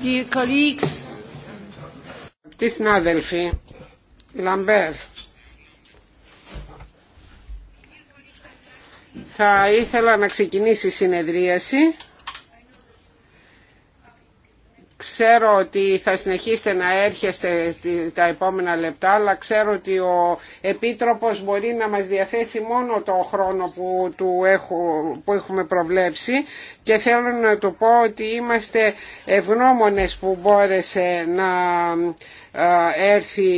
Dear colleagues. Τι συνάδελφοι, Λαμπέρ. Θα ήθελα να ξεκινήσει η συνεδρίαση. Ξέρω ότι θα συνεχίσετε να έρχεστε τα επόμενα λεπτά, αλλά ξέρω ότι ο Επίτροπος μπορεί να μας διαθέσει μόνο το χρόνο που, του έχω, που έχουμε προβλέψει και θέλω να του πω ότι είμαστε ευγνώμονες που μπόρεσε να έρθει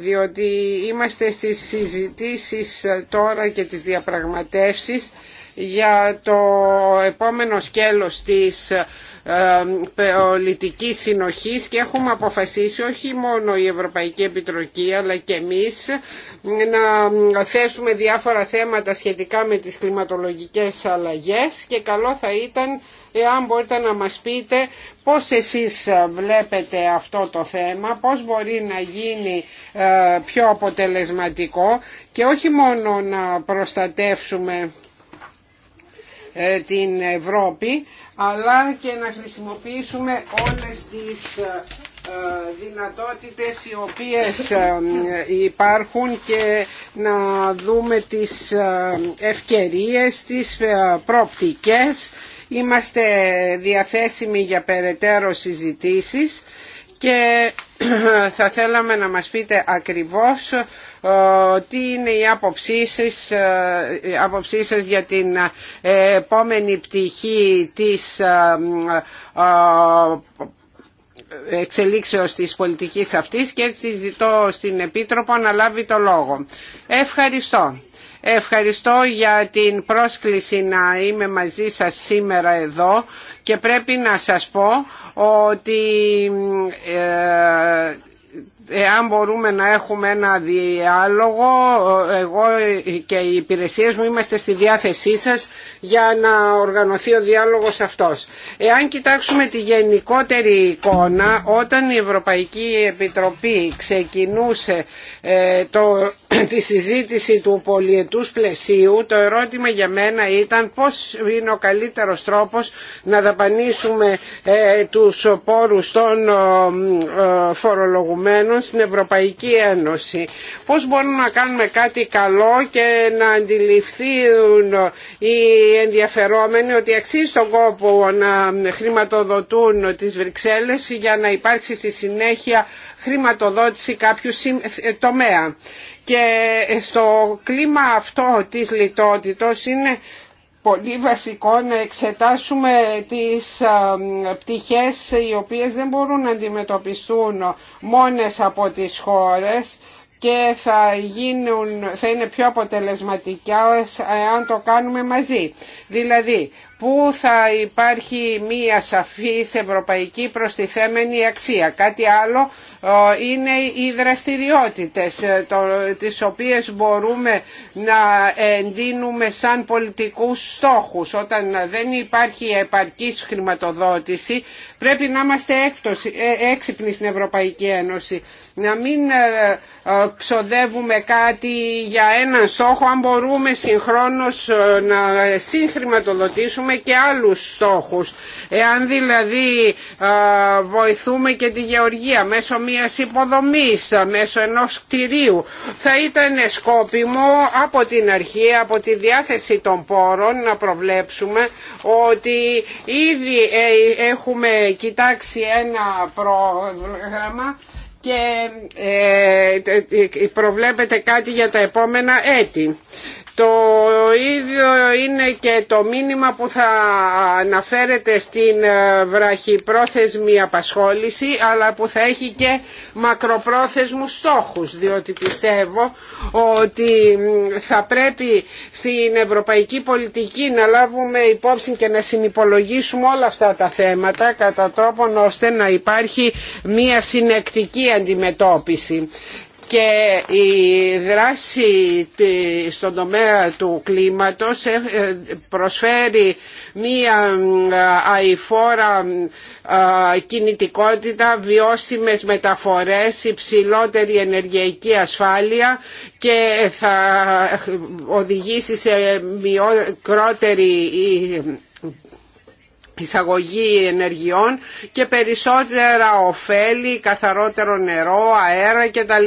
διότι είμαστε στις συζητήσεις τώρα και τις διαπραγματεύσεις για το επόμενο σκέλος της πολιτική συνοχής και έχουμε αποφασίσει όχι μόνο η Ευρωπαϊκή Επιτροπή αλλά και εμείς να θέσουμε διάφορα θέματα σχετικά με τις κλιματολογικές αλλαγές και καλό θα ήταν εάν μπορείτε να μας πείτε πώς εσείς βλέπετε αυτό το θέμα, πώς μπορεί να γίνει ε, πιο αποτελεσματικό και όχι μόνο να προστατεύσουμε ε, την Ευρώπη αλλά και να χρησιμοποιήσουμε όλες τις ε, ε, δυνατότητες οι οποίες υπάρχουν και να δούμε τις ευκαιρίες, τις προοπτικές. Είμαστε διαθέσιμοι για περαιτέρω συζητήσεις και θα θέλαμε να μας πείτε ακριβώς ε, τι είναι οι ε, άποψή σας για την ε, επόμενη πτυχή της εξελίξεως της πολιτικής αυτής και έτσι ζητώ στην Επίτροπο να λάβει το λόγο. Ευχαριστώ. Ευχαριστώ για την πρόσκληση να είμαι μαζί σας σήμερα εδώ και πρέπει να σας πω ότι ε, εάν μπορούμε να έχουμε ένα διάλογο, εγώ και οι υπηρεσίες μου είμαστε στη διάθεσή σας για να οργανωθεί ο διάλογος αυτός. Εάν κοιτάξουμε τη γενικότερη εικόνα, όταν η Ευρωπαϊκή Επιτροπή ξεκινούσε ε, το τη συζήτηση του πολιετούς πλαισίου το ερώτημα για μένα ήταν πώς είναι ο καλύτερος τρόπος να δαπανίσουμε ε, τους πόρους των ε, ε, φορολογουμένων στην Ευρωπαϊκή Ένωση. Πώς μπορούμε να κάνουμε κάτι καλό και να αντιληφθούν οι ενδιαφερόμενοι ότι αξίζει τον κόπο να χρηματοδοτούν τις Βρυξέλλες για να υπάρξει στη συνέχεια χρηματοδότηση κάποιου τομέα. Και στο κλίμα αυτό της λιτότητος είναι πολύ βασικό να εξετάσουμε τις πτυχές οι οποίες δεν μπορούν να αντιμετωπιστούν μόνες από τις χώρες και θα, γίνουν, θα είναι πιο αποτελεσματικά αν το κάνουμε μαζί. Δηλαδή, που θα υπάρχει μία σαφής ευρωπαϊκή προστιθέμενη αξία. Κάτι άλλο είναι οι δραστηριότητες ε, τις οποίες μπορούμε να εντείνουμε σαν πολιτικούς στόχους. Όταν δεν υπάρχει επαρκής χρηματοδότηση πρέπει να είμαστε ε, έξυπνοι στην Ευρωπαϊκή Ένωση να μην ε, ε, ξοδεύουμε κάτι για έναν στόχο αν μπορούμε συγχρόνως ε, να συγχρηματοδοτήσουμε και άλλους στόχους. Εάν δηλαδή βοηθούμε και τη γεωργία μέσω μιας υποδομής, μέσω ενός κτηρίου, θα ήταν σκόπιμο από την αρχή, από τη διάθεση των πόρων να προβλέψουμε ότι ήδη έχουμε κοιτάξει ένα πρόγραμμα και ε, προβλέπεται κάτι για τα επόμενα έτη. Το ίδιο είναι και το μήνυμα που θα αναφέρεται στην ε, βραχυπρόθεσμη απασχόληση αλλά που θα έχει και μακροπρόθεσμους στόχους διότι πιστεύω ότι θα πρέπει στην ευρωπαϊκή πολιτική να λάβουμε υπόψη και να συνυπολογίσουμε όλα αυτά τα θέματα κατά τρόπον ώστε να υπάρχει μία συνεκτική αντιμετώπιση και η δράση στον τομέα του κλίματος ε, ε, προσφέρει μία ε, αηφόρα κινητικότητα, βιώσιμες μεταφορές, υψηλότερη ενεργειακή ασφάλεια και θα οδηγήσει σε μικρότερη εισαγωγή ενεργειών και περισσότερα ωφέλη, καθαρότερο νερό, αέρα κτλ.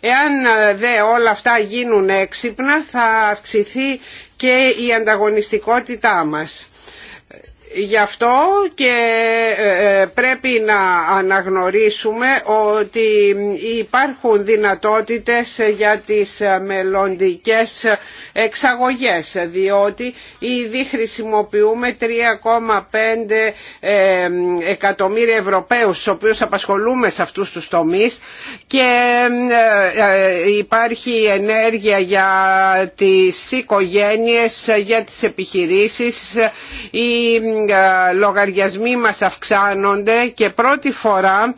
Εάν ε, δε όλα αυτά γίνουν έξυπνα θα αυξηθεί και η ανταγωνιστικότητά μας. Γι' αυτό και ε, ε, πρέπει να αναγνωρίσουμε ότι υπάρχουν δυνατότητες για τις μελλοντικές εξαγωγές διότι ήδη χρησιμοποιούμε 3,5 ε, εκατομμύρια Ευρωπαίους στους οποίους απασχολούμε σε αυτούς τους τομείς και υπάρχει ενέργεια για τις οικογένειες, για τις επιχειρήσεις η ε, λογαριασμοί μας αυξάνονται και πρώτη φορά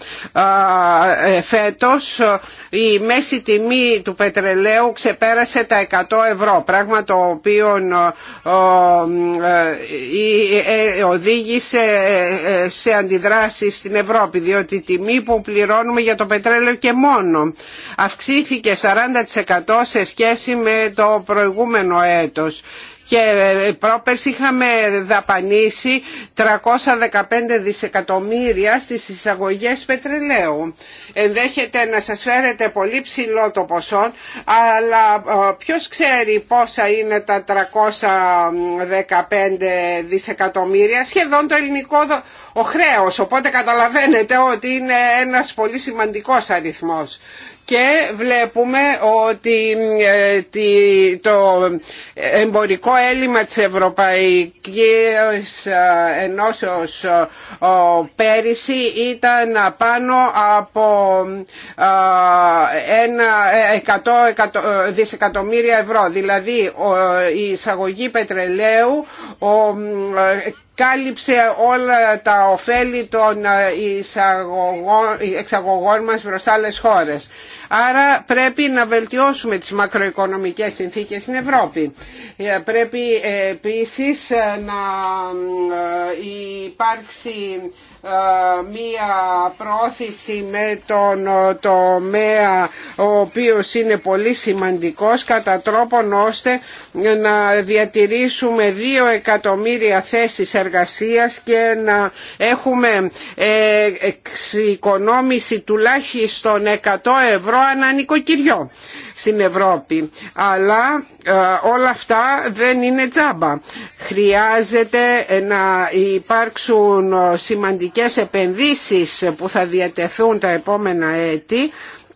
ε, φέτος ε, η μέση τιμή του πετρελαίου ξεπέρασε τα 100 ευρώ πράγμα το οποίο οδήγησε σε αντιδράσεις στην Ευρώπη διότι η τιμή που πληρώνουμε για το πετρέλαιο και μόνο αυξήθηκε 40% σε σχέση με το προηγούμενο έτος και ε, πρόπερς είχαμε δαπανίσει 315 δισεκατομμύρια στις εισαγωγές πετρελαίου. Ενδέχεται να σας φέρετε πολύ ψηλό το ποσό, αλλά ε, ποιος ξέρει πόσα είναι τα 315 δισεκατομμύρια, σχεδόν το ελληνικό ο χρέος, οπότε καταλαβαίνετε ότι είναι ένας πολύ σημαντικός αριθμός και βλέπουμε ότι ε, το εμπορικό έλλειμμα της Ευρωπαϊκής ε, Ενώσεως ε, πέρυσι ήταν πάνω από ένα 100 δισεκατομμύρια ευρώ. Δηλαδή η εισαγωγή πετρελαίου κάλυψε όλα τα ωφέλη των ε, εξαγωγών μας προς άλλες χώρες. Άρα πρέπει να βελτιώσουμε τις μακροοικονομικές συνθήκες στην Ευρώπη. Ε, πρέπει επίσης ε, να υπάρξει ε, μία πρόθεση με τον τομέα ο οποίος είναι πολύ σημαντικός κατά τρόπον ώστε να διατηρήσουμε δύο εκατομμύρια θέσεις εργασίας και να έχουμε εξοικονόμηση τουλάχιστον 100 ευρώ ανά νοικοκυριό στην Ευρώπη. Αλλά ε, όλα αυτά δεν είναι τζάμπα. Χρειάζεται να υπάρξουν σημαντικές επενδύσεις που θα διατεθούν τα επόμενα έτη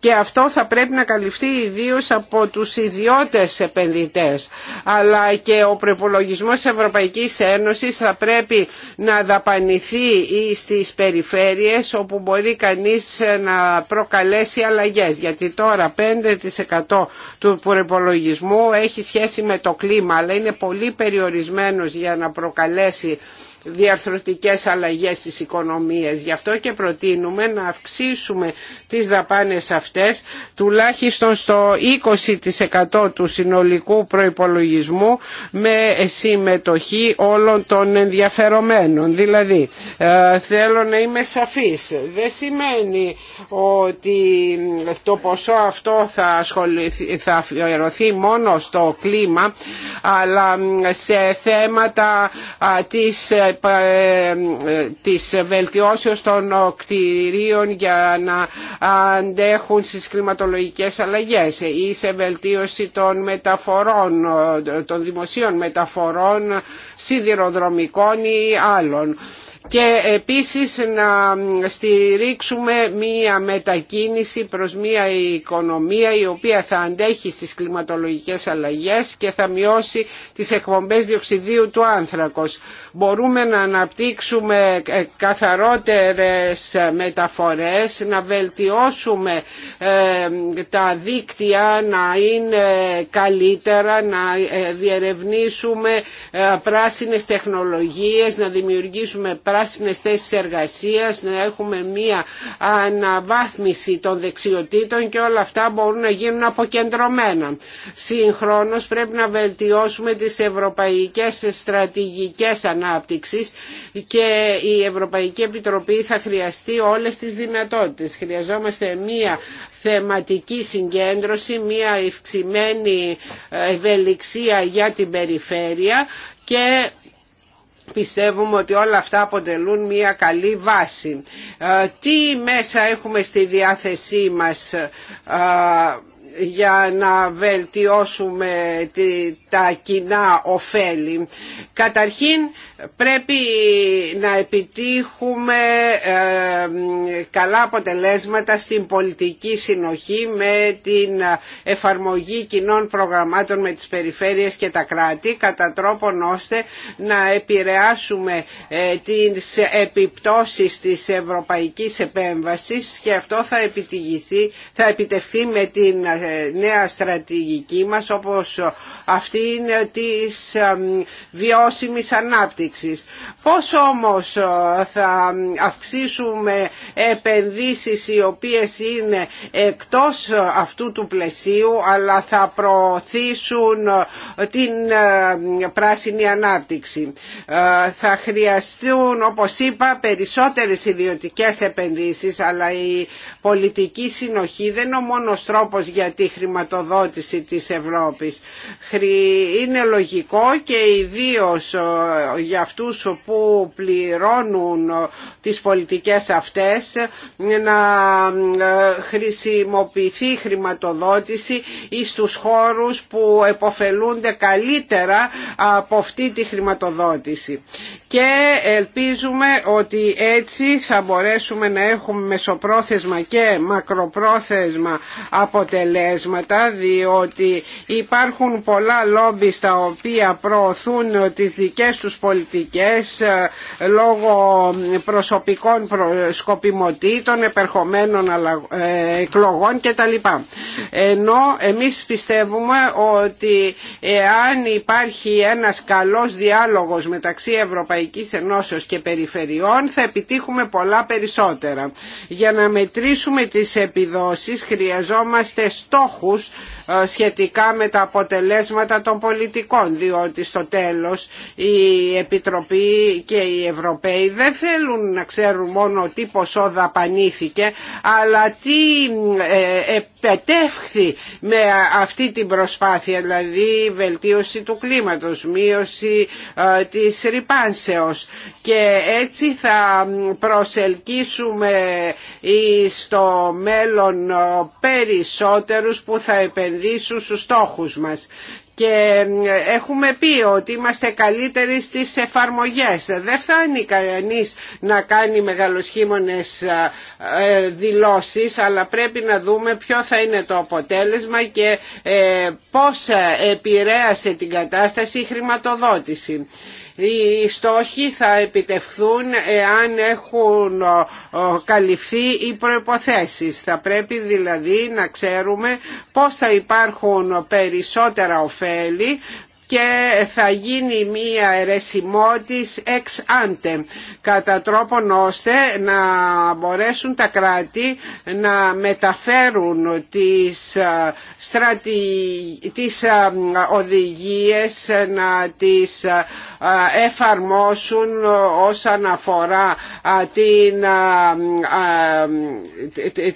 και αυτό θα πρέπει να καλυφθεί ιδίω από τους ιδιώτες επενδυτές αλλά και ο προπολογισμό της Ευρωπαϊκής Ένωσης θα πρέπει να δαπανηθεί στις περιφέρειες όπου μπορεί κανείς να προκαλέσει αλλαγές γιατί τώρα 5% του προπολογισμού έχει σχέση με το κλίμα αλλά είναι πολύ περιορισμένος για να προκαλέσει διαρθρωτικές αλλαγές στις οικονομίες. Γι' αυτό και προτείνουμε να αυξήσουμε τις δαπάνες αυτές τουλάχιστον στο 20% του συνολικού προϋπολογισμού με συμμετοχή όλων των ενδιαφερομένων. Δηλαδή, ε, θέλω να είμαι σαφής. Δεν σημαίνει ότι το ποσό αυτό θα, ασχοληθεί, θα αφιερωθεί μόνο στο κλίμα αλλά σε θέματα της ε, ε, της βελτιώσεως των κτηρίων για να αντέχουν στις κλιματολογικές αλλαγές ή σε βελτίωση των μεταφορών, των δημοσίων μεταφορών σιδηροδρομικών ή άλλων και επίσης να στηρίξουμε μία μετακίνηση προς μία οικονομία η οποία θα αντέχει στις κλιματολογικές αλλαγές και θα μειώσει τις εκπομπές διοξιδίου του άνθρακος. Μπορούμε να αναπτύξουμε καθαρότερες μεταφορές, να βελτιώσουμε ε, τα δίκτυα να είναι καλύτερα, να ε, διερευνήσουμε ε, πράσινες τεχνολογίες, να δημιουργήσουμε παράσινες θέσεις εργασίας, να έχουμε μία αναβάθμιση των δεξιοτήτων και όλα αυτά μπορούν να γίνουν αποκεντρωμένα. Συγχρόνως πρέπει να βελτιώσουμε τις ευρωπαϊκές στρατηγικές ανάπτυξης και η Ευρωπαϊκή Επιτροπή θα χρειαστεί όλες τις δυνατότητες. Χρειαζόμαστε μία θεματική συγκέντρωση, μία ευξημένη ευελιξία για την περιφέρεια και πιστεύουμε ότι όλα αυτά αποτελούν μια καλή βάση. Ε, τι μέσα έχουμε στη διάθεσή μας ε, για να βελτιώσουμε τη τα κοινά ωφέλη. Καταρχήν πρέπει να επιτύχουμε ε, καλά αποτελέσματα στην πολιτική συνοχή με την εφαρμογή κοινών προγραμμάτων με τις περιφέρειες και τα κράτη κατά τρόπον ώστε να επηρεάσουμε ε, τις επιπτώσεις της ευρωπαϊκής επέμβασης και αυτό θα, θα επιτευχθεί με την ε, νέα στρατηγική μας όπως αυτή της βιώσιμης ανάπτυξης. Πώς όμως ε, θα αυξήσουμε επενδύσεις οι οποίες είναι εκτός ε, αυτού του πλαισίου αλλά θα προωθήσουν ε, την πράσινη ανάπτυξη. Θα χρειαστούν όπως είπα περισσότερες ιδιωτικές επενδύσεις αλλά η πολιτική συνοχή δεν είναι ο μόνος τρόπος για τη χρηματοδότηση της Ευρώπης είναι λογικό και ιδίω ε, για αυτούς που πληρώνουν ε, τις πολιτικές αυτές να ε, χρησιμοποιηθεί χρηματοδότηση τους χώρους που εποφελούνται καλύτερα από αυτή τη χρηματοδότηση. Και ελπίζουμε ότι έτσι θα μπορέσουμε να έχουμε μεσοπρόθεσμα και μακροπρόθεσμα αποτελέσματα διότι υπάρχουν πολλά τα οποία προωθούν τις δικές τους πολιτικές ε, λόγω προσωπικών σκοπιμοτήτων, επερχομένων ε, εκλογών κτλ. Ενώ εμείς πιστεύουμε ότι εάν υπάρχει ένας καλός διάλογος μεταξύ Ευρωπαϊκής Ενώσεως και Περιφερειών θα επιτύχουμε πολλά περισσότερα. Για να μετρήσουμε τις επιδόσεις χρειαζόμαστε στόχους ε, σχετικά με τα αποτελέσματα των πολιτικών διότι στο τέλος η Επιτροπή και οι Ευρωπαίοι δεν θέλουν να ξέρουν μόνο τι ποσό δαπανήθηκε αλλά τι ε, επετεύχθη με αυτή την προσπάθεια δηλαδή βελτίωση του κλίματος, μείωση ε, της ρηπάνσεως και έτσι θα προσελκύσουμε στο μέλλον ε, περισσότερους που θα επενδύσουν στους στόχους μας και έχουμε πει ότι είμαστε καλύτεροι στις εφαρμογές. Δεν φτάνει κανείς να κάνει μεγαλοσχήμονες ε, δηλώσεις αλλά πρέπει να δούμε ποιο θα είναι το αποτέλεσμα και ε, πώς επηρέασε την κατάσταση η χρηματοδότηση. Οι στόχοι θα επιτευχθούν εάν έχουν ε, καλυφθεί οι προϋποθέσεις. Θα πρέπει δηλαδή να ξέρουμε πώς θα υπάρχουν περισσότερα ωφέλη και θα γίνει μία ερεσιμότης εξ άντε κατά τρόπον ώστε να μπορέσουν τα κράτη να μεταφέρουν τις, στρατι τις οδηγίες ε, να τις εφαρμόσουν όσον αφορά την,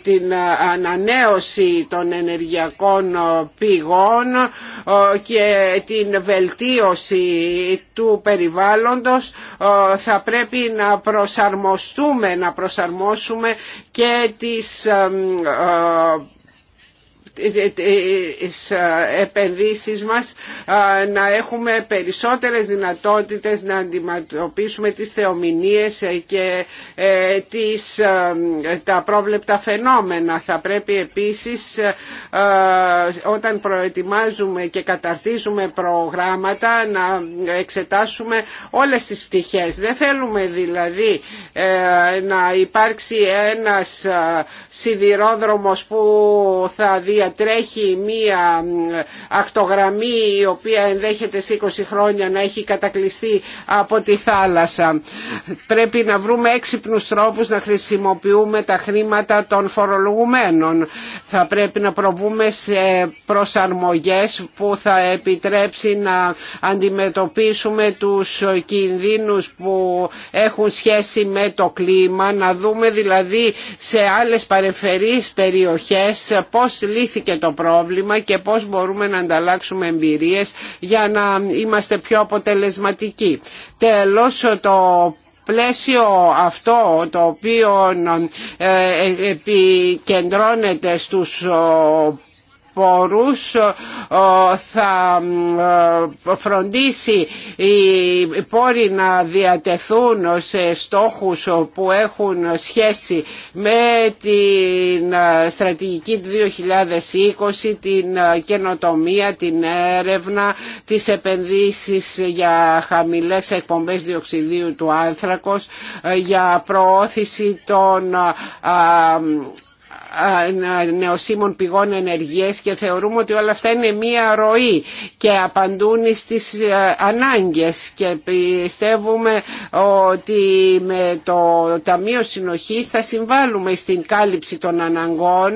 την ανανέωση των ενεργειακών πηγών ε, και την βελτίωση του περιβάλλοντος ε, θα πρέπει να προσαρμοστούμε, να προσαρμόσουμε και τις ε, ε, τις ε, επενδύσεις μας ε, να έχουμε περισσότερες δυνατότητες να αντιμετωπίσουμε τις θεομηνίες ε, και τις, τα πρόβλεπτα φαινόμενα. Θα πρέπει επίσης όταν προετοιμάζουμε και καταρτίζουμε προγράμματα να εξετάσουμε όλες τις πτυχές. Δεν θέλουμε δηλαδή να υπάρξει ένας σιδηρόδρομος που θα δια τρέχει μία ακτογραμμή η οποία ενδέχεται σε 20 χρόνια να έχει κατακλειστεί από τη θάλασσα. Πρέπει να βρούμε έξυπνους τρόπους να χρησιμοποιούμε τα χρήματα των φορολογουμένων. Θα πρέπει να προβούμε σε προσαρμογές που θα επιτρέψει να αντιμετωπίσουμε τους κινδύνους που έχουν σχέση με το κλίμα, να δούμε δηλαδή σε άλλες παρεμφερείς περιοχές πώς λύθηκε το πρόβλημα και πώς μπορούμε να ανταλλάξουμε εμπειρίες για να είμαστε πιο αποτελεσματικοί. Τέλος, το πλαίσιο αυτό το οποίο ε, ε, επικεντρώνεται στους πόρους ε, θα ε, φροντίσει οι πόροι να διατεθούν σε στόχους που έχουν σχέση με την ε, στρατηγική του 2020, την καινοτομία, την έρευνα, τις επενδύσεις για χαμηλές εκπομπές διοξιδίου του άνθρακος, για προώθηση των νεοσύμων πηγών ενεργείας και θεωρούμε ότι όλα αυτά είναι μία ροή και απαντούν στις ε, ανάγκες και πιστεύουμε ότι με το Ταμείο Συνοχής θα συμβάλλουμε στην κάλυψη των αναγκών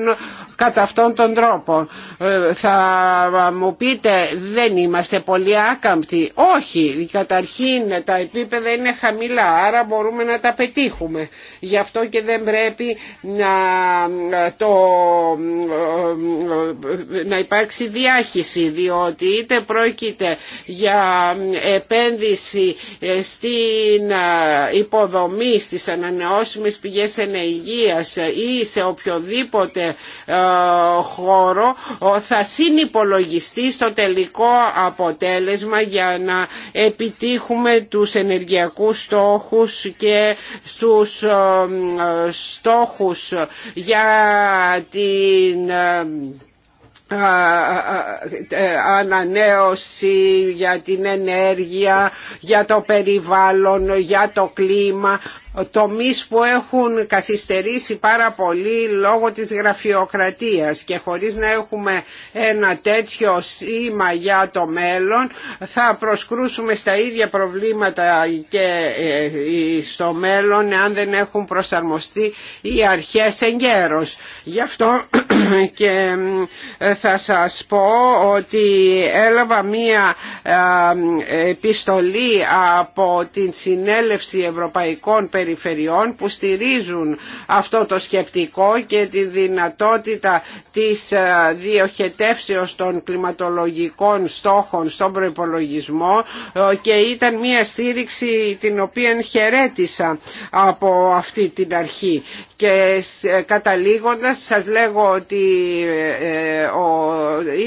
κατά αυτόν τον τρόπο. Ε, θα μου πείτε δεν είμαστε πολύ άκαμπτοι. Όχι, καταρχήν τα επίπεδα είναι χαμηλά, άρα μπορούμε να τα πετύχουμε. Γι' αυτό και δεν πρέπει να, ε, ε, να υπάρξει διάχυση, διότι είτε πρόκειται για επένδυση στην υποδομή, στις ανανεώσιμες πηγές ενεργείας ή σε οποιοδήποτε χώρο θα συνυπολογιστεί στο τελικό αποτέλεσμα για να επιτύχουμε τους ενεργειακούς στόχους και στους στόχους για την ε, ε, ε, ανανέωση για την ενέργεια για το περιβάλλον για το κλίμα τομείς που έχουν καθυστερήσει πάρα πολύ λόγω της γραφειοκρατίας και χωρίς να έχουμε ένα τέτοιο σήμα για το μέλλον θα προσκρούσουμε στα ίδια προβλήματα και ε, ε, στο μέλλον αν δεν έχουν προσαρμοστεί οι αρχές εγκαίρως. Γι' αυτό και ε, θα σας πω ότι έλαβα μία επιστολή από την Συνέλευση Ευρωπαϊκών περιφερειών που στηρίζουν αυτό το σκεπτικό και τη δυνατότητα της ε, διοχετεύσεως των κλιματολογικών στόχων στον προϋπολογισμό ε, και ήταν μια στήριξη την οποία χαιρέτησα από αυτή την αρχή και ε, καταλήγοντας σας λέγω ότι ε, ε, ο,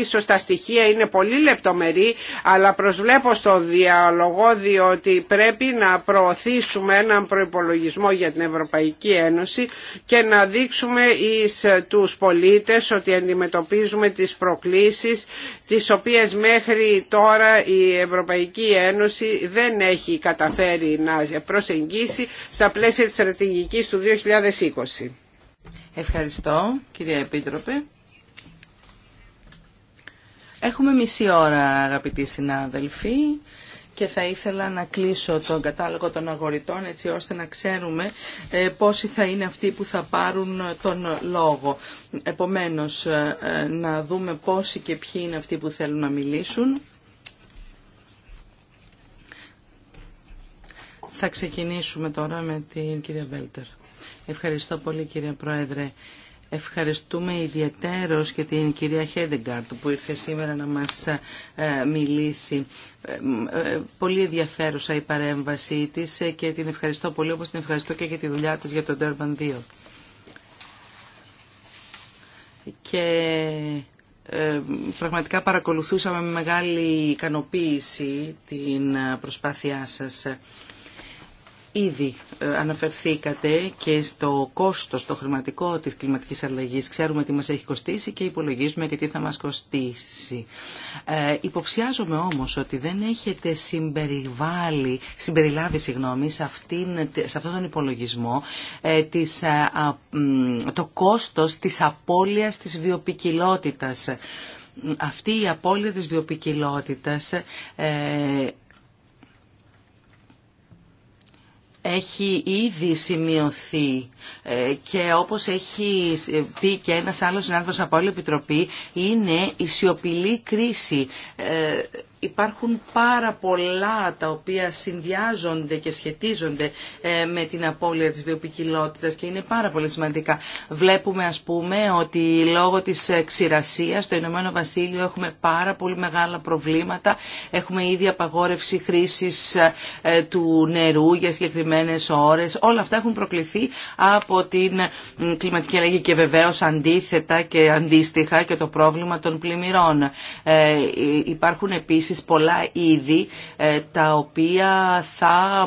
ίσως τα στοιχεία είναι πολύ λεπτομερή αλλά προσβλέπω στο διαλογό διότι πρέπει να προωθήσουμε έναν προϋπολογισμό για την Ευρωπαϊκή Ένωση και να δείξουμε εις τους πολίτες ότι αντιμετωπίζουμε τις προκλήσεις τις οποίες μέχρι τώρα η Ευρωπαϊκή Ένωση δεν έχει καταφέρει να προσεγγίσει στα πλαίσια της στρατηγικής του 2020. Ευχαριστώ κυρία Επίτροπε. Έχουμε μισή ώρα αγαπητοί συνάδελφοι και θα ήθελα να κλείσω τον κατάλογο των αγοριτών έτσι ώστε να ξέρουμε ε, πόσοι θα είναι αυτοί που θα πάρουν τον λόγο. Επομένως, ε, ε, να δούμε πόσοι και ποιοι είναι αυτοί που θέλουν να μιλήσουν. Θα ξεκινήσουμε τώρα με την κυρία Βέλτερ. Ευχαριστώ πολύ κύριε Πρόεδρε. Ευχαριστούμε ιδιαίτερος και την κυρία Χέντεγκαρτ που ήρθε σήμερα να μας ε, μιλήσει. Ε, ε, πολύ ενδιαφέρουσα η παρέμβασή της και την ευχαριστώ πολύ όπως την ευχαριστώ και για τη δουλειά της για τον Durban 2. Και πραγματικά παρακολουθούσαμε με μεγάλη ικανοποίηση την προσπάθειά σας. Ήδη ε, αναφερθήκατε και στο κόστος, το χρηματικό της κλιματικής αλλαγής. Ξέρουμε τι μας έχει κοστίσει και υπολογίζουμε και τι θα μας κοστίσει. Ε, υποψιάζομαι όμως ότι δεν έχετε συμπεριβάλει, συμπεριλάβει συγγνώμη, σε, αυτήν, σε αυτόν τον υπολογισμό ε, της, το κόστος της απώλειας της βιοπικιλότητας. Αυτή η απώλεια της βιοπικιλότητας έχει ήδη σημειωθεί ε, και όπως έχει πει και ένας άλλος συνάδελφος από όλη Επιτροπή είναι η σιωπηλή κρίση ε, Υπάρχουν πάρα πολλά τα οποία συνδυάζονται και σχετίζονται ε, με την απώλεια της βιοπικιλότητας και είναι πάρα πολύ σημαντικά. Βλέπουμε ας πούμε ότι λόγω της ε, ξηρασίας στο Ηνωμένο Βασίλειο έχουμε πάρα πολύ μεγάλα προβλήματα. Έχουμε ήδη απαγόρευση χρήσης ε, του νερού για συγκεκριμένες ώρες. Όλα αυτά έχουν προκληθεί από την κλιματική αλλαγή και βεβαίως αντίθετα και αντίστοιχα και το πρόβλημα των πλημμυρών. Υπάρχουν επίσης πολλά είδη ε, τα οποία θα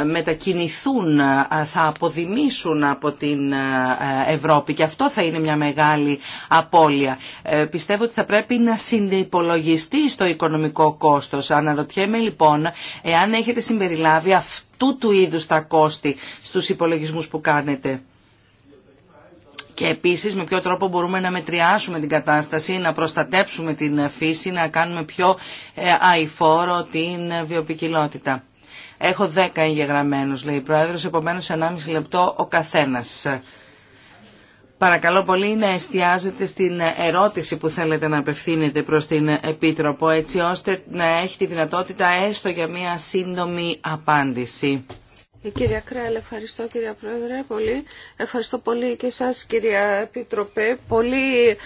ε, μετακινηθούν, ε, θα αποδημήσουν από την Ευρώπη και αυτό θα είναι μια μεγάλη απώλεια. Πιστεύω ότι θα πρέπει να συνυπολογιστεί στο οικονομικό κόστος. Αναρωτιέμαι λοιπόν εάν έχετε συμπεριλάβει αυτού του είδους τα κόστη στους υπολογισμούς που κάνετε και επίσης με ποιο τρόπο μπορούμε να μετριάσουμε την κατάσταση, να προστατέψουμε την φύση, να κάνουμε πιο ε, αηφόρο την βιοπικιλότητα. Έχω 10 εγγεγραμμένους, λέει η Πρόεδρος, επομένως 1,5 λεπτό ο καθένας. Παρακαλώ πολύ να εστιάζετε στην ερώτηση που θέλετε να απευθύνετε προς την Επίτροπο, έτσι ώστε να έχει τη δυνατότητα έστω για μία σύντομη απάντηση. Ε, κυρία Κρέλ, ευχαριστώ κυρία Πρόεδρε πολύ. Ευχαριστώ πολύ και εσάς κυρία Επιτροπέ. Πολύ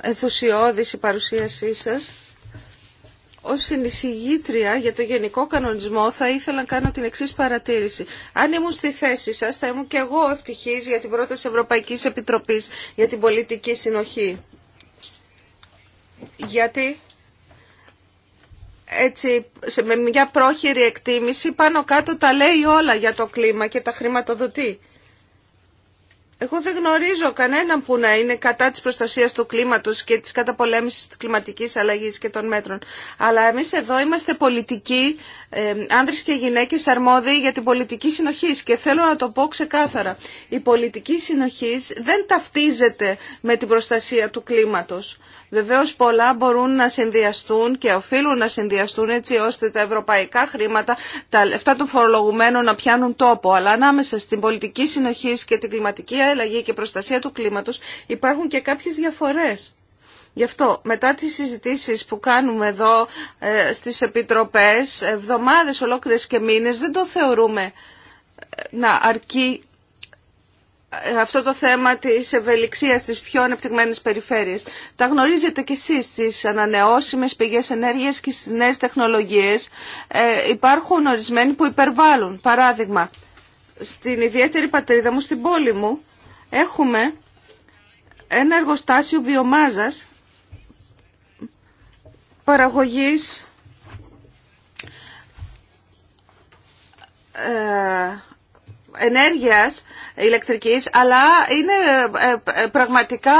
ενθουσιώδης η παρουσίασή σας. Ως συνεισηγήτρια για το γενικό κανονισμό θα ήθελα να κάνω την εξής παρατήρηση. Αν ήμουν στη θέση σας θα ήμουν και εγώ ευτυχής για την πρόταση Ευρωπαϊκή Επιτροπής για την πολιτική συνοχή. Γιατί έτσι, σε, με μια πρόχειρη εκτίμηση πάνω κάτω τα λέει όλα για το κλίμα και τα χρηματοδοτεί. Εγώ δεν γνωρίζω κανέναν που να είναι κατά της προστασίας του κλίματος και της καταπολέμησης της κλιματικής αλλαγής και των μέτρων. Αλλά εμείς εδώ είμαστε πολιτικοί, ε, άνδρες και γυναίκες αρμόδιοι για την πολιτική συνοχή και θέλω να το πω ξεκάθαρα. Η πολιτική συνοχή δεν ταυτίζεται με την προστασία του κλίματος. Βεβαίως πολλά μπορούν να συνδυαστούν και οφείλουν να συνδυαστούν έτσι ώστε τα ευρωπαϊκά χρήματα, τα λεφτά των φορολογουμένων να πιάνουν τόπο. Αλλά ανάμεσα στην πολιτική συνοχή και την κλιματική αλλαγή και προστασία του κλίματος υπάρχουν και κάποιες διαφορές. Γι' αυτό μετά τις συζητήσεις που κάνουμε εδώ ε, στις επιτροπές, εβδομάδες ολόκληρες και μήνες, δεν το θεωρούμε ε, να αρκεί αυτό το θέμα της ευελιξίας της πιο ανεπτυγμένης περιφέρειας. Τα γνωρίζετε κι εσείς στις ανανεώσιμες πηγές ενέργειας και στις νέες τεχνολογίες. Ε, υπάρχουν ορισμένοι που υπερβάλλουν. Παράδειγμα, στην ιδιαίτερη πατρίδα μου, στην πόλη μου, έχουμε ένα εργοστάσιο βιομάζας παραγωγής ε, ενέργειας ηλεκτρικής, αλλά είναι ε, ε, πραγματικά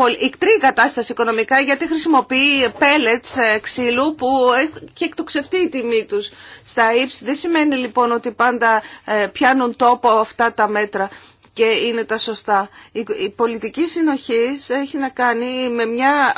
ε, ικτρή κατάσταση οικονομικά γιατί χρησιμοποιεί πέλετς ξύλου που έχει εκτοξευτεί η τιμή τους στα ύψη. Δεν σημαίνει λοιπόν ότι πάντα πιάνουν τόπο αυτά τα μέτρα και είναι τα σωστά. Η πολιτική συνοχή έχει να κάνει με μια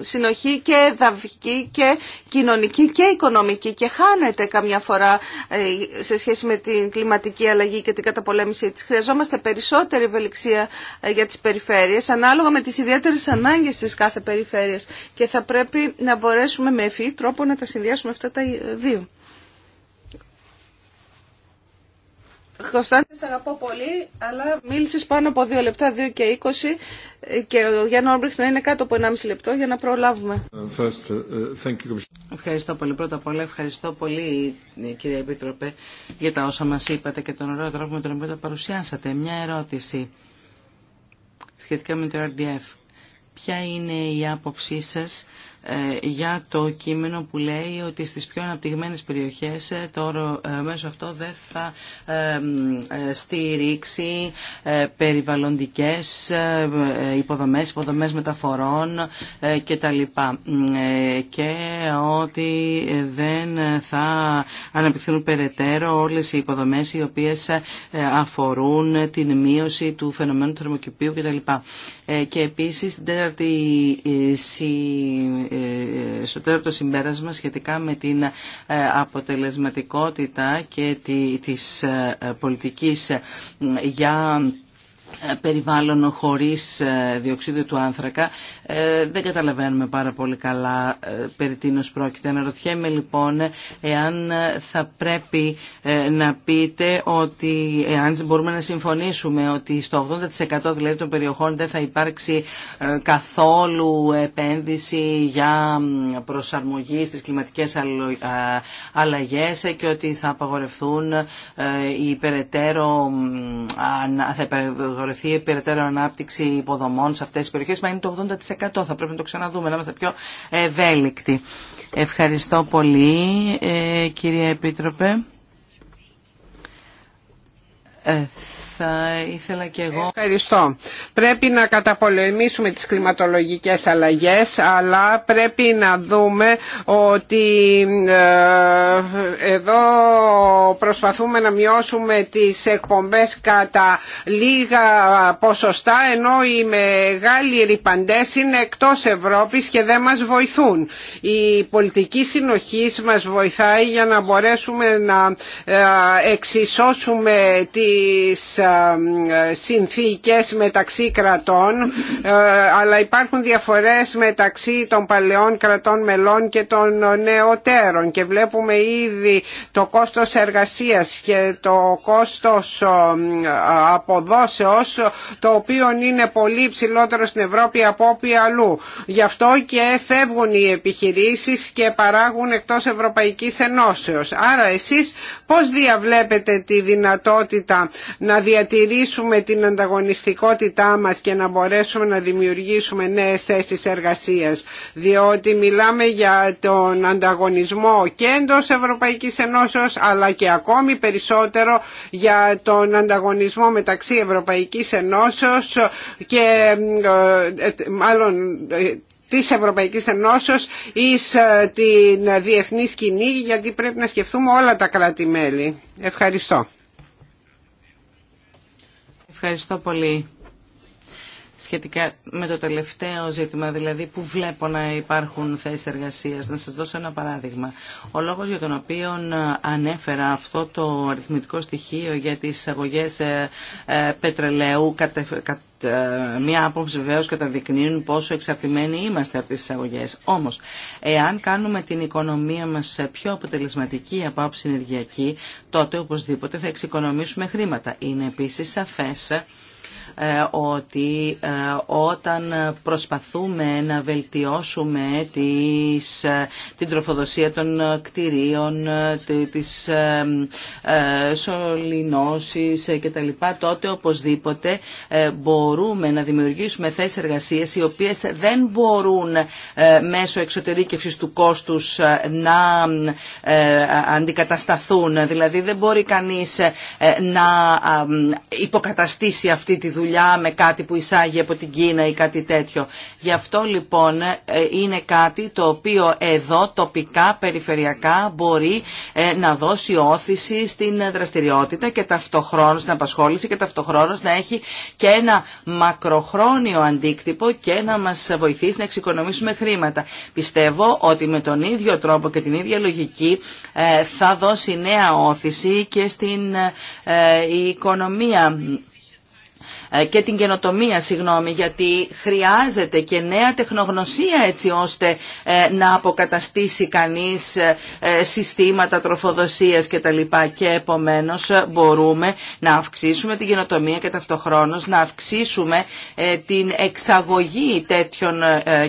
συνοχή και δαυκή και κοινωνική και οικονομική και χάνεται καμιά φορά ε, σε σχέση με την κλιματική αλλαγή και την καταπολέμησή της. Χρειαζόμαστε περισσότερη ευελιξία ε, για τις περιφέρειες ανάλογα με τις ιδιαίτερες ανάγκες της κάθε περιφέρειας και θα πρέπει να μπορέσουμε με ευφύ τρόπο να τα συνδυάσουμε αυτά τα δύο. Κωνσταντίνε, σε αγαπώ πολύ, αλλά μίλησε πάνω από 2 λεπτά, 2 και 20 και ο Γιάννη Όμπριχτ να είναι κάτω από 1,5 λεπτό για να προλάβουμε. Uh, uh, ευχαριστώ πολύ. Πρώτα απ' όλα ευχαριστώ πολύ ε, κύριε Επίτροπε για τα όσα μα είπατε και τον ωραίο τρόπο με τον οποίο τα παρουσιάσατε. Μια ερώτηση σχετικά με το RDF. Ποια είναι η άποψή σας ε, για το κείμενο που λέει ότι στις πιο αναπτυγμένες περιοχές ε, το ε, μέσω αυτό δεν θα στηρίξει περιβαλλοντικές υποδομές, υποδομές μεταφορών κτλ. Και ότι δεν θα αναπτυχθούν περαιτέρω όλες οι υποδομές οι οποίες αφορούν την μείωση του φαινομένου θερμοκηπίου κτλ. Ε, και επίσης την τέταρτη, ε, ε, στο τέταρτο συμπέρασμα σχετικά με την αποτελεσματικότητα και της πολιτικής για περιβάλλον χωρίς διοξείδιο του άνθρακα ε, δεν καταλαβαίνουμε πάρα πολύ καλά ε, περί τίνος πρόκειται. Αναρωτιέμαι λοιπόν εάν ε, θα πρέπει να πείτε ότι εάν μπορούμε να συμφωνήσουμε ότι στο 80% δηλαδή των περιοχών δεν θα υπάρξει καθόλου επένδυση για προσαρμογή στις κλιματικές αλλαγές και ότι θα απαγορευθούν η περαιτέρω, θα απαγορευτεί η περαιτέρω ανάπτυξη υποδομών σε αυτές τις περιοχές, μα είναι το 80% 100%. Θα πρέπει να το ξαναδούμε, να είμαστε πιο ε, ευέλικτοι. Ευχαριστώ πολύ, ε, κυρία Επίτροπε ε, θα ήθελα και εγώ. Ευχαριστώ. Πρέπει να καταπολεμήσουμε τις κλιματολογικές αλλαγές, αλλά πρέπει να δούμε ότι ε, εδώ προσπαθούμε να μειώσουμε τις εκπομπές κατά λίγα ποσοστά, ενώ οι μεγάλοι ρηπαντές είναι εκτός Ευρώπης και δεν μας βοηθούν. Η πολιτική συνοχή μας βοηθάει για να μπορέσουμε να ε, εξισώσουμε τις ε, συνθήκες μεταξύ κρατών ε, αλλά υπάρχουν διαφορές μεταξύ των παλαιών κρατών μελών και των νεωτέρων και βλέπουμε ήδη το κόστος εργασίας και το κόστος ε, αποδόσεως το οποίο είναι πολύ ψηλότερο στην Ευρώπη από όπου αλλού. Γι' αυτό και φεύγουν οι επιχειρήσεις και παράγουν εκτός Ευρωπαϊκής Ενώσεως. Άρα εσείς πώς διαβλέπετε τη δυνατότητα να διατηρήσουμε την ανταγωνιστικότητά μας και να μπορέσουμε να δημιουργήσουμε νέες θέσεις εργασίας. Διότι μιλάμε για τον ανταγωνισμό και εντό Ευρωπαϊκής Ενώσεως αλλά και ακόμη περισσότερο για τον ανταγωνισμό μεταξύ Ευρωπαϊκής Ενώσεως και ε, ε, μάλλον ε, της Ευρωπαϊκής Ενώσεως εις την διεθνή σκηνή γιατί πρέπει να σκεφτούμε όλα τα κράτη-μέλη. Ευχαριστώ. Ευχαριστώ πολύ. Σχετικά με το τελευταίο ζήτημα, δηλαδή που βλέπω να υπάρχουν θέσεις εργασίας, να σας δώσω ένα παράδειγμα. Ο λόγος για τον οποίο ε, ανέφερα αυτό το αριθμητικό στοιχείο για τις εισαγωγές ε, ε, πετρελαίου ε, μία άποψη βεβαίω καταδεικνύουν πόσο εξαρτημένοι είμαστε από τι εισαγωγέ. Όμω, εάν κάνουμε την οικονομία μα πιο αποτελεσματική από άποψη ενεργειακή, τότε οπωσδήποτε θα εξοικονομήσουμε χρήματα. Είναι επίση σαφέ ε, ότι ε, όταν προσπαθούμε να βελτιώσουμε τις, ε, την τροφοδοσία των κτηρίων, τις σωληνώσεις και τα τότε οπωσδήποτε μπορούμε να δημιουργήσουμε θέσεις εργασίας οι οποίες δεν μπορούν μέσω εξωτερήκευσης του κόστους να αντικατασταθούν. Δηλαδή δεν μπορεί κανείς να υποκαταστήσει αυτή τη δουλειά δουλειά με κάτι που εισάγει από την Κίνα ή κάτι τέτοιο. Γι' αυτό λοιπόν ε, είναι κάτι το οποίο εδώ τοπικά, περιφερειακά μπορεί ε, να δώσει όθηση στην δραστηριότητα και ταυτοχρόνως στην απασχόληση και ταυτοχρόνως να έχει και ένα μακροχρόνιο αντίκτυπο και να μας βοηθήσει να εξοικονομήσουμε χρήματα. Πιστεύω ότι με τον ίδιο τρόπο και την ίδια λογική ε, θα δώσει νέα όθηση και στην οικονομία ε, και την καινοτομία, συγγνώμη, γιατί χρειάζεται και νέα τεχνογνωσία έτσι ώστε ε, να αποκαταστήσει κανείς ε, συστήματα τροφοδοσίας και και επομένως μπορούμε να αυξήσουμε την καινοτομία και ταυτοχρόνως να αυξήσουμε την εξαγωγή τέτοιων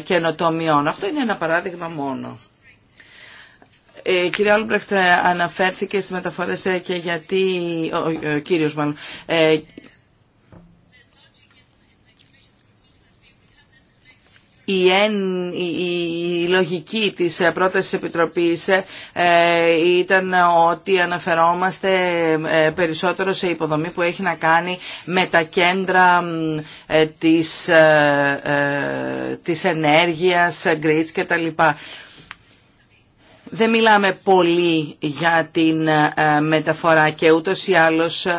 καινοτομιών. Αυτό είναι ένα παράδειγμα μόνο. Ε, κύριε Όλμπρεχτ, αναφέρθηκε στις μεταφορές και γιατί, ο, κύριος μάλλον, η, η, λογική της πρότασης Επιτροπής ε, ήταν ότι αναφερόμαστε ε, περισσότερο σε υποδομή που έχει να κάνει με τα κέντρα ε, της, της ενέργειας, grids λοιπά. Δεν μιλάμε πολύ για την ε, μεταφορά και ούτως ή άλλως ε,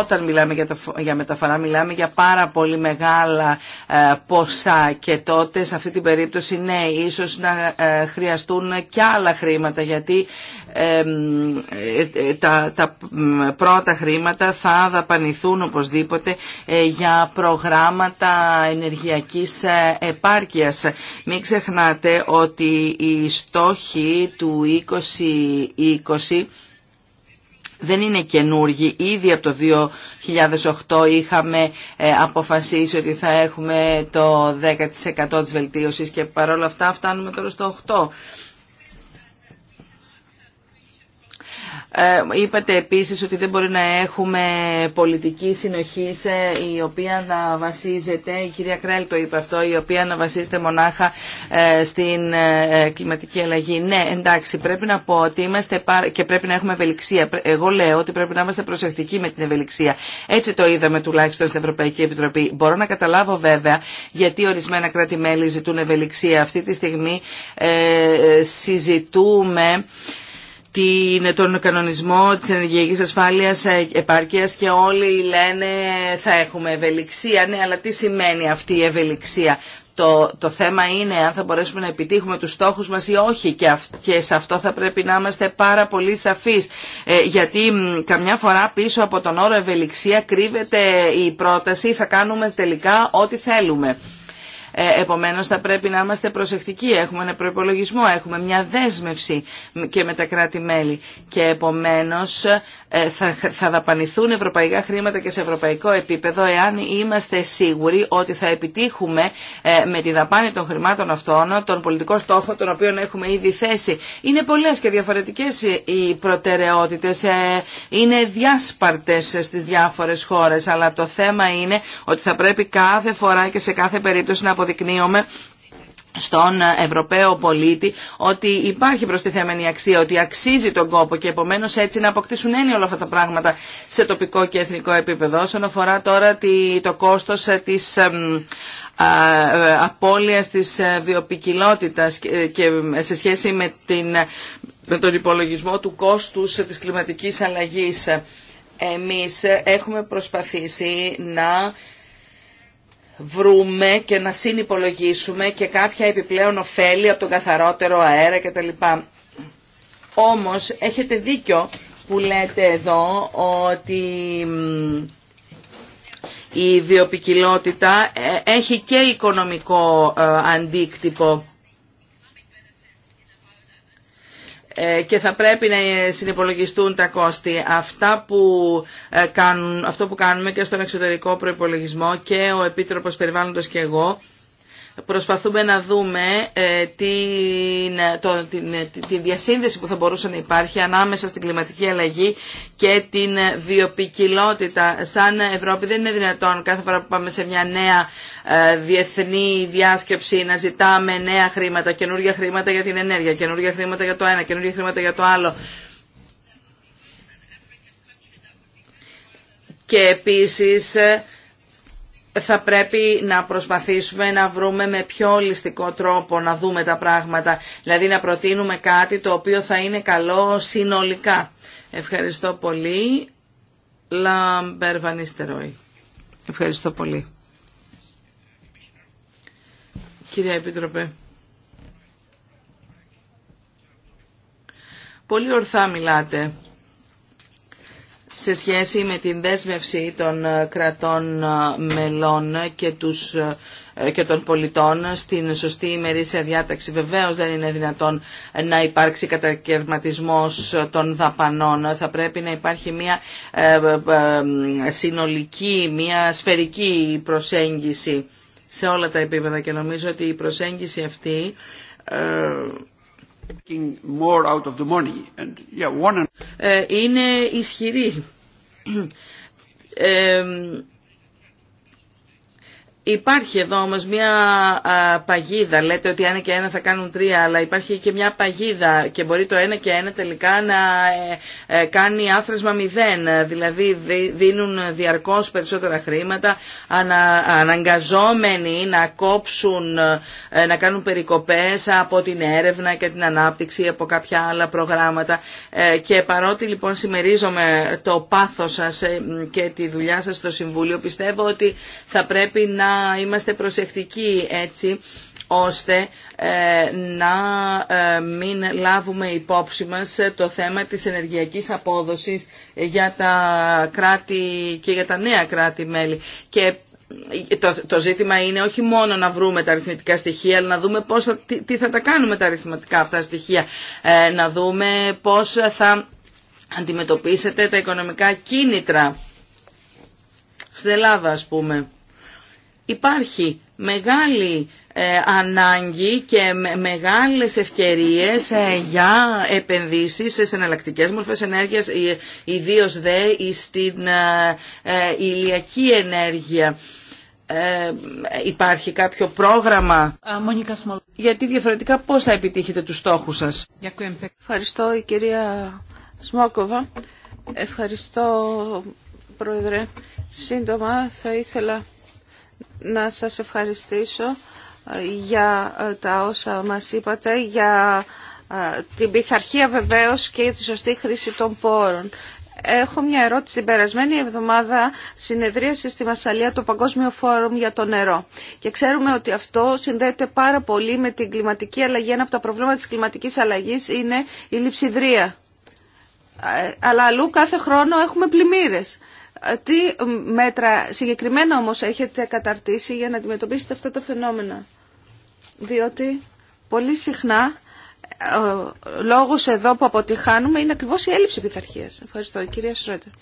όταν μιλάμε για, το, για μεταφορά μιλάμε για πάρα πολύ μεγάλα ε, ποσά και τότε σε αυτή την περίπτωση ναι, ίσως να χρειαστούν και άλλα χρήματα γιατί ε, ε, τα, τα πρώτα χρήματα θα δαπανηθούν οπωσδήποτε ε, για προγράμματα ενεργειακής επάρκειας. Μην ξεχνάτε ότι οι στόχοι του 2020 δεν είναι καινούργοι. Ήδη από το 2008 είχαμε αποφασίσει ότι θα έχουμε το 10% της βελτίωσης και παρόλα αυτά φτάνουμε τώρα στο 8%. Ε, είπατε επίσης ότι δεν μπορεί να έχουμε πολιτική συνοχή σε η οποία να βασίζεται, η κυρία Κρέλ το είπε αυτό, η οποία να βασίζεται μονάχα ε, στην ε, κλιματική αλλαγή. Ναι, εντάξει, πρέπει να πω ότι είμαστε και πρέπει να έχουμε ευελιξία. Εγώ λέω ότι πρέπει να είμαστε προσεκτικοί με την ευελιξία. Έτσι το είδαμε τουλάχιστον στην Ευρωπαϊκή Επιτροπή. Μπορώ να καταλάβω βέβαια γιατί ορισμένα κράτη-μέλη ζητούν ευελιξία. Αυτή τη στιγμή συζητούμε είναι τον κανονισμό της ενεργειακής ασφάλειας ε, επάρκειας και όλοι λένε θα έχουμε ευελιξία. Ναι, αλλά τι σημαίνει αυτή η ευελιξία. Το, το θέμα είναι αν θα μπορέσουμε να επιτύχουμε τους στόχους μας ή όχι και, και σε αυτό θα πρέπει να είμαστε πάρα πολύ σαφείς ε, γιατί καμιά φορά πίσω από τον όρο ευελιξία κρύβεται η πρόταση θα κάνουμε τελικά ό,τι θέλουμε. Ε, επομένως θα πρέπει να είμαστε προσεκτικοί. Έχουμε ένα προπολογισμό, έχουμε μια δέσμευση και με τα κράτη-μέλη. Και επομένως ε, θα, θα δαπανηθούν ευρωπαϊκά χρήματα και σε ευρωπαϊκό επίπεδο εάν είμαστε σίγουροι ότι θα επιτύχουμε ε, με τη δαπάνη των χρημάτων αυτών τον πολιτικό στόχο τον οποίο έχουμε ήδη θέσει. Είναι πολλές και διαφορετικές οι προτεραιότητες, ε, είναι διάσπαρτες στις διάφορες χώρες αλλά το θέμα είναι ότι θα πρέπει κάθε φορά και σε κάθε περίπτωση να αποδεικνύουμε στον Ευρωπαίο πολίτη ότι υπάρχει προστιθέμενη αξία, ότι αξίζει τον κόπο και επομένω έτσι να αποκτήσουν έννοια όλα αυτά τα πράγματα σε τοπικό και εθνικό επίπεδο. Όσον αφορά τώρα το κόστος της ε, απώλειας της ε, βιοπικιλότητας και ε, σε σχέση με, την, με τον υπολογισμό του κόστους της κλιματικής αλλαγής. Εμείς έχουμε προσπαθήσει να βρούμε και να συνυπολογίσουμε και κάποια επιπλέον ωφέλη από τον καθαρότερο αέρα κτλ. Όμως έχετε δίκιο που λέτε εδώ ότι η βιοπικιλότητα ε, έχει και οικονομικό ε, αντίκτυπο Ε, και θα πρέπει να συνυπολογιστούν τα κόστη. Αυτά που ε, αυτό που κάνουμε και στον εξωτερικό προϋπολογισμό και ο Επίτροπος Περιβάλλοντος και εγώ προσπαθούμε να δούμε ε, την, το, την, τη διασύνδεση που θα μπορούσε να υπάρχει ανάμεσα στην κλιματική αλλαγή και την βιοπικιλότητα. Σαν Ευρώπη δεν είναι δυνατόν κάθε φορά που πάμε σε μια νέα ε, διεθνή διάσκεψη να ζητάμε νέα χρήματα, καινούργια χρήματα για την ενέργεια, καινούργια χρήματα για το ένα, καινούργια χρήματα για το άλλο. Και επίσης ε, θα πρέπει να προσπαθήσουμε να βρούμε με πιο ολιστικό τρόπο να δούμε τα πράγματα, δηλαδή να προτείνουμε κάτι το οποίο θα είναι καλό συνολικά. Ευχαριστώ πολύ. Λαμπερ Ευχαριστώ πολύ. Κυρία Επίτροπε. Πολύ ορθά μιλάτε σε σχέση με την δέσμευση των ε, κρατών ε, μελών και, τους, ε, και των πολιτών στην σωστή ημερήσια διάταξη. Βεβαίως δεν είναι δυνατόν να υπάρξει κατακαιρματισμός των δαπανών. Θα πρέπει να υπάρχει μια συνολική, μια σφαιρική προσέγγιση σε όλα τα επίπεδα και νομίζω ότι η προσέγγιση αυτή είναι ισχυρή. Ε, Υπάρχει εδώ όμως μια παγίδα, λέτε ότι ένα και ένα θα κάνουν τρία, αλλά υπάρχει και μια παγίδα και μπορεί το ένα και ένα τελικά να ε, ε, κάνει άθροισμα μηδέν, δηλαδή δίνουν διαρκώς περισσότερα χρήματα, αναγκαζόμενοι να κόψουν, ε, να κάνουν περικοπές από την έρευνα και την ανάπτυξη, από κάποια άλλα προγράμματα και παρότι λοιπόν συμμερίζομαι το πάθος σας και τη δουλειά σας στο Συμβούλιο, πιστεύω ότι θα πρέπει να είμαστε προσεκτικοί έτσι ώστε ε, να ε, μην λάβουμε υπόψη μας το θέμα της ενεργειακής απόδοσης για τα κράτη και για τα νέα κράτη-μέλη. Και ε, το, το ζήτημα είναι όχι μόνο να βρούμε τα αριθμητικά στοιχεία, αλλά να δούμε πώς τι, θα τα κάνουμε τα αριθμητικά αυτά στοιχεία, να δούμε πώς θα αντιμετωπίσετε τα οικονομικά κίνητρα. Στην Ελλάδα, ας πούμε υπάρχει μεγάλη ε, ανάγκη και μεγάλες ευκαιρίες ε, για επενδύσεις σε εναλλακτικές μορφές ενέργειας, ε, ιδίως δε στην ηλιακή ενέργεια. Ε, υπάρχει κάποιο πρόγραμμα γιατί διαφορετικά πώς θα επιτύχετε τους στόχους σας Ευχαριστώ η κυρία Σμόκοβα Ευχαριστώ Πρόεδρε Σύντομα θα ήθελα να σας ευχαριστήσω ε, για ε, τα όσα μας είπατε, για ε, την πειθαρχία βεβαίως και για τη σωστή χρήση των πόρων. Έχω μια ερώτηση. Την περασμένη εβδομάδα συνεδρίασε στη Μασαλία το Παγκόσμιο Φόρουμ για το νερό. Και ξέρουμε ότι αυτό συνδέεται πάρα πολύ με την κλιματική αλλαγή. Ένα από τα προβλήματα της κλιματικής αλλαγής είναι η λειψιδρία. Αλλά αλλού κάθε χρόνο έχουμε πλημμύρες. Τι μέτρα συγκεκριμένα όμως έχετε καταρτήσει για να αντιμετωπίσετε αυτά τα φαινόμενα. Διότι πολύ συχνά ε, ο λόγος εδώ που αποτυχάνουμε είναι ακριβώς η έλλειψη πειθαρχία. Ευχαριστώ. Κυρία Σρότερ.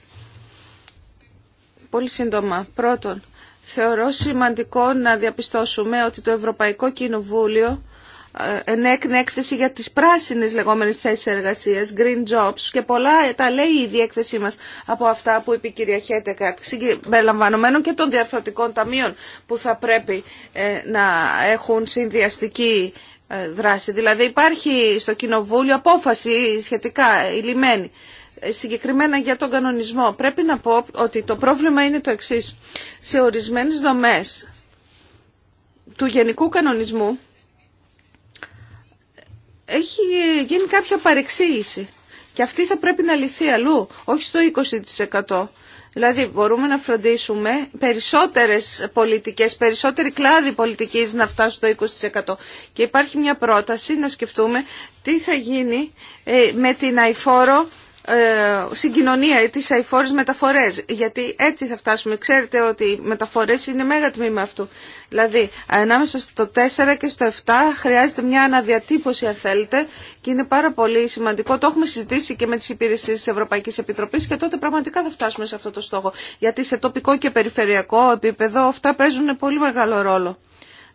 Πολύ σύντομα. Πρώτον, θεωρώ σημαντικό να διαπιστώσουμε ότι το Ευρωπαϊκό Κοινοβούλιο εν έκθεση για τις πράσινες λεγόμενες θέσεις εργασίας, green jobs και πολλά τα λέει η διέκθεσή μας από αυτά που είπε η κυρία Χέτεκα συμπεριλαμβανομένων και των διαρθρωτικών ταμείων που θα πρέπει ε, να έχουν συνδυαστική ε, δράση. Δηλαδή υπάρχει στο Κοινοβούλιο απόφαση σχετικά η ε, συγκεκριμένα για τον κανονισμό. Πρέπει να πω ότι το πρόβλημα είναι το εξής. Σε ορισμένες δομές του γενικού κανονισμού έχει γίνει κάποια παρεξήγηση και αυτή θα πρέπει να λυθεί αλλού, όχι στο 20%. Δηλαδή μπορούμε να φροντίσουμε περισσότερες πολιτικές, περισσότερη κλάδη πολιτικής να φτάσουν στο 20%. Και υπάρχει μια πρόταση να σκεφτούμε τι θα γίνει ε, με την αηφόρο ε, συγκοινωνία ή τις αηφόρες μεταφορές γιατί έτσι θα φτάσουμε ξέρετε ότι οι μεταφορές είναι μέγα τμήμα αυτού δηλαδή ανάμεσα στο 4 και στο 7 χρειάζεται μια αναδιατύπωση αν θέλετε και είναι πάρα πολύ σημαντικό το έχουμε συζητήσει και με τις υπηρεσίες της Ευρωπαϊκής Επιτροπής και τότε πραγματικά θα φτάσουμε σε αυτό το στόχο γιατί σε τοπικό και περιφερειακό επίπεδο αυτά παίζουν πολύ μεγάλο ρόλο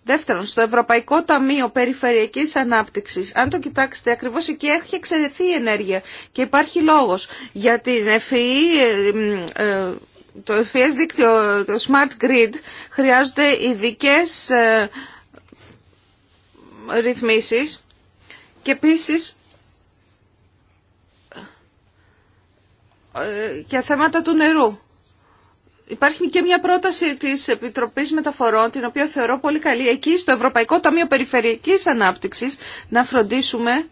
Δεύτερον, στο Ευρωπαϊκό Ταμείο Περιφερειακής Ανάπτυξης, αν το κοιτάξετε, ακριβώς εκεί έχει εξαιρεθεί η ενέργεια και υπάρχει λόγος για την e, ε, το FES δίκτυο, το Smart Grid, χρειάζονται ειδικέ ε, ρυθμίσεις και επίσης ε, για θέματα του νερού. Υπάρχει και μια πρόταση της Επιτροπής Μεταφορών, την οποία θεωρώ πολύ καλή, εκεί στο Ευρωπαϊκό Ταμείο Περιφερειακής Ανάπτυξης να φροντίσουμε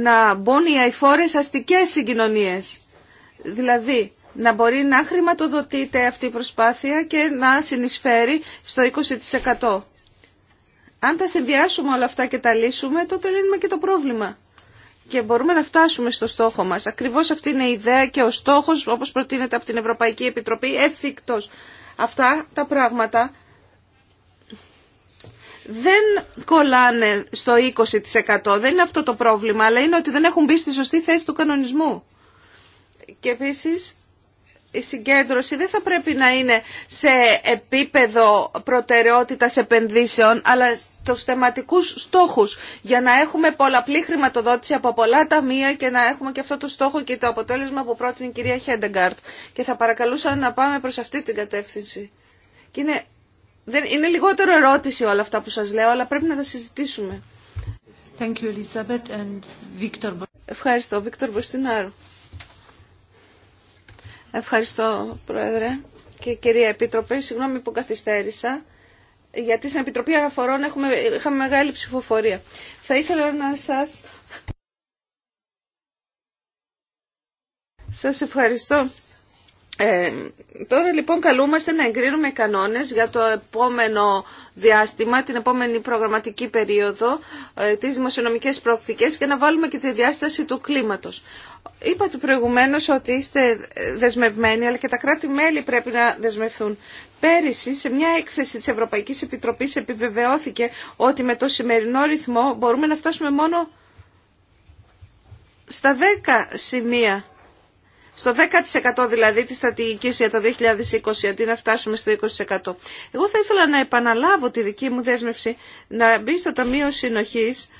να μπουν οι αϊφόρες αστικές συγκοινωνίες. Δηλαδή, να μπορεί να χρηματοδοτείται αυτή η προσπάθεια και να συνεισφέρει στο 20%. Αν τα συνδυάσουμε όλα αυτά και τα λύσουμε, τότε λύνουμε και το πρόβλημα και μπορούμε να φτάσουμε στο στόχο μας. Ακριβώς αυτή είναι η ιδέα και ο στόχος, όπως προτείνεται από την Ευρωπαϊκή Επιτροπή, εφικτός. Αυτά τα πράγματα δεν κολλάνε στο 20%. Δεν είναι αυτό το πρόβλημα, αλλά είναι ότι δεν έχουν μπει στη σωστή θέση του κανονισμού. Και επίσης η συγκέντρωση δεν θα πρέπει να είναι σε επίπεδο προτεραιότητας επενδύσεων, αλλά στους θεματικούς στόχους, για να έχουμε πολλαπλή χρηματοδότηση από πολλά ταμεία και να έχουμε και αυτό το στόχο και το αποτέλεσμα που πρότεινε η κυρία Χέντεγκαρτ. Και θα παρακαλούσα να πάμε προς αυτή την κατεύθυνση. είναι, δεν, είναι λιγότερο ερώτηση όλα αυτά που σας λέω, αλλά πρέπει να τα συζητήσουμε. Ευχαριστώ, Βίκτορ Μποστινάρου. Ευχαριστώ, Πρόεδρε και κυρία Επίτροπε. Συγγνώμη που καθυστέρησα, γιατί στην Επιτροπή Αναφορών έχουμε, είχαμε μεγάλη ψηφοφορία. Θα ήθελα να σας... Σας ευχαριστώ ε, τώρα λοιπόν καλούμαστε να εγκρίνουμε κανόνες για το επόμενο διάστημα, την επόμενη προγραμματική περίοδο, ε, τις δημοσιονομικές και να βάλουμε και τη διάσταση του κλίματος. Είπατε προηγουμένως ότι είστε δεσμευμένοι, αλλά και τα κράτη-μέλη πρέπει να δεσμευθούν. Πέρυσι, σε μια έκθεση της Ευρωπαϊκής Επιτροπής επιβεβαιώθηκε ότι με το σημερινό ρυθμό μπορούμε να φτάσουμε μόνο στα 10 σημεία στο 10% δηλαδή τη στρατηγική για το 2020 αντί να φτάσουμε στο 20%. Εγώ θα ήθελα να επαναλάβω τη δική μου δέσμευση να μπει στο Ταμείο Συνοχής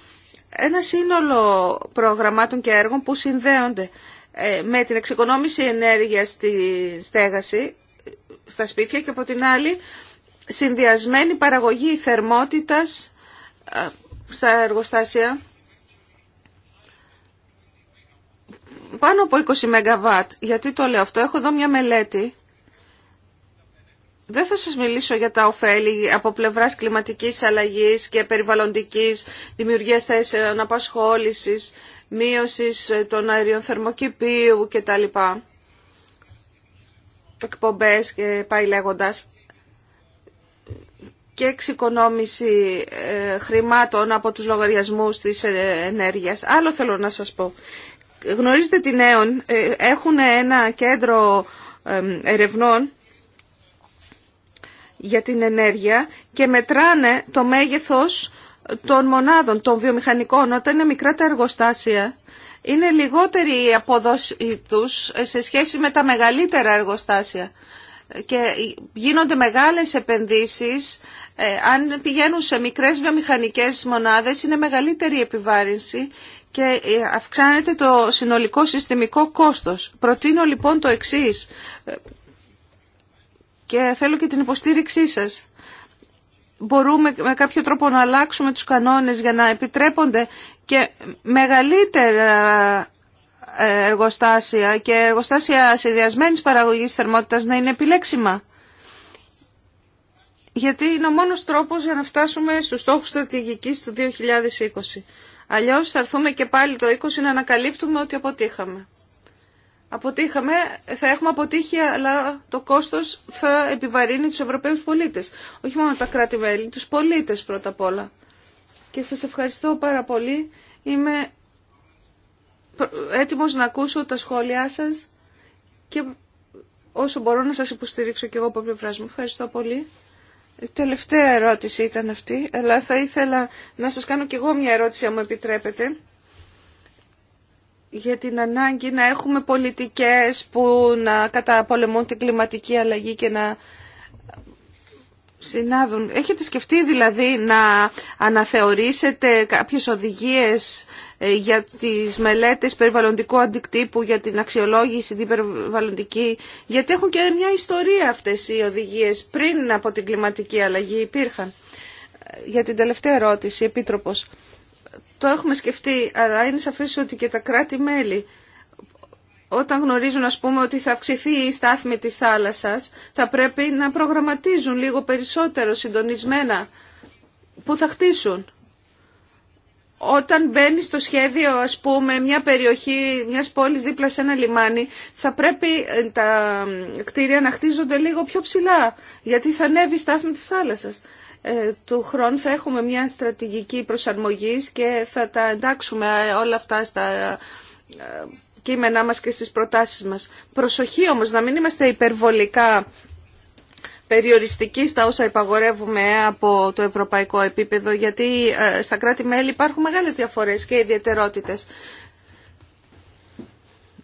ένα σύνολο προγραμμάτων και έργων που συνδέονται ε, με την εξοικονόμηση ενέργειας στη στέγαση, στα σπίτια και από την άλλη συνδυασμένη παραγωγή θερμότητας ε, στα εργοστάσια πάνω από 20 ΜΒ. Γιατί το λέω αυτό, έχω εδώ μια μελέτη. Δεν θα σας μιλήσω για τα ωφέλη από πλευράς κλιματικής αλλαγής και περιβαλλοντικής δημιουργίας θέσεων απασχόλησης, μείωσης των αερίων θερμοκηπίου κτλ. Εκπομπές και πάει λέγοντας και εξοικονόμηση ε, χρημάτων από τους λογαριασμούς της ε, ενέργειας. Άλλο θέλω να σας πω. Γνωρίζετε την νέων ε, έχουν ένα κέντρο ερευνών για την ενέργεια και μετράνε το μέγεθος των μονάδων, των βιομηχανικών, όταν είναι μικρά τα εργοστάσια, είναι λιγότερη η αποδόση τους ε, σε σχέση με τα μεγαλύτερα εργοστάσια και γίνονται μεγάλες επενδύσεις. Ε, αν πηγαίνουν σε μικρές βιομηχανικές μονάδες είναι μεγαλύτερη η επιβάρυνση και ε, αυξάνεται το συνολικό συστημικό κόστος. Προτείνω λοιπόν το εξής ε, και θέλω και την υποστήριξή σας. Μπορούμε με κάποιο τρόπο να αλλάξουμε τους κανόνες για να επιτρέπονται και μεγαλύτερα εργοστάσια και εργοστάσια συνδυασμένη παραγωγής θερμότητας να είναι επιλέξιμα. Γιατί είναι ο μόνος τρόπος για να φτάσουμε στους στόχους στρατηγικής του 2020. Αλλιώς θα έρθουμε και πάλι το 20 να ανακαλύπτουμε ότι αποτύχαμε. Αποτύχαμε, θα έχουμε αποτύχει, αλλά το κόστος θα επιβαρύνει τους Ευρωπαίους πολίτες. Όχι μόνο τα κράτη-μέλη, τους πολίτες πρώτα απ' όλα. Και σας ευχαριστώ πάρα πολύ. Είμαι έτοιμος να ακούσω τα σχόλιά σας και όσο μπορώ να σας υποστηρίξω και εγώ από πλευράς μου. Ευχαριστώ πολύ. Η τελευταία ερώτηση ήταν αυτή, αλλά θα ήθελα να σας κάνω και εγώ μια ερώτηση, αν μου επιτρέπετε, για την ανάγκη να έχουμε πολιτικές που να καταπολεμούν την κλιματική αλλαγή και να συνάδουν. Έχετε σκεφτεί δηλαδή να αναθεωρήσετε κάποιες οδηγίες ε, για τις μελέτες περιβαλλοντικού αντικτύπου, για την αξιολόγηση την περιβαλλοντική, γιατί έχουν και μια ιστορία αυτές οι οδηγίες πριν από την κλιματική αλλαγή υπήρχαν. Ε, για την τελευταία ερώτηση, Επίτροπος, το έχουμε σκεφτεί, αλλά είναι σαφές ότι και τα κράτη-μέλη όταν γνωρίζουν ας πούμε ότι θα αυξηθεί η στάθμη της θάλασσας, θα πρέπει να προγραμματίζουν λίγο περισσότερο συντονισμένα που θα χτίσουν. Όταν μπαίνει στο σχέδιο, ας πούμε, μια περιοχή, μιας πόλης δίπλα σε ένα λιμάνι, θα πρέπει ε, τα κτίρια να χτίζονται λίγο πιο ψηλά, γιατί θα ανέβει η στάθμη της θάλασσας. Ε, του χρόνου θα έχουμε μια στρατηγική προσαρμογής και θα τα εντάξουμε ε, όλα αυτά στα ε, κείμενά μας και στις προτάσεις μας. Προσοχή όμως να μην είμαστε υπερβολικά περιοριστικοί στα όσα υπαγορεύουμε από το ευρωπαϊκό επίπεδο, γιατί ε, στα κράτη-μέλη υπάρχουν μεγάλες διαφορές και ιδιαιτερότητες.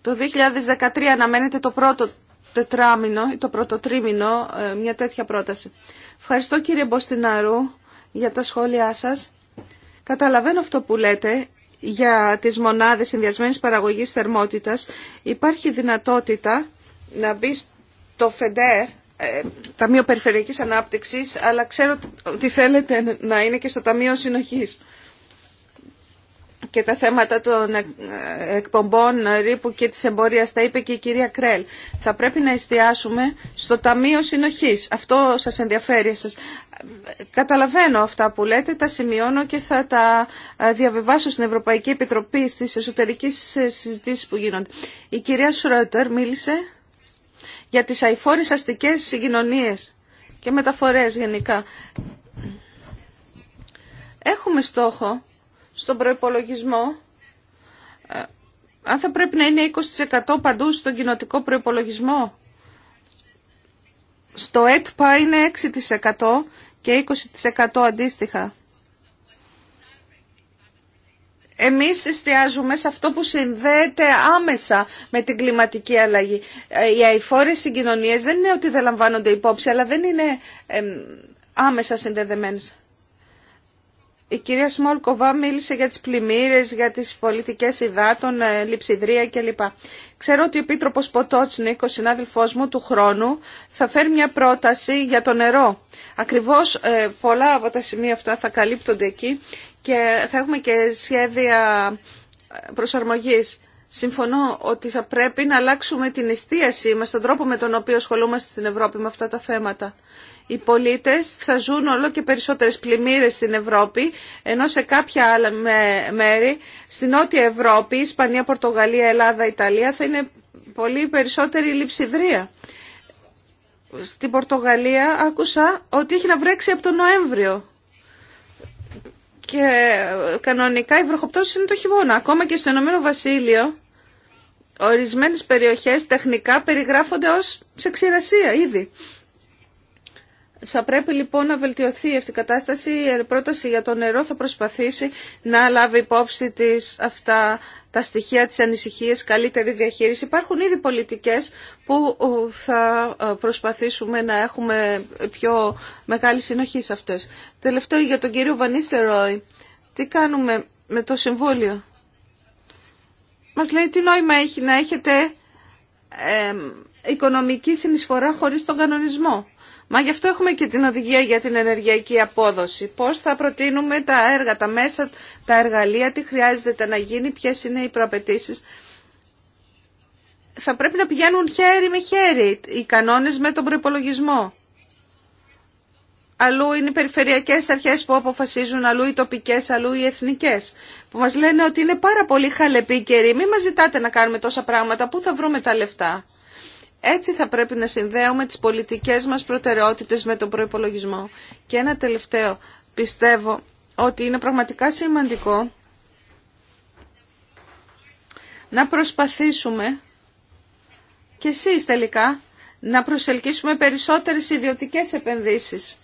Το 2013 αναμένεται το πρώτο τετράμινο ή το πρώτο τρίμηνο ε, μια τέτοια πρόταση. Ευχαριστώ κύριε Μποστινάρου για τα σχόλιά σας. Καταλαβαίνω αυτό που λέτε για τις μονάδες συνδυασμένης παραγωγής θερμότητας υπάρχει δυνατότητα να μπει στο ΦΕΝΤΕΡ, ε, Ταμείο Περιφερειακής Ανάπτυξης, αλλά ξέρω ότι θέλετε να είναι και στο Ταμείο Συνοχής και τα θέματα των ε, εκπομπών ρήπου και της εμπορίας, τα είπε και η κυρία Κρέλ. Θα πρέπει να εστιάσουμε στο Ταμείο Συνοχής. Αυτό σας ενδιαφέρει σας. Καταλαβαίνω αυτά που λέτε, τα σημειώνω και θα τα ε, διαβεβάσω στην Ευρωπαϊκή Επιτροπή στις εσωτερικές ε, συζητήσεις που γίνονται. Η κυρία Σρότερ μίλησε για τις αηφόρες αστικές συγκοινωνίες και μεταφορές γενικά. Έχουμε στόχο στον προϋπολογισμό ε, αν θα πρέπει να είναι 20% παντού στον κοινοτικό προϋπολογισμό. Στο ΕΤΠΑ είναι 6% και 20% αντίστοιχα. Εμείς εστιάζουμε σε αυτό που συνδέεται άμεσα με την κλιματική αλλαγή. Ε, οι αηφόρες συγκοινωνίες δεν είναι ότι δεν λαμβάνονται υπόψη, αλλά δεν είναι άμεσα συνδεδεμένες. Η κυρία Σμόλκοβα μίλησε για τις πλημμύρες, για τις πολιτικές υδάτων, ε, λειψιδρία κλπ. Ξέρω ότι ο Επίτροπος Ποτότσνικ, ο συνάδελφός μου του χρόνου, θα φέρει μια πρόταση για το νερό. Ακριβώς ε, πολλά από τα σημεία αυτά θα καλύπτονται εκεί και θα έχουμε και σχέδια ε, προσαρμογής. Συμφωνώ ότι θα πρέπει να αλλάξουμε την εστίαση μας, τον τρόπο με τον οποίο ασχολούμαστε στην Ευρώπη με αυτά τα θέματα οι πολίτες θα ζουν όλο και περισσότερες πλημμύρες στην Ευρώπη, ενώ σε κάποια άλλα μέρη, στην Νότια Ευρώπη, Ισπανία, Πορτογαλία, Ελλάδα, Ιταλία, θα είναι πολύ περισσότερη λειψιδρία. Στην Πορτογαλία άκουσα ότι έχει να βρέξει από τον Νοέμβριο. Και ε, κανονικά η βροχοπτώση είναι το χειμώνα. Ακόμα και στο Ηνωμένο Βασίλειο, ορισμένες περιοχές τεχνικά περιγράφονται ως σε ξηρασία ήδη. Θα πρέπει λοιπόν να βελτιωθεί αυτή η κατάσταση. Η πρόταση για το νερό θα προσπαθήσει να λάβει υπόψη της αυτά τα στοιχεία της ανησυχίας, καλύτερη διαχείριση. Υπάρχουν ήδη πολιτικές που θα ε, προσπαθήσουμε να έχουμε πιο μεγάλη συνοχή σε αυτές. Τελευταίο για τον κύριο Βανίστερόι. Τι κάνουμε με το Συμβούλιο. Μας λέει τι νόημα έχει να έχετε ε, οικονομική συνεισφορά χωρίς τον κανονισμό. Μα γι' αυτό έχουμε και την οδηγία για την ενεργειακή απόδοση. Πώς θα προτείνουμε τα έργα, τα μέσα, τα εργαλεία, τι χρειάζεται να γίνει, ποιες είναι οι προαπαιτήσεις. Θα πρέπει να πηγαίνουν χέρι με χέρι οι κανόνες με τον προπολογισμό. Αλλού είναι οι περιφερειακές αρχές που αποφασίζουν, αλλού οι τοπικές, αλλού οι εθνικές. Που μας λένε ότι είναι πάρα πολύ χαλεπή Μην μας ζητάτε να κάνουμε τόσα πράγματα. Πού θα βρούμε τα λεφτά. Έτσι θα πρέπει να συνδέουμε τις πολιτικές μας προτεραιότητες με τον προϋπολογισμό. Και ένα τελευταίο. Πιστεύω ότι είναι πραγματικά σημαντικό να προσπαθήσουμε και εσείς τελικά να προσελκύσουμε περισσότερες ιδιωτικές επενδύσεις.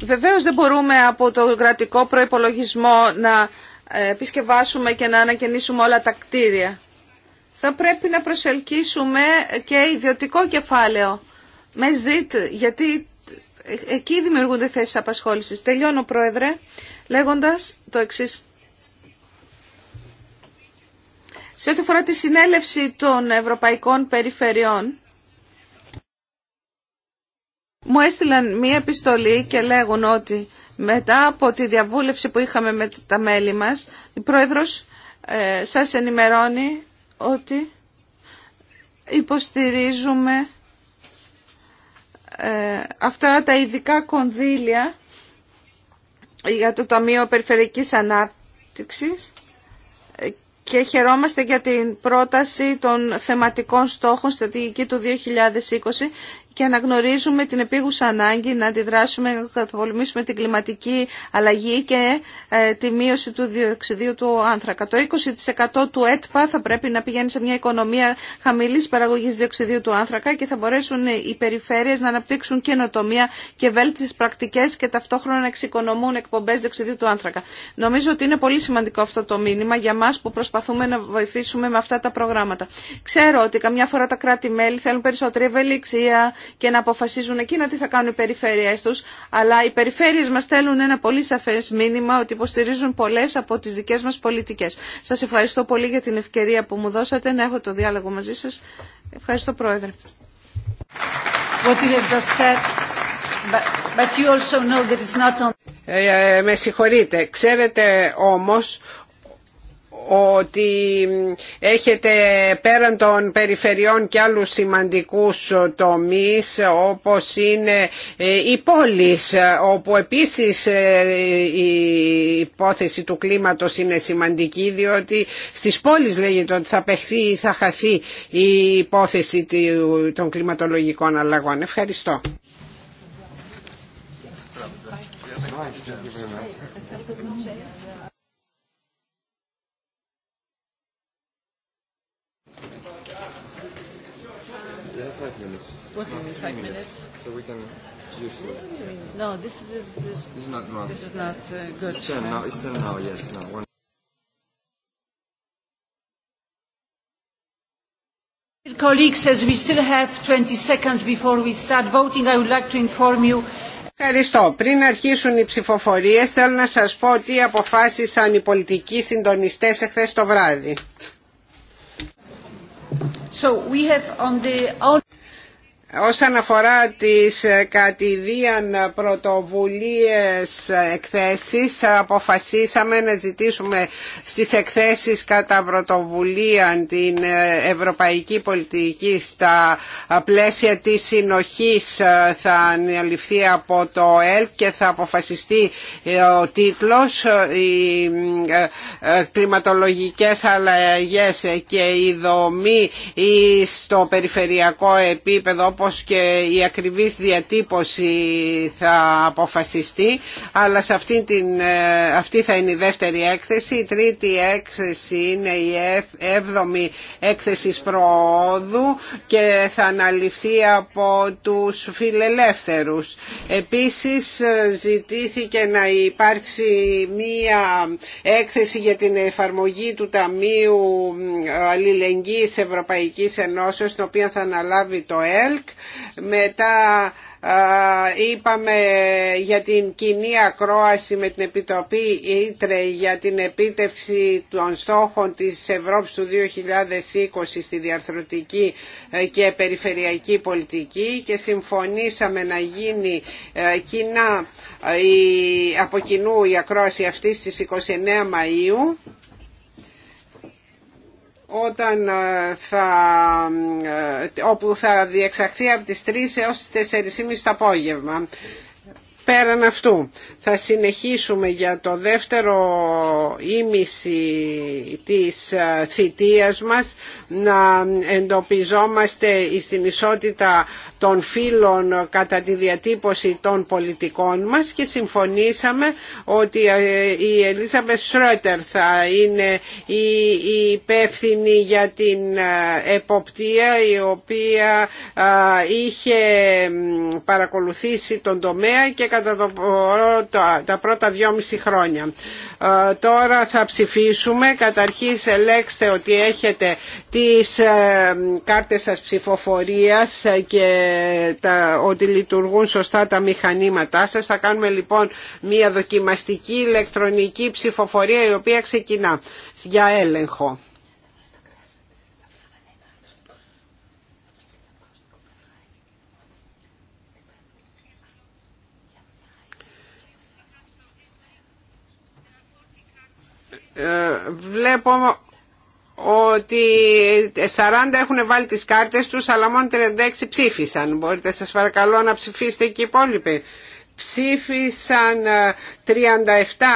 Βεβαίως δεν μπορούμε από το κρατικό προϋπολογισμό να ε, επισκευάσουμε και να ανακαινήσουμε όλα τα κτίρια θα πρέπει να προσελκύσουμε και ιδιωτικό κεφάλαιο. Μες δίτ, γιατί εκεί δημιουργούνται θέσεις απασχόλησης. Τελειώνω, Πρόεδρε, λέγοντας το εξής. Σε ό,τι φορά τη συνέλευση των ευρωπαϊκών περιφερειών, μου έστειλαν μία επιστολή και λέγουν ότι μετά από τη διαβούλευση που είχαμε με τα μέλη μας, η Πρόεδρος ε, σας ενημερώνει ότι υποστηρίζουμε ε, αυτά τα ειδικά κονδύλια για το Ταμείο Περιφερειακής Ανάπτυξης και χαιρόμαστε για την πρόταση των θεματικών στόχων στρατηγική του 2020 και αναγνωρίζουμε την επίγουσα ανάγκη να αντιδράσουμε, να καταπολεμήσουμε την κλιματική αλλαγή και ε, τη μείωση του διοξιδίου του άνθρακα. Το 20% του ΕΤΠΑ θα πρέπει να πηγαίνει σε μια οικονομία χαμηλής παραγωγής διοξιδίου του άνθρακα και θα μπορέσουν οι περιφέρειες να αναπτύξουν καινοτομία και βέλτιστες πρακτικές και ταυτόχρονα να εξοικονομούν εκπομπές διοξιδίου του άνθρακα. Νομίζω ότι είναι πολύ σημαντικό αυτό το μήνυμα για μας που προσπαθούμε να βοηθήσουμε με αυτά τα προγράμματα. Ξέρω ότι καμιά φορά τα κράτη-μέλη θέλουν περισσότερη ευελιξία, και να αποφασίζουν εκείνα τι θα κάνουν οι περιφέρειέ του, αλλά οι περιφέρειες μα στέλνουν ένα πολύ σαφέ μήνυμα ότι υποστηρίζουν πολλές από τι δικέ μα πολιτικέ. Σα ευχαριστώ πολύ για την ευκαιρία που μου δώσατε να έχω το διάλογο μαζί σα. Ευχαριστώ Πρόεδρε. Ε, ε, με συγχωρείτε. Ξέρετε όμως ότι έχετε πέραν των περιφερειών και άλλους σημαντικούς τομείς όπως είναι ε, οι πόλεις ε, όπου επίσης ε, η υπόθεση του κλίματος είναι σημαντική διότι στις πόλεις λέγεται ότι θα παιχθεί ή θα χαθεί η υπόθεση των κλιματολογικών αλλαγών. Ευχαριστώ. working in five minutes. So we can use it. No, this is this. This is not. This is not good. It's ten now. It's ten now. Yes. Now. Colleagues, as we still have 20 seconds before we start voting, I would like to inform you. Ευχαριστώ. Πριν αρχίσουν οι ψηφοφορίες, θέλω να σας πω τι αποφάσισαν οι πολιτικοί συντονιστές εχθές το βράδυ. So we have on the... Όσον αφορά τις ε, κατηδίαν πρωτοβουλίες εκθέσεις, αποφασίσαμε να ζητήσουμε στις εκθέσεις κατά πρωτοβουλία την ε, ευρωπαϊκή πολιτική στα ε, πλαίσια της συνοχής θα αναλυφθεί από το ΕΛΚ και θα αποφασιστεί ο τίτλος οι κλιματολογικές αλλαγές και η δομή στο περιφερειακό επίπεδο όπως και η ακριβής διατύπωση θα αποφασιστεί αλλά σε αυτή, την, ε, αυτή θα είναι η δεύτερη έκθεση η τρίτη έκθεση είναι η έβδομη έκθεση προόδου και θα αναλυφθεί από τους φιλελεύθερους επίσης ε, ζητήθηκε να υπάρξει μία έκθεση για την εφαρμογή του Ταμείου Αλληλεγγύης Ευρωπαϊκής Ενώσεως, την οποία θα αναλάβει το ΕΛΚ μετά είπαμε για την κοινή ακρόαση με την Επιτροπή Ήτρε για την επίτευξη των στόχων της Ευρώπης του 2020 στη διαρθρωτική ε, και περιφερειακή πολιτική και συμφωνήσαμε να γίνει ε, κοινά ε, από κοινού η ακρόαση αυτή στις 29 Μαΐου όταν ε, θα, ε, όπου θα διεξαχθεί από τις 3 έως τις 4.30 το απόγευμα. Πέραν αυτού, θα συνεχίσουμε για το δεύτερο ήμιση της ε, θητείας μας να εντοπιζόμαστε στην ισότητα των φίλων κατά τη διατύπωση των πολιτικών μας και συμφωνήσαμε ότι ε, η Ελίζα Σρότερ θα είναι η υπεύθυνη για την ε, εποπτεία η οποία ε, είχε παρακολουθήσει τον τομέα και κατά το, τα πρώτα δυόμιση χρόνια. Τώρα θα ψηφίσουμε. Καταρχής ελέξτε ότι έχετε τις κάρτες σας ψηφοφορίας και τα, ότι λειτουργούν σωστά τα μηχανήματά σας. Θα κάνουμε λοιπόν μια δοκιμαστική ηλεκτρονική ψηφοφορία η οποία ξεκινά για έλεγχο. Ε, βλέπω ότι 40 έχουν βάλει τις κάρτες τους αλλά μόνο 36 ψήφισαν. Μπορείτε σας παρακαλώ να ψηφίσετε και οι υπόλοιποι. Ψήφισαν 37 ε,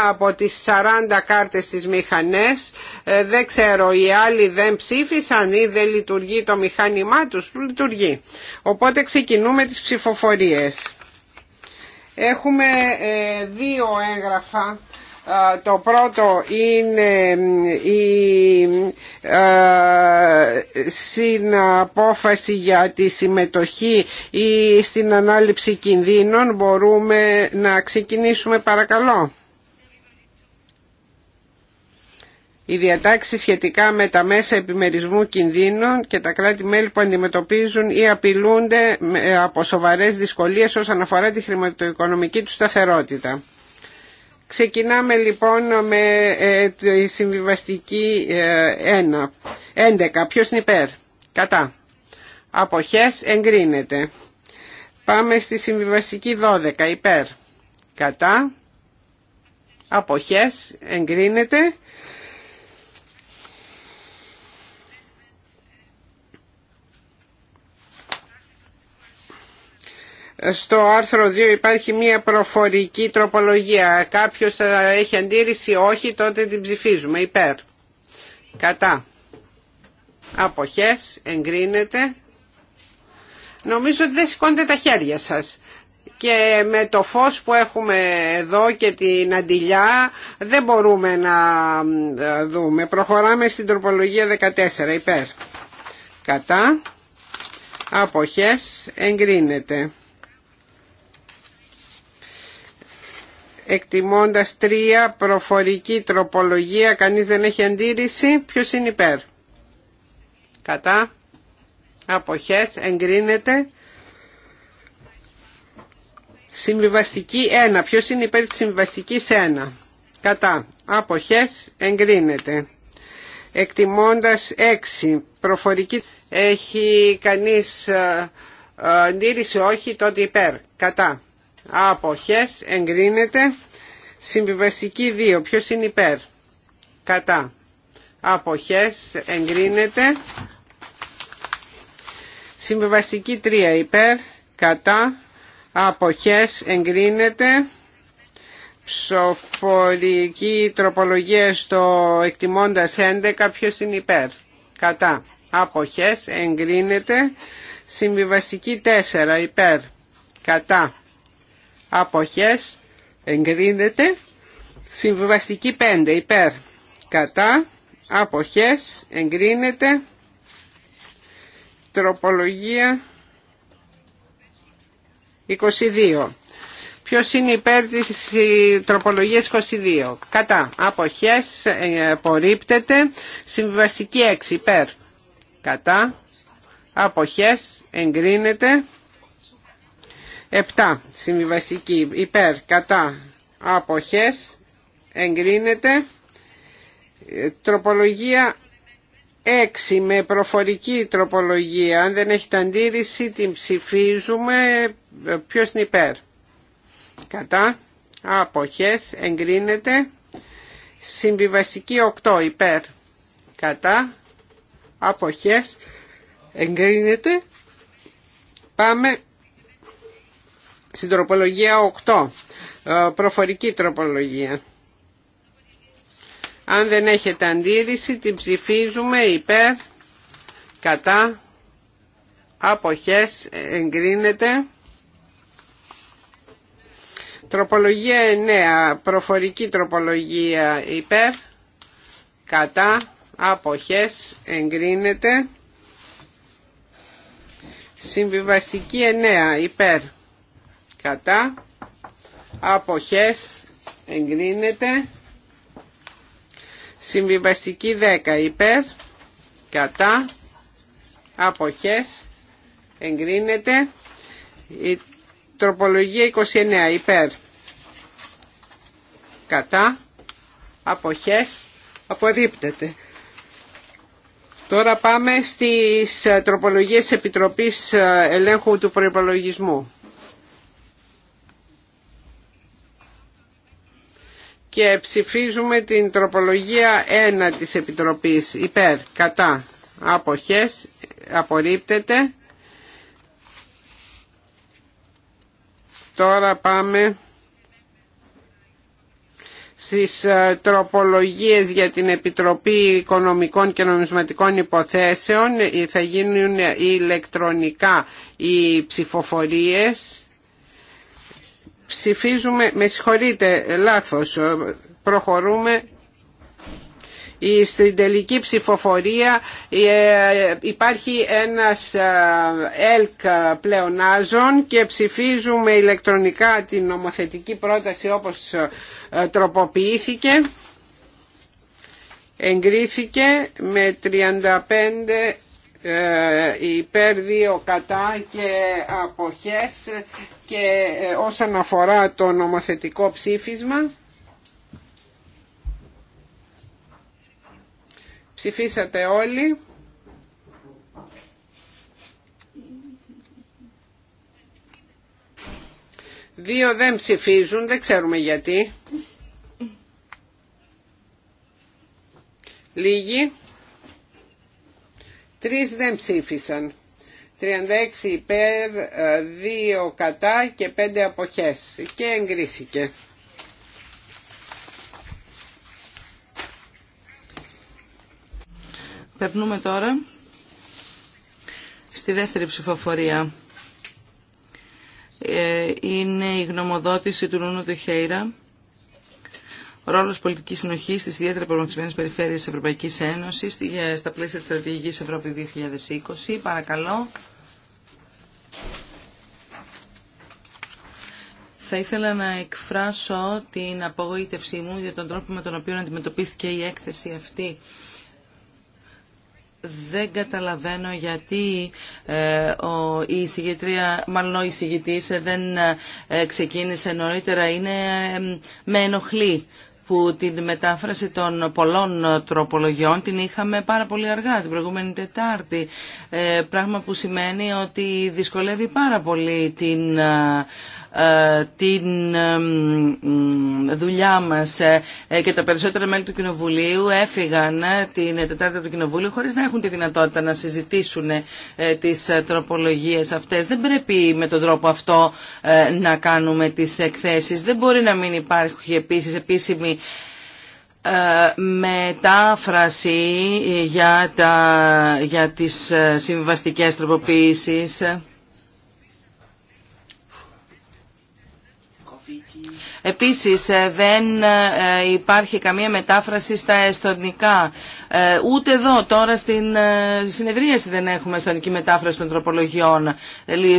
από τις 40 κάρτες της μηχανές. Ε, δεν ξέρω, οι άλλοι δεν ψήφισαν ή δεν λειτουργεί το μηχάνημά τους. Λειτουργεί. Οπότε ξεκινούμε τις ψηφοφορίες. Έχουμε ε, δύο έγγραφα το πρώτο είναι η συναπόφαση για τη συμμετοχή ή στην ανάληψη κινδύνων. Μπορούμε να ξεκινήσουμε παρακαλώ. Οι διατάξει σχετικά με τα μέσα επιμερισμού κινδύνων και τα κράτη-μέλη που αντιμετωπίζουν ή απειλούνται από σοβαρές δυσκολίες όσον αφορά τη χρηματοοικονομική του σταθερότητα. Ξεκινάμε λοιπόν με ε, τη συμβιβαστική 1. Ε, 11. Ποιος είναι υπέρ. Κατά. Αποχές εγκρίνεται. Πάμε στη συμβιβαστική 12. Υπέρ. Κατά. Αποχές εγκρίνεται. στο άρθρο 2 υπάρχει μια προφορική τροπολογία. Κάποιος έχει αντίρρηση, όχι, τότε την ψηφίζουμε. Υπέρ. Κατά. Αποχές, εγκρίνεται. Νομίζω ότι δεν σηκώνετε τα χέρια σας. Και με το φως που έχουμε εδώ και την αντιλιά δεν μπορούμε να δούμε. Προχωράμε στην τροπολογία 14. Υπέρ. Κατά. Αποχές εγκρίνεται. εκτιμώντας 3 προφορική τροπολογία κανείς δεν έχει αντίρρηση ποιος είναι υπέρ κατά αποχές εγκρίνεται συμβιβαστική 1 ποιος είναι υπέρ της συμβιβαστικής 1 κατά αποχές εγκρίνεται εκτιμώντας 6 προφορική έχει κανείς ε, ε, αντίρρηση όχι τότε υπέρ κατά αποχές εγκρίνεται συμβιβαστική 2 ποιος είναι υπέρ κατά αποχές εγκρίνεται συμβιβαστική 3 υπέρ κατά αποχές εγκρίνεται ψοφορική τροπολογία στο εκτιμώντας 11 ποιος είναι υπέρ κατά αποχές εγκρίνεται συμβιβαστική 4 υπέρ κατά αποχές εγκρίνεται συμβιβαστική 5 υπέρ κατά αποχές εγκρίνεται τροπολογία 22 Ποιος είναι υπέρ της ε, τροπολογίας 22. Κατά. Αποχές. Ε, απορρίπτεται. Συμβιβαστική 6. Υπέρ. Κατά. Αποχές. Εγκρίνεται. 7 συμβιβαστική υπέρ κατά αποχές εγκρίνεται ε, τροπολογία 6 με προφορική τροπολογία αν δεν έχει αντίρρηση την ψηφίζουμε ε, ποιος είναι υπέρ κατά αποχές εγκρίνεται συμβιβαστική 8 υπέρ κατά αποχές εγκρίνεται πάμε στην τροπολογία 8, ε, προφορική τροπολογία. Αν δεν έχετε αντίρρηση την ψηφίζουμε υπέρ, κατά, αποχές, εγκρίνεται. Τροπολογία 9, προφορική τροπολογία υπέρ, κατά, αποχές, εγκρίνεται. Συμβιβαστική 9, υπέρ κατά αποχές εγκρίνεται συμβιβαστική 10 υπέρ κατά αποχές εγκρίνεται η τροπολογία 29 υπέρ κατά αποχές απορρίπτεται Τώρα πάμε στις ε, τροπολογίες Επιτροπής ε, Ελέγχου του Προϋπολογισμού. και ψηφίζουμε την τροπολογία 1 της Επιτροπής υπέρ, κατά, αποχές, απορρίπτεται. Τώρα πάμε στις ε, τροπολογίες για την Επιτροπή Οικονομικών και Νομισματικών Υποθέσεων. Ε, θα γίνουν ηλεκτρονικά οι ψηφοφορίες. Ψηφίζουμε, με συγχωρείτε, λάθος, προχωρούμε στην τελική ψηφοφορία ε, υπάρχει ένας ε, ΕΛΚ πλεονάζων και ψηφίζουμε ηλεκτρονικά την νομοθετική πρόταση όπως ε, τροποποιήθηκε εγκρίθηκε με 35 ε, υπέρ δύο, κατά και αποχές και ε, όσον αφορά το νομοθετικό ψήφισμα ψηφίσατε όλοι Δύο δεν ψηφίζουν, δεν ξέρουμε γιατί. Λίγοι. Τρεις δεν ψήφισαν. 36 υπέρ, 2 ε, κατά και 5 αποχές. Και εγκρίθηκε. Περνούμε τώρα στη δεύτερη ψηφοφορία. Ε, είναι η γνωμοδότηση του Νούνου Χέιρα ρόλο πολιτικής συνοχής στι ιδιαίτερα προγραμματισμένες περιφέρειες της Ευρωπαϊκής Ένωσης ε, στα πλαίσια της στρατηγική Ευρώπη 2020. Παρακαλώ. Θα ήθελα να εκφράσω την απογοήτευσή μου για τον τρόπο με τον οποίο αντιμετωπίστηκε η έκθεση αυτή. Δεν καταλαβαίνω γιατί ε, η συγγετρία, μάλλον ο εισηγητής δεν ε, ξεκίνησε νωρίτερα. Είναι, με ενοχλεί που την μετάφραση των πολλών τροπολογιών την είχαμε πάρα πολύ αργά την προηγούμενη Τετάρτη, ε, πράγμα που σημαίνει ότι δυσκολεύει πάρα πολύ την ε, την δουλειά μας ε, ε, και τα περισσότερα μέλη του Κοινοβουλίου έφυγαν την Τετάρτη του κοινοβουλίου χωρίς να έχουν τη δυνατότητα να συζητήσουν τις τροπολογίες αυτές. Δεν πρέπει με τον τρόπο αυτό να κάνουμε τις εκθέσεις. Δεν μπορεί να μην υπάρχει επίσης επίσημη μετάφραση για, τα, για τις συμβαστικές τροποποίησεις. Επίσης ε, δεν ε, υπάρχει καμία μετάφραση στα εστονικά. Ε, ούτε εδώ τώρα στην συνεδρίαση δεν έχουμε εστονική μετάφραση των τροπολογιών.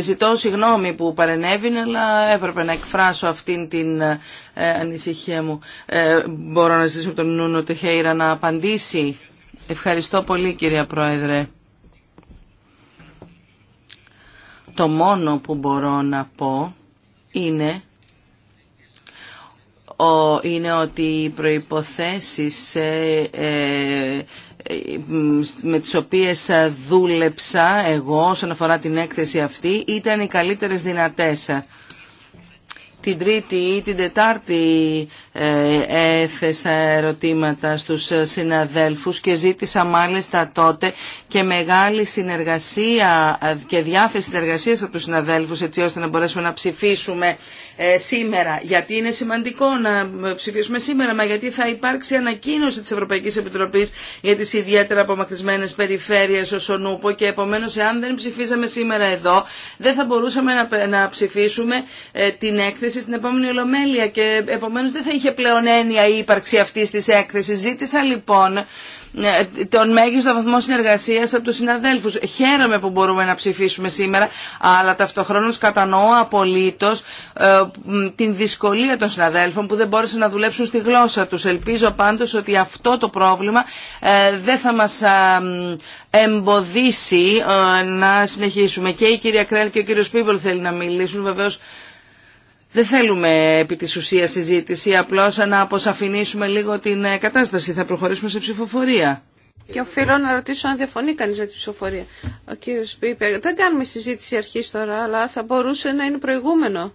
Ζητώ συγγνώμη που παρενέβηνα, αλλά έπρεπε να εκφράσω αυτήν την ανησυχία μου. Μπορώ να ζητήσω από τον Νούνο Τεχέιρα να απαντήσει. Ευχαριστώ πολύ κυρία Πρόεδρε. Το μόνο που μπορώ να πω είναι είναι ότι οι προϋποθέσεις ε, ε, ε, με τις οποίες δούλεψα εγώ όσον αφορά την έκθεση αυτή ήταν οι καλύτερες δυνατές. Την Τρίτη ή την Τετάρτη έθεσα ερωτήματα στους συναδέλφους και ζήτησα μάλιστα τότε και μεγάλη συνεργασία και διάθεση συνεργασίας από τους συναδέλφους έτσι ώστε να μπορέσουμε να ψηφίσουμε ε, σήμερα. Γιατί είναι σημαντικό να ψηφίσουμε σήμερα, μα γιατί θα υπάρξει ανακοίνωση της Ευρωπαϊκής Επιτροπής για τις ιδιαίτερα απομακρυσμένες περιφέρειες ως ο Νούπο και επομένως εάν δεν ψηφίζαμε σήμερα εδώ δεν θα μπορούσαμε να, ψηφίσουμε ε, την έκθεση στην επόμενη Ολομέλεια και επομένως δεν θα είχε πλέον έννοια η ύπαρξη αυτής της έκθεσης. Ζήτησα λοιπόν ναι, τον μέγιστο βαθμό συνεργασίας από τους συναδέλφους. Χαίρομαι που μπορούμε να ψηφίσουμε σήμερα, αλλά ταυτοχρόνως κατανοώ απολύτως ε, την δυσκολία των συναδέλφων που δεν μπόρεσαν να δουλέψουν στη γλώσσα τους. Ελπίζω πάντως ότι αυτό το πρόβλημα ε, δεν θα μας ε, εμποδίσει να συνεχίσουμε. Και η κυρία Κρέλ και ο κύριος Πίβολ θέλει να μιλήσουν βεβαίως δεν θέλουμε επί της ουσίας συζήτηση, απλώς να αποσαφηνίσουμε λίγο την ε, κατάσταση. Θα προχωρήσουμε σε ψηφοφορία. Και οφείλω να ρωτήσω αν διαφωνεί κανείς με την ψηφοφορία. Ο κύριος Πίπερ, δεν κάνουμε συζήτηση αρχής τώρα, αλλά θα μπορούσε να είναι προηγούμενο.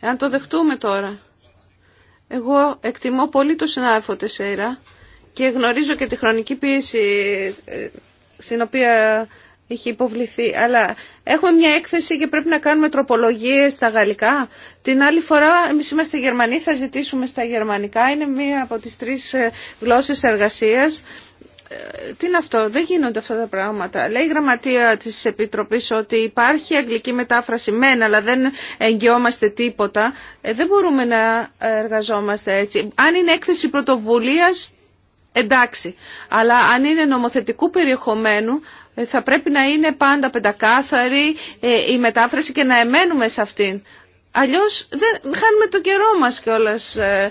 Εάν το δεχτούμε τώρα. Εγώ εκτιμώ πολύ το συνάδελφο Τεσέρα και γνωρίζω και τη χρονική πίεση ε, στην οποία έχει υποβληθεί. Αλλά έχουμε μια έκθεση και πρέπει να κάνουμε τροπολογίες στα γαλλικά. Την άλλη φορά, εμείς είμαστε Γερμανοί, θα ζητήσουμε στα γερμανικά. Είναι μία από τις τρεις ε, γλώσσες εργασίας. Ε, τι είναι αυτό, δεν γίνονται αυτά τα πράγματα. Λέει η γραμματεία της Επιτροπής ότι υπάρχει αγγλική μετάφραση μεν, αλλά δεν εγγυόμαστε τίποτα. Ε, δεν μπορούμε να εργαζόμαστε έτσι. Αν είναι έκθεση πρωτοβουλίας, εντάξει. Αλλά αν είναι νομοθετικού περιεχομένου, ε, θα πρέπει να είναι πάντα πεντακάθαρη ε, η μετάφραση και να εμένουμε σε αυτήν. Αλλιώς δεν χάνουμε το καιρό μας κιόλας. Ε.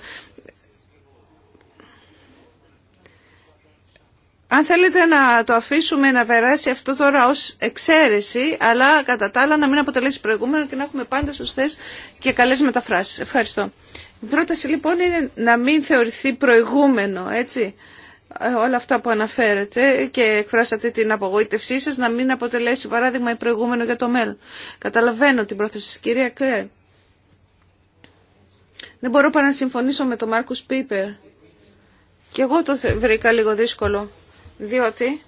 Αν θέλετε να το αφήσουμε να περάσει αυτό τώρα ως εξαίρεση, αλλά κατά τα άλλα να μην αποτελέσει προηγούμενο και να έχουμε πάντα σωστές και καλές μεταφράσεις. Ευχαριστώ. Η πρόταση λοιπόν είναι να μην θεωρηθεί προηγούμενο, έτσι. Ε, όλα αυτά που αναφέρετε και εκφράσατε την απογοήτευσή σας να μην αποτελέσει παράδειγμα η προηγούμενο για το μέλλον. Καταλαβαίνω την πρόθεση κυρία Κλέρ. Δεν μπορώ παρά να συμφωνήσω με τον Μάρκους Πίπερ. Και εγώ το βρήκα λίγο δύσκολο, διότι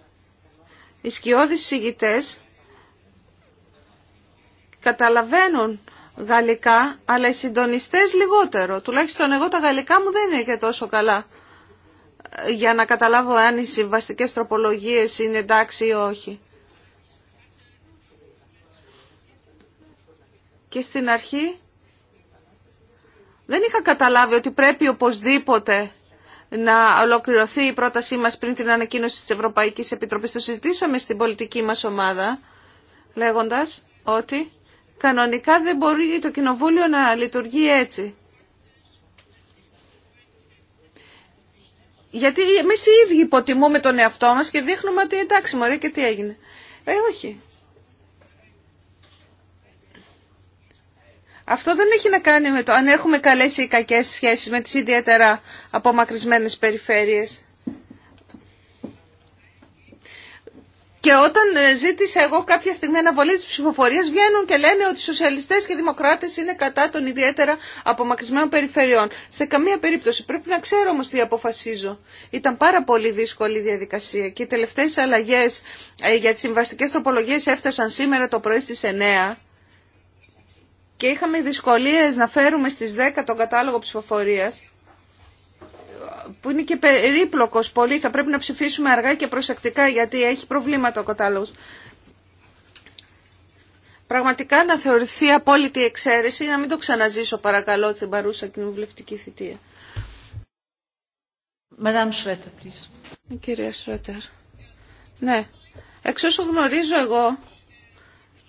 οι σκιώδεις συγητές καταλαβαίνουν γαλλικά, αλλά οι συντονιστές λιγότερο. Τουλάχιστον εγώ τα γαλλικά μου δεν είναι και τόσο καλά για να καταλάβω αν οι συμβαστικέ τροπολογίες είναι εντάξει ή όχι. Και στην αρχή δεν είχα καταλάβει ότι πρέπει οπωσδήποτε να ολοκληρωθεί η πρότασή μας πριν την ανακοίνωση της Ευρωπαϊκής Επιτροπής. Το συζητήσαμε στην πολιτική μας ομάδα, λέγοντας ότι κανονικά δεν μπορεί το Κοινοβούλιο να λειτουργεί έτσι. Γιατί εμεί οι ίδιοι υποτιμούμε τον εαυτό μας και δείχνουμε ότι εντάξει μωρέ και τι έγινε. Ε, όχι. Αυτό δεν έχει να κάνει με το αν έχουμε καλές ή κακές σχέσεις με τις ιδιαίτερα απομακρυσμένες περιφέρειες. Και όταν ε, ζήτησα εγώ κάποια στιγμή αναβολή τη ψηφοφορία, βγαίνουν και λένε ότι οι σοσιαλιστέ και οι δημοκράτε είναι κατά των ιδιαίτερα απομακρυσμένων περιφερειών. Σε καμία περίπτωση. Πρέπει να ξέρω όμω τι αποφασίζω. Ήταν πάρα πολύ δύσκολη η διαδικασία και οι τελευταίε αλλαγέ ε, για τι συμβαστικέ τροπολογίε έφτασαν σήμερα το πρωί στι 9. Και είχαμε δυσκολίες να φέρουμε στις 10 τον κατάλογο ψηφοφορίας που είναι και περίπλοκος πολύ. Θα πρέπει να ψηφίσουμε αργά και προσεκτικά γιατί έχει προβλήματα ο κατάλογος. Πραγματικά να θεωρηθεί απόλυτη εξαίρεση, να μην το ξαναζήσω παρακαλώ την παρούσα κοινοβουλευτική θητεία. Madame please. Κυρία Ναι. Εξ όσων γνωρίζω εγώ,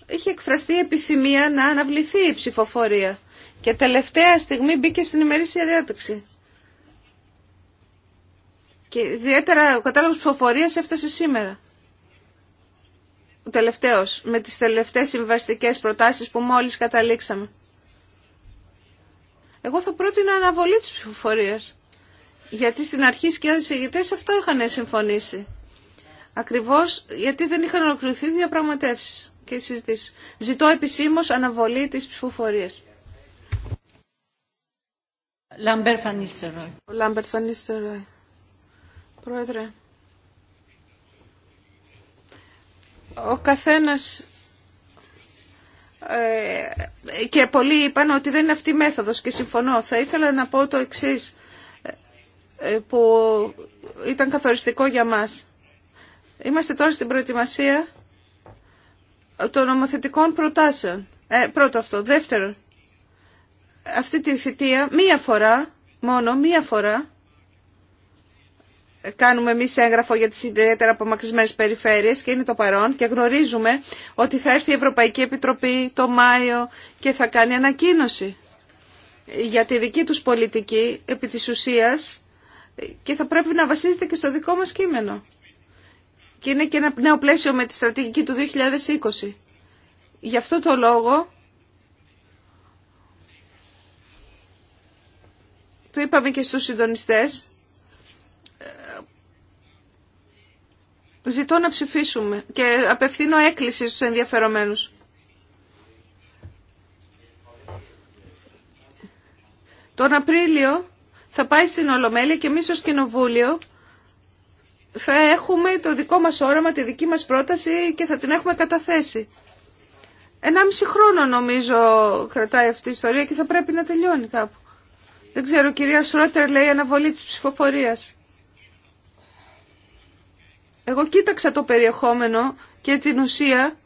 είχε εκφραστεί επιθυμία να αναβληθεί η ψηφοφορία. Και τελευταία στιγμή μπήκε στην ημερήσια διάταξη. Και ιδιαίτερα ο κατάλογος ψηφοφορίας έφτασε σήμερα. Ο τελευταίος, με τις τελευταίες συμβαστικές προτάσεις που μόλις καταλήξαμε. Εγώ θα πρότεινα αναβολή της ψηφοφορίας. Γιατί στην αρχή οι ηγητές αυτό είχαν συμφωνήσει. Ακριβώς γιατί δεν είχαν ολοκληρωθεί διαπραγματεύσεις και συζητήσεις. Ζητώ επισήμως αναβολή της ψηφοφορίας. Λαμπερ Φανίστεροι. Πρόεδρε, ο καθένας ε, και πολλοί είπαν ότι δεν είναι αυτή η μέθοδος και συμφωνώ. Θα ήθελα να πω το εξής ε, που ήταν καθοριστικό για μας. Είμαστε τώρα στην προετοιμασία των νομοθετικών προτάσεων. Ε, πρώτο αυτό. Δεύτερο, αυτή τη θητεία μία φορά, μόνο μία φορά, κάνουμε εμεί έγγραφο για τι ιδιαίτερα απομακρυσμένε περιφέρειες και είναι το παρόν και γνωρίζουμε ότι θα έρθει η Ευρωπαϊκή Επιτροπή το Μάιο και θα κάνει ανακοίνωση για τη δική του πολιτική επί τη ουσία και θα πρέπει να βασίζεται και στο δικό μα κείμενο. Και είναι και ένα νέο πλαίσιο με τη στρατηγική του 2020. Γι' αυτό το λόγο το είπαμε και στους συντονιστές Ζητώ να ψηφίσουμε και απευθύνω έκκληση στους ενδιαφερομένους. Τον Απρίλιο θα πάει στην Ολομέλεια και εμείς ως Κοινοβούλιο θα έχουμε το δικό μας όραμα, τη δική μας πρόταση και θα την έχουμε καταθέσει. Ένα μισή χρόνο νομίζω κρατάει αυτή η ιστορία και θα πρέπει να τελειώνει κάπου. Δεν ξέρω, κυρία Σρότερ λέει αναβολή της ψηφοφορίας. Εγώ κοίταξα το περιεχόμενο και την ουσία.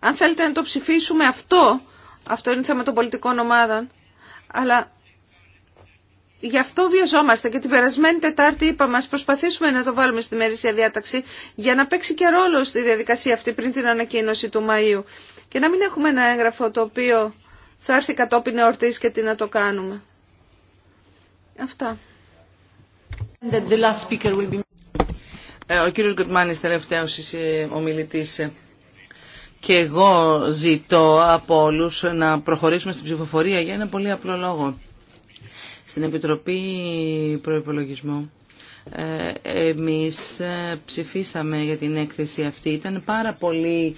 Αν θέλετε να το ψηφίσουμε αυτό, αυτό είναι θέμα των πολιτικών ομάδων, αλλά γι' αυτό βιαζόμαστε και την περασμένη Τετάρτη είπαμε ας προσπαθήσουμε να το βάλουμε στη μερίσια διάταξη για να παίξει και ρόλο στη διαδικασία αυτή πριν την ανακοίνωση του Μαΐου και να μην έχουμε ένα έγγραφο το οποίο θα έρθει κατόπιν εορτής και τι να το κάνουμε. Αυτά. Ε, ο κύριος Γκουτμάνης τελευταίος είσαι ε, ομιλητής. Και εγώ ζητώ από όλους να προχωρήσουμε στην ψηφοφορία για ένα πολύ απλό λόγο. Στην Επιτροπή Προϋπολογισμού ε, εμείς ψηφίσαμε για την έκθεση αυτή. Ήταν πάρα πολύ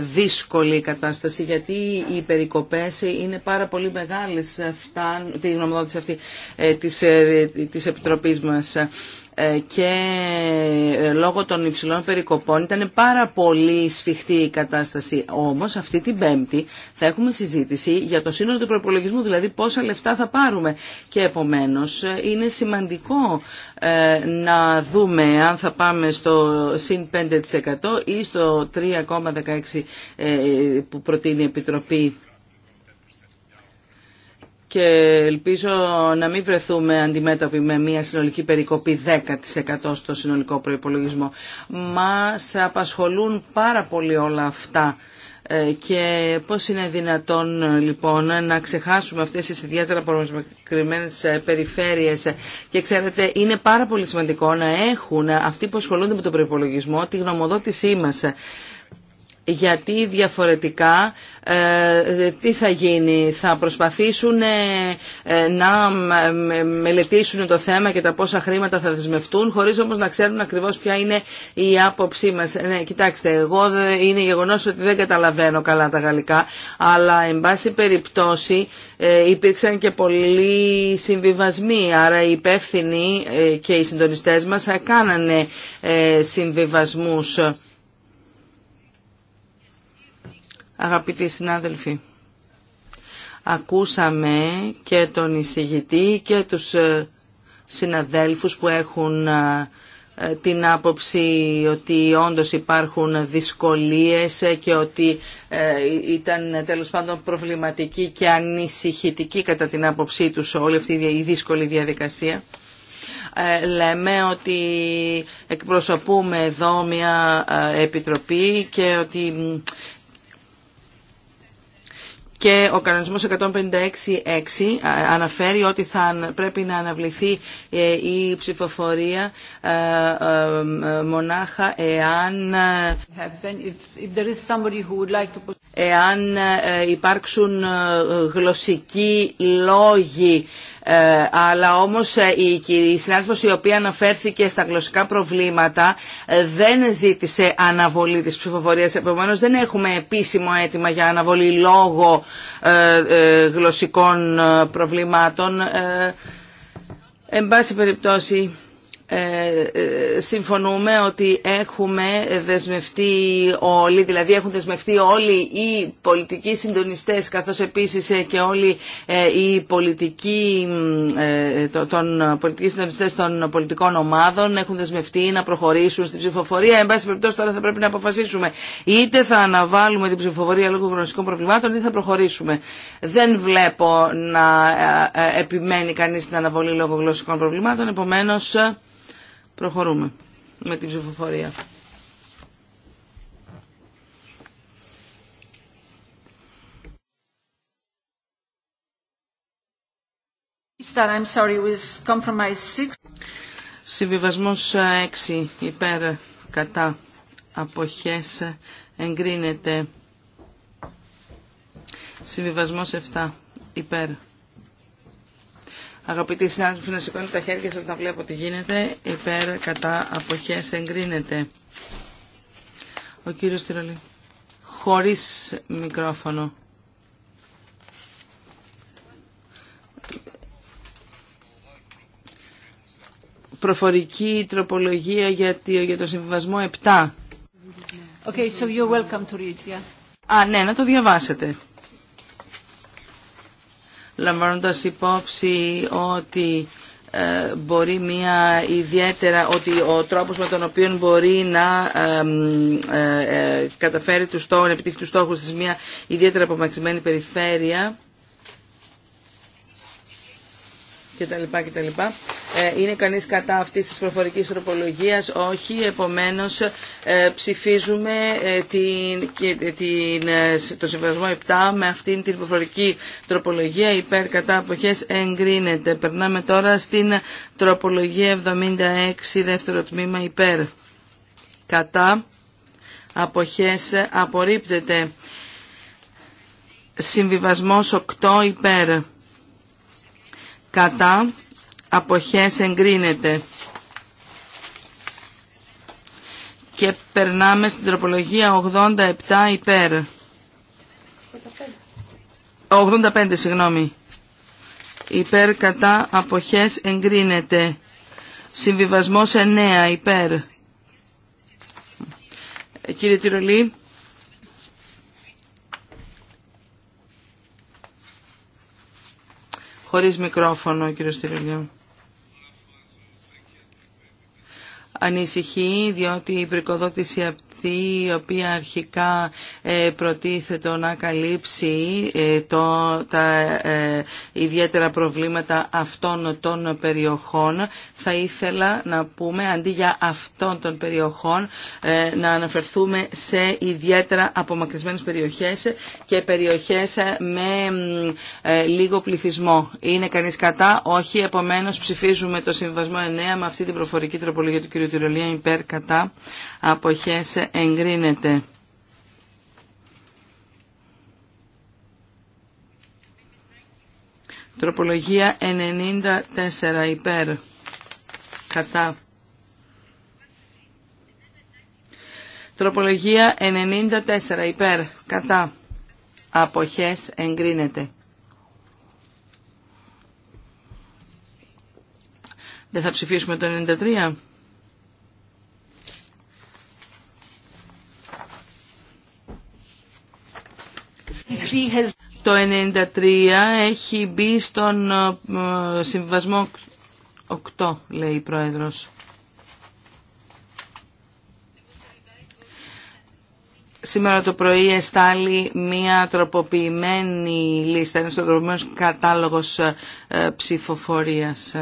δύσκολη η κατάσταση γιατί οι περικοπές είναι πάρα πολύ μεγάλες φτάν, τη γνωμοδότηση αυτή της, της Επιτροπής ε, και ε, λόγω των υψηλών περικοπών ήταν πάρα πολύ σφιχτή η κατάσταση. Όμως αυτή την Πέμπτη θα έχουμε συζήτηση για το σύνολο του προπολογισμού, δηλαδή πόσα λεφτά θα πάρουμε. Και επομένως ε, είναι σημαντικό να δούμε αν θα πάμε στο συν 5% ή στο 3,16% που προτείνει η Επιτροπή και ελπίζω να μην βρεθούμε αντιμέτωποι με μια συνολική περικοπή 10% στο συνολικό προϋπολογισμό. Μας απασχολούν πάρα πολύ όλα αυτά ε, και πώς είναι δυνατόν λοιπόν να ξεχάσουμε αυτές τις ιδιαίτερα προκριμένες ε, περιφέρειες και ξέρετε είναι πάρα πολύ σημαντικό να έχουν αυτοί που ασχολούνται με τον προϋπολογισμό τη γνωμοδότησή μας γιατί διαφορετικά ε, τι θα γίνει. Θα προσπαθήσουν ε, ε, να μελετήσουν το θέμα και τα πόσα χρήματα θα δεσμευτούν χωρίς όμως να ξέρουν ακριβώς ποια είναι η άποψή μας. Ναι, κοιτάξτε, εγώ είναι γεγονός ότι δεν καταλαβαίνω καλά τα γαλλικά αλλά εν πάση περιπτώσει υπήρξαν και πολλοί συμβιβασμοί άρα οι υπεύθυνοι και οι συντονιστές μας κάνανε συμβιβασμούς Αγαπητοί συνάδελφοι, ακούσαμε και τον εισηγητή και τους ε, συναδέλφους που έχουν ε, ε, την άποψη ότι όντως υπάρχουν δυσκολίες και ότι ήταν τέλος πάντων προβληματική και ανησυχητική κατά την άποψή τους όλη αυτή η δύσκολη διαδικασία. Λέμε ότι εκπροσωπούμε εδώ μια επιτροπή και ότι και ο κανονισμός 156.6 ε, αναφέρει ότι θα πρέπει να αναβληθεί ε, η ψηφοφορία ε, μονάχα εάν, εάν υπάρξουν γλωσσικοί λόγοι ε, αλλά όμως ε, η, η συνάδελφος η οποία αναφέρθηκε στα γλωσσικά προβλήματα ε, δεν ζήτησε αναβολή της ψηφοφορίας. Επομένως δεν έχουμε επίσημο αίτημα για αναβολή λόγω γλωσσικών προβλημάτων. Εν πάση περιπτώσει... Ε, ε, συμφωνούμε ότι έχουμε δεσμευτεί όλοι, δηλαδή έχουν δεσμευτεί όλοι οι πολιτικοί συντονιστές καθώς επίσης ε, και όλοι οι πολιτικοί, τον, πολιτικοί συντονιστές των πολιτικών ομάδων έχουν δεσμευτεί να προχωρήσουν στην ψηφοφορία. Εν πάση περιπτώσει τώρα θα πρέπει να αποφασίσουμε είτε θα αναβάλουμε την ψηφοφορία λόγω γνωστικών προβλημάτων είτε θα προχωρήσουμε. Δεν βλέπω να επιμένει κανείς την αναβολή λόγω γλωσσικών προβλημάτων, επομένως... Προχωρούμε με την ψηφοφορία. Συμβιβασμό 6. Συμβιβασμός 6 ε, υπέρ κατά αποχές εγκρίνεται. Συμβιβασμός 7 υπέρ Αγαπητοί συνάδελφοι, να σηκώνετε τα χέρια σας να βλέπω τι γίνεται. Υπέρ, κατά, αποχές, εγκρίνεται. Ο κύριος Τυρολή. Χωρίς μικρόφωνο. Προφορική τροπολογία για το συμβιβασμό 7. Okay, so you're welcome to read, yeah. Α, ναι, να το διαβάσετε λαμβάνοντας υπόψη ότι ε, μπορεί μια ιδιαίτερα ότι ο τρόπος με τον οποίο μπορεί να ε, ε, καταφέρει τους στόχους, να επιτύχει τους στόχους σε μια ιδιαίτερα απομαξιμένη περιφέρεια κτλ. κτλ. Ε, είναι κανείς κατά αυτής της προφορικής τροπολογίας. Όχι, επομένως ε, ψηφίζουμε ε, την, την, το συμβασμό 7 με αυτήν την προφορική τροπολογία υπέρ κατά αποχές εγκρίνεται. Περνάμε τώρα στην τροπολογία 76 δεύτερο τμήμα υπέρ κατά αποχές απορρίπτεται. Συμβιβασμός 8 υπέρ κατά αποχές εγκρίνεται. Και περνάμε στην τροπολογία 87 υπέρ. 85, συγγνώμη. Υπέρ κατά αποχές εγκρίνεται. Συμβιβασμός 9 υπέρ. Ε, κύριε Τυρολή... Χωρίς μικρόφωνο, κύριο Στυριλίου. Ανησυχεί διότι η βρικοδότηση η οποία αρχικά ε, προτίθεται να καλύψει ε, το, τα ε, ιδιαίτερα προβλήματα αυτών των περιοχών. Θα ήθελα να πούμε αντί για αυτών των περιοχών να αναφερθούμε σε ιδιαίτερα απομακρυσμένες περιοχές και περιοχές με λίγο πληθυσμό. Είναι κανείς κατά, όχι, επομένως ψηφίζουμε το Συμβασμό 9 με αυτή την προφορική τροπολογία του κ. Τυρολία υπέρ κατά αποχές εγκρίνεται. Τροπολογία 94 υπέρ κατά. Τροπολογία 94 υπέρ κατά. Αποχές εγκρίνεται. Δεν θα ψηφίσουμε το 93. Το 93 έχει μπει στον ε, συμβασμό 8, λέει η Πρόεδρος. Σήμερα το πρωί εστάλει μία τροποποιημένη λίστα, ένας τροποποιημένος κατάλογος ε, ε, ψηφοφορίας.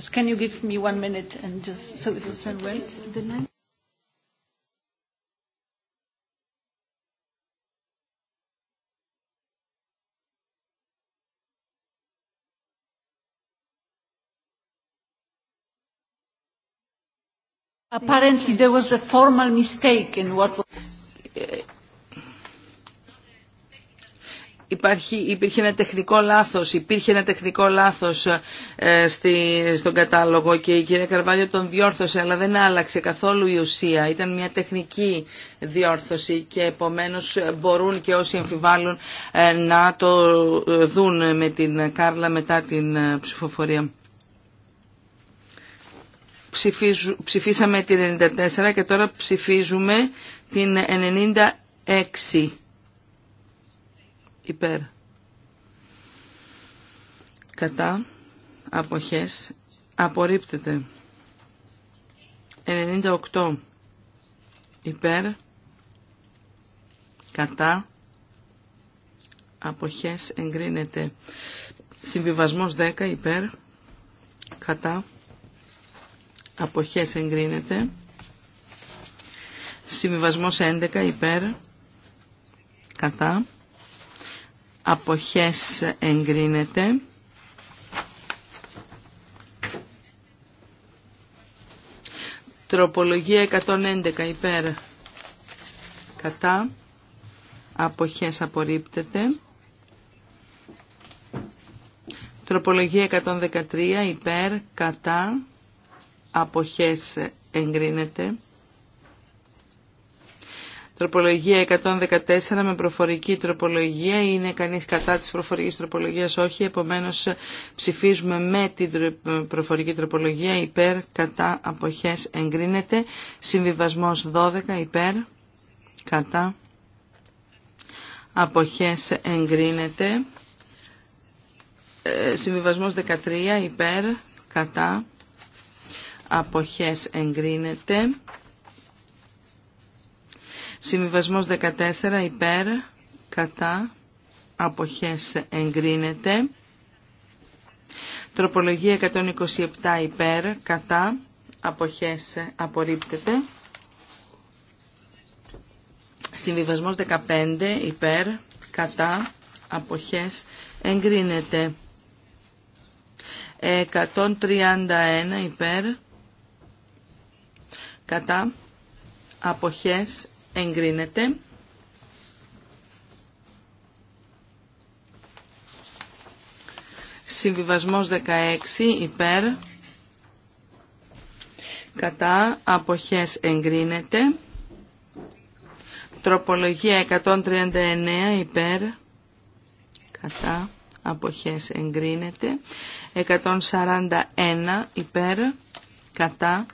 Just can you give me one minute and just so it will send when the nine Apparently there was a formal mistake in what was υπήρχε ένα τεχνικό λάθος, υπήρχε ένα τεχνικό λάθος ε, στη, στον κατάλογο και η κυρία Καρβάλιο τον διόρθωσε, αλλά δεν άλλαξε καθόλου η ουσία. Ήταν μια τεχνική διόρθωση και επομένως μπορούν και όσοι εμφιβάλλουν ε, να το δουν με την Κάρλα μετά την ε, ψηφοφορία. ψηφίσαμε την 94 και τώρα ψηφίζουμε την 96 υπέρ κατά αποχές απορρίπτεται 98 υπέρ κατά αποχές εγκρίνεται συμβιβασμός 10 υπέρ κατά αποχές εγκρίνεται συμβιβασμός 11 υπέρ κατά αποχές εγκρίνεται. Τροπολογία 111 υπέρ κατά αποχές απορρίπτεται. Τροπολογία 113 υπέρ κατά αποχές εγκρίνεται. Τροπολογία 114 με προφορική τροπολογία. Είναι κανείς κατά της προφορικής τροπολογίας, όχι. Επομένως ψηφίζουμε με την προφορική τροπολογία υπέρ, κατά, αποχές, εγκρίνεται. Συμβιβασμός 12 υπέρ, κατά, αποχές, εγκρίνεται. Ε, συμβιβασμός 13 υπέρ, κατά, αποχές, εγκρίνεται. Συμβιβασμός 14 υπέρ, κατά, αποχές εγκρίνεται. Τροπολογία 127 υπέρ, κατά, αποχές απορρίπτεται. Συμβιβασμός 15 υπέρ, κατά, αποχές εγκρίνεται. 131 υπέρ, κατά, αποχές εγκρίνεται. Συμβιβασμός 16 υπέρ κατά αποχές εγκρίνεται. Τροπολογία 139 υπέρ κατά αποχές εγκρίνεται. 141 υπέρ κατά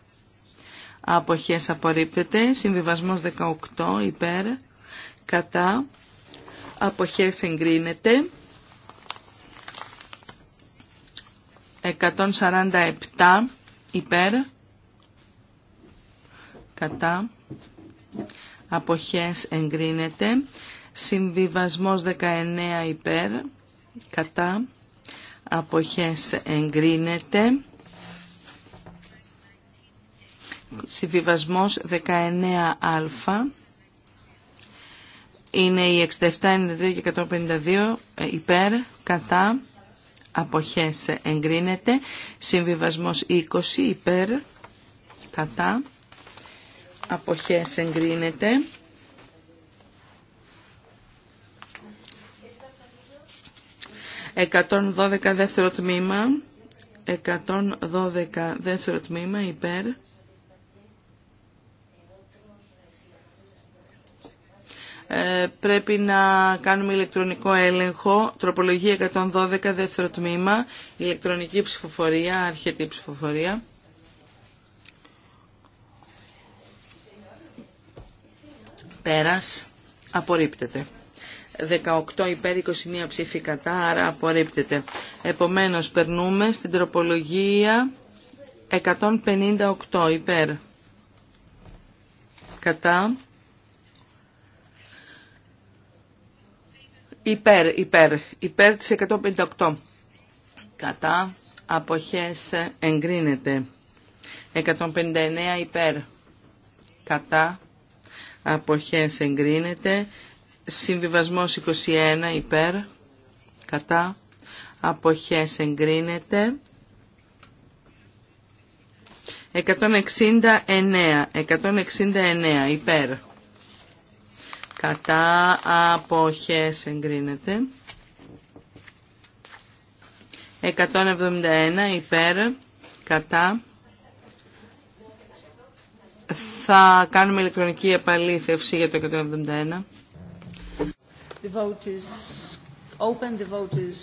αποχές απορρίπτεται. Συμβιβασμός 18 υπέρ κατά αποχές εγκρίνεται. 147 υπέρ κατά αποχές εγκρίνεται. Συμβιβασμός 19 υπέρ κατά αποχές εγκρίνεται. Συμβιβασμός 19α είναι η 67, 92 και 152 ε, υπέρ, κατά, αποχές ε, εγκρίνεται. Συμβιβασμός 20 υπέρ, κατά, αποχές εγκρίνεται. Εκατόν δεύτερο τμήμα, 112 δεύτερο τμήμα υπέρ, Ε, πρέπει να κάνουμε ηλεκτρονικό έλεγχο. Τροπολογία 112, δεύτερο τμήμα, ηλεκτρονική ψηφοφορία, αρχιετή ψηφοφορία. Πέρας, απορρίπτεται. 18 υπέρ 21 ψήφοι κατά, άρα απορρίπτεται. Επομένως, περνούμε στην τροπολογία 158 υπέρ. Κατά υπέρ, υπέρ, υπέρ της 158. Κατά αποχές εγκρίνεται. 159 υπέρ. Κατά αποχές εγκρίνεται. Συμβιβασμός 21 υπέρ. Κατά αποχές εγκρίνεται. 169, 169 υπέρ κατά αποχές εγκρίνεται. 171 υπέρ κατά θα κάνουμε ηλεκτρονική επαλήθευση για το 171. The vote is open, the vote is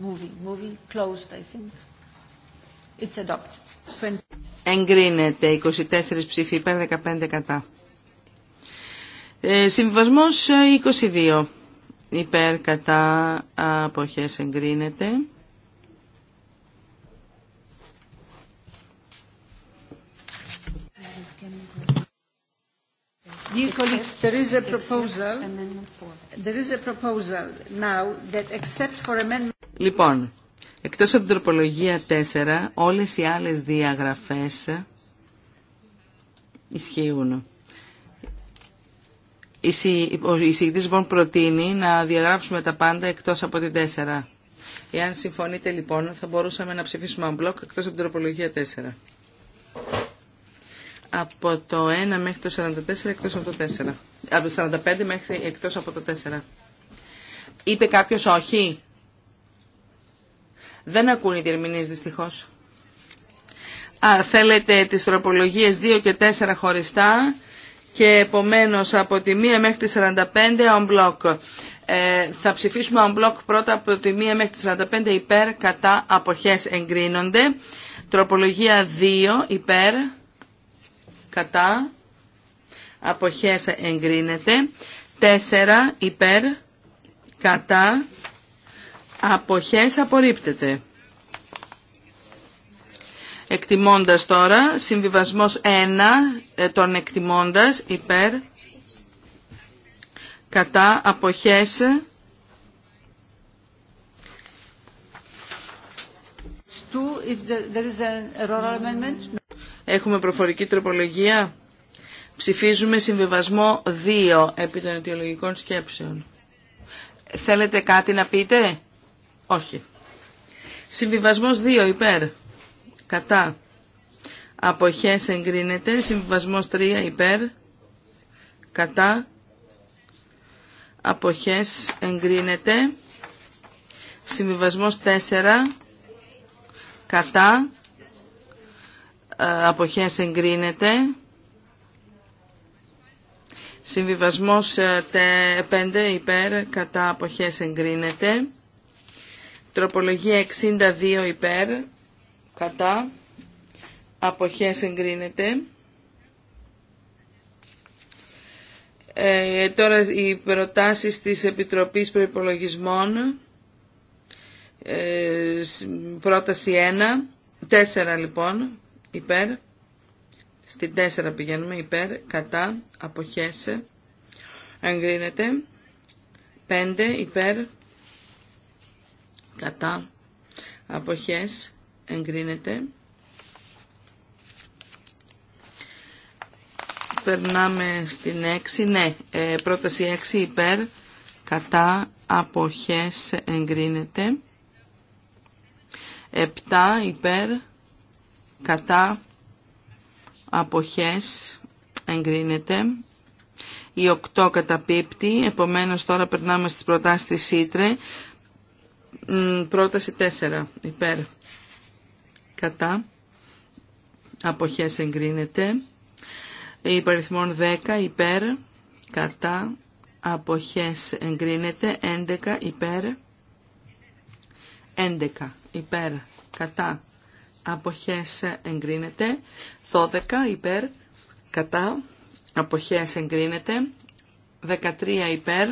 moving, moving, closed I think. It's adopted. Εγκρίνεται 24 ψήφοι υπέρ 15 κατά. Ε, συμβασμός 22. Ε, Υπέρ κατά αποχές εγκρίνεται. Dear colleagues, there is a proposal. There is a proposal now that except for amendment. Λοιπόν, εκτός από την τροπολογία 4, όλες οι άλλες διαγραφές ε, ισχύουν. Ο εισηγητής λοιπόν προτείνει να διαγράψουμε τα πάντα εκτός από την 4. Εάν συμφωνείτε λοιπόν θα μπορούσαμε να ψηφίσουμε ένα μπλοκ εκτός από την τροπολογία 4. Από το 1 μέχρι το 44 εκτός από το 4. Από το 45 μέχρι εκτός από το 4. Είπε κάποιος όχι. Δεν ακούν οι διερμηνείς δυστυχώς. Α, θέλετε τις τροπολογίες 2 και 4 χωριστά και επομένως από τη 1 μέχρι τη 45 on block. Ε, θα ψηφίσουμε on block πρώτα από τη 1 μέχρι τη 45 υπέρ κατά αποχές εγκρίνονται. Τροπολογία 2 υπέρ κατά αποχές εγκρίνεται. 4 υπέρ κατά αποχές απορρίπτεται. Εκτιμώντας τώρα, συμβιβασμός 1 ε, των εκτιμώντας υπέρ κατά αποχές Έχουμε προφορική τροπολογία. Ψηφίζουμε συμβιβασμό 2 επί των αιτιολογικών σκέψεων. Θέλετε κάτι να πείτε? Όχι. Συμβιβασμός 2 υπέρ κατά αποχές εγκρίνεται, συμβιβασμός 3 υπέρ, κατά αποχές εγκρίνεται, συμβιβασμός 4 κατά ε, αποχές εγκρίνεται, συμβιβασμός 5 ε, υπέρ, κατά αποχές εγκρίνεται, τροπολογία 62 υπέρ, κατά αποχές εγκρίνεται. Ε, τώρα οι προτάσεις της Επιτροπής Προϋπολογισμών, ε, πρόταση 1, 4 λοιπόν, υπέρ, στην 4 πηγαίνουμε, υπέρ, κατά, Αποχές. εγκρίνεται, 5 υπέρ, κατά, αποχές, εγκρίνεται. Περνάμε στην 6, ναι, ε, πρόταση 6 υπέρ, κατά, αποχές εγκρίνεται. 7 υπέρ, κατά, αποχές εγκρίνεται. Η 8 καταπίπτει, επομένως τώρα περνάμε στις προτάσεις της Ήτρε. Πρόταση 4 υπέρ, κατά αποχές εγκρίνεται υπαριθμών 10 υπέρ κατά αποχές εγκρίνεται 11 υπέρ 11 υπέρ κατά αποχές εγκρίνεται 12 υπέρ κατά αποχές εγκρίνεται 13 υπέρ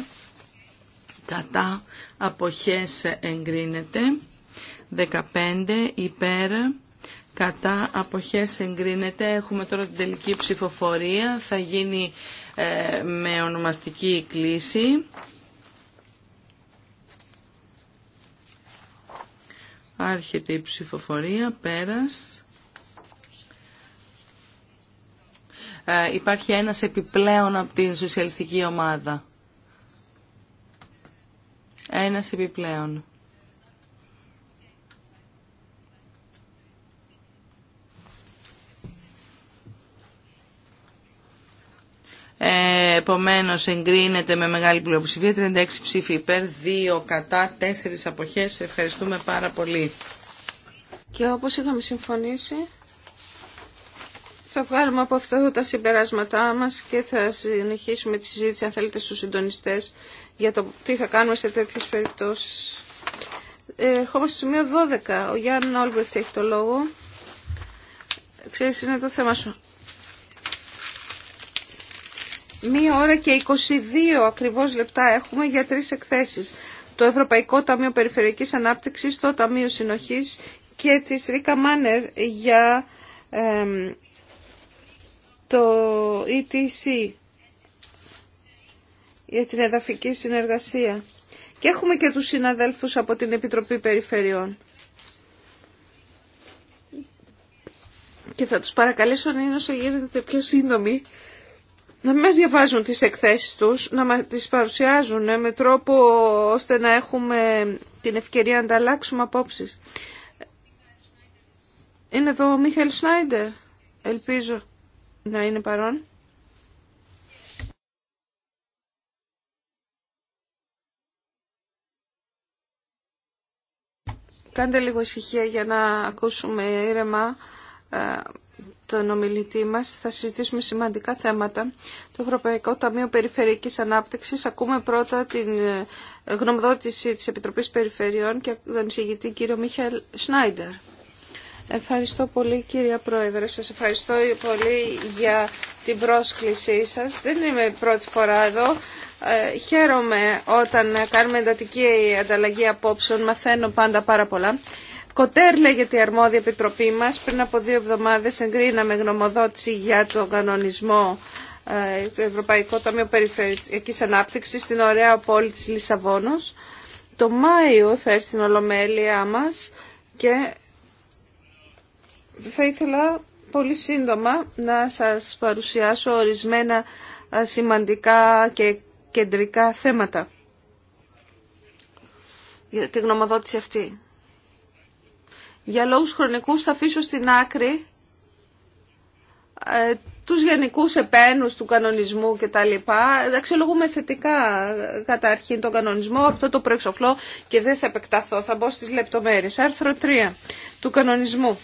κατά αποχές εγκρίνεται 15 υπέρ κατά αποχές εγκρίνεται. Έχουμε τώρα την τελική ψηφοφορία. Θα γίνει ε, με ονομαστική κλίση. Άρχεται η ψηφοφορία. Πέρας. Ε, υπάρχει ένας επιπλέον από την σοσιαλιστική ομάδα. Ένας επιπλέον. Ε, Επομένω, εγκρίνεται με μεγάλη πλειοψηφία 36 ψήφοι υπέρ, 2 κατά, 4 αποχές. Ευχαριστούμε πάρα πολύ. Και όπως είχαμε συμφωνήσει, θα βγάλουμε από αυτά τα συμπεράσματά μας και θα συνεχίσουμε τη συζήτηση, αν θέλετε, στους συντονιστές για το τι θα κάνουμε σε τέτοιες Ε, Ερχόμαστε στο σημείο 12. Ο Γιάννη Όλμπερτ έχει το λόγο. Ξέρεις, είναι το θέμα σου. Μία ώρα και 22 ακριβώς λεπτά έχουμε για τρεις εκθέσεις. Το Ευρωπαϊκό Ταμείο Περιφερειακής Ανάπτυξης, το Ταμείο Συνοχής και της Ρίκα Μάνερ για το ETC, για την εδαφική συνεργασία. Και έχουμε και τους συναδέλφους από την Επιτροπή Περιφερειών. Και θα τους παρακαλέσω να είναι όσο γίνεται πιο σύντομοι να μας διαβάζουν τις εκθέσεις τους, να μας τις παρουσιάζουν ε, με τρόπο ώστε να έχουμε την ευκαιρία να ανταλλάξουμε απόψεις. Είναι εδώ ο Μίχαλ Σνάιντερ, ελπίζω να είναι παρόν. Κάντε λίγο ησυχία για να ακούσουμε ήρεμα ε, τον ομιλητή μας θα συζητήσουμε σημαντικά θέματα. Το Ευρωπαϊκό Ταμείο Περιφερειακής Ανάπτυξης. Ακούμε πρώτα την ε, γνωμοδότηση της Επιτροπής Περιφερειών και τον εισηγητή κύριο Μιχάλ Σνάιντερ. Ευχαριστώ πολύ κυρία Πρόεδρε. Σας ευχαριστώ πολύ για την πρόσκλησή σας. Δεν είμαι πρώτη φορά εδώ. Ε, χαίρομαι όταν κάνουμε εντατική ανταλλαγή απόψεων. Μαθαίνω πάντα πάρα πολλά. Κοτέρ λέγεται η αρμόδια επιτροπή μας. Πριν από δύο εβδομάδες εγκρίναμε γνωμοδότηση για τον κανονισμό ε, του Ευρωπαϊκού Ταμείου Περιφερειακής Ανάπτυξης στην ωραία πόλη της Λισαβόνος. Το Μάιο θα έρθει στην Ολομέλειά μας και θα ήθελα πολύ σύντομα να σας παρουσιάσω ορισμένα ε, σημαντικά και κεντρικά θέματα για τη γνωμοδότηση αυτή. Για λόγους χρονικούς θα αφήσω στην άκρη ε, τους γενικούς επένους του κανονισμού και τα λοιπά. Ε, αξιολογούμε θετικά ε, καταρχήν τον κανονισμό, αυτό το προεξοφλώ και δεν θα επεκταθώ, θα μπω στις λεπτομέρειες. Άρθρο 3 του κανονισμού.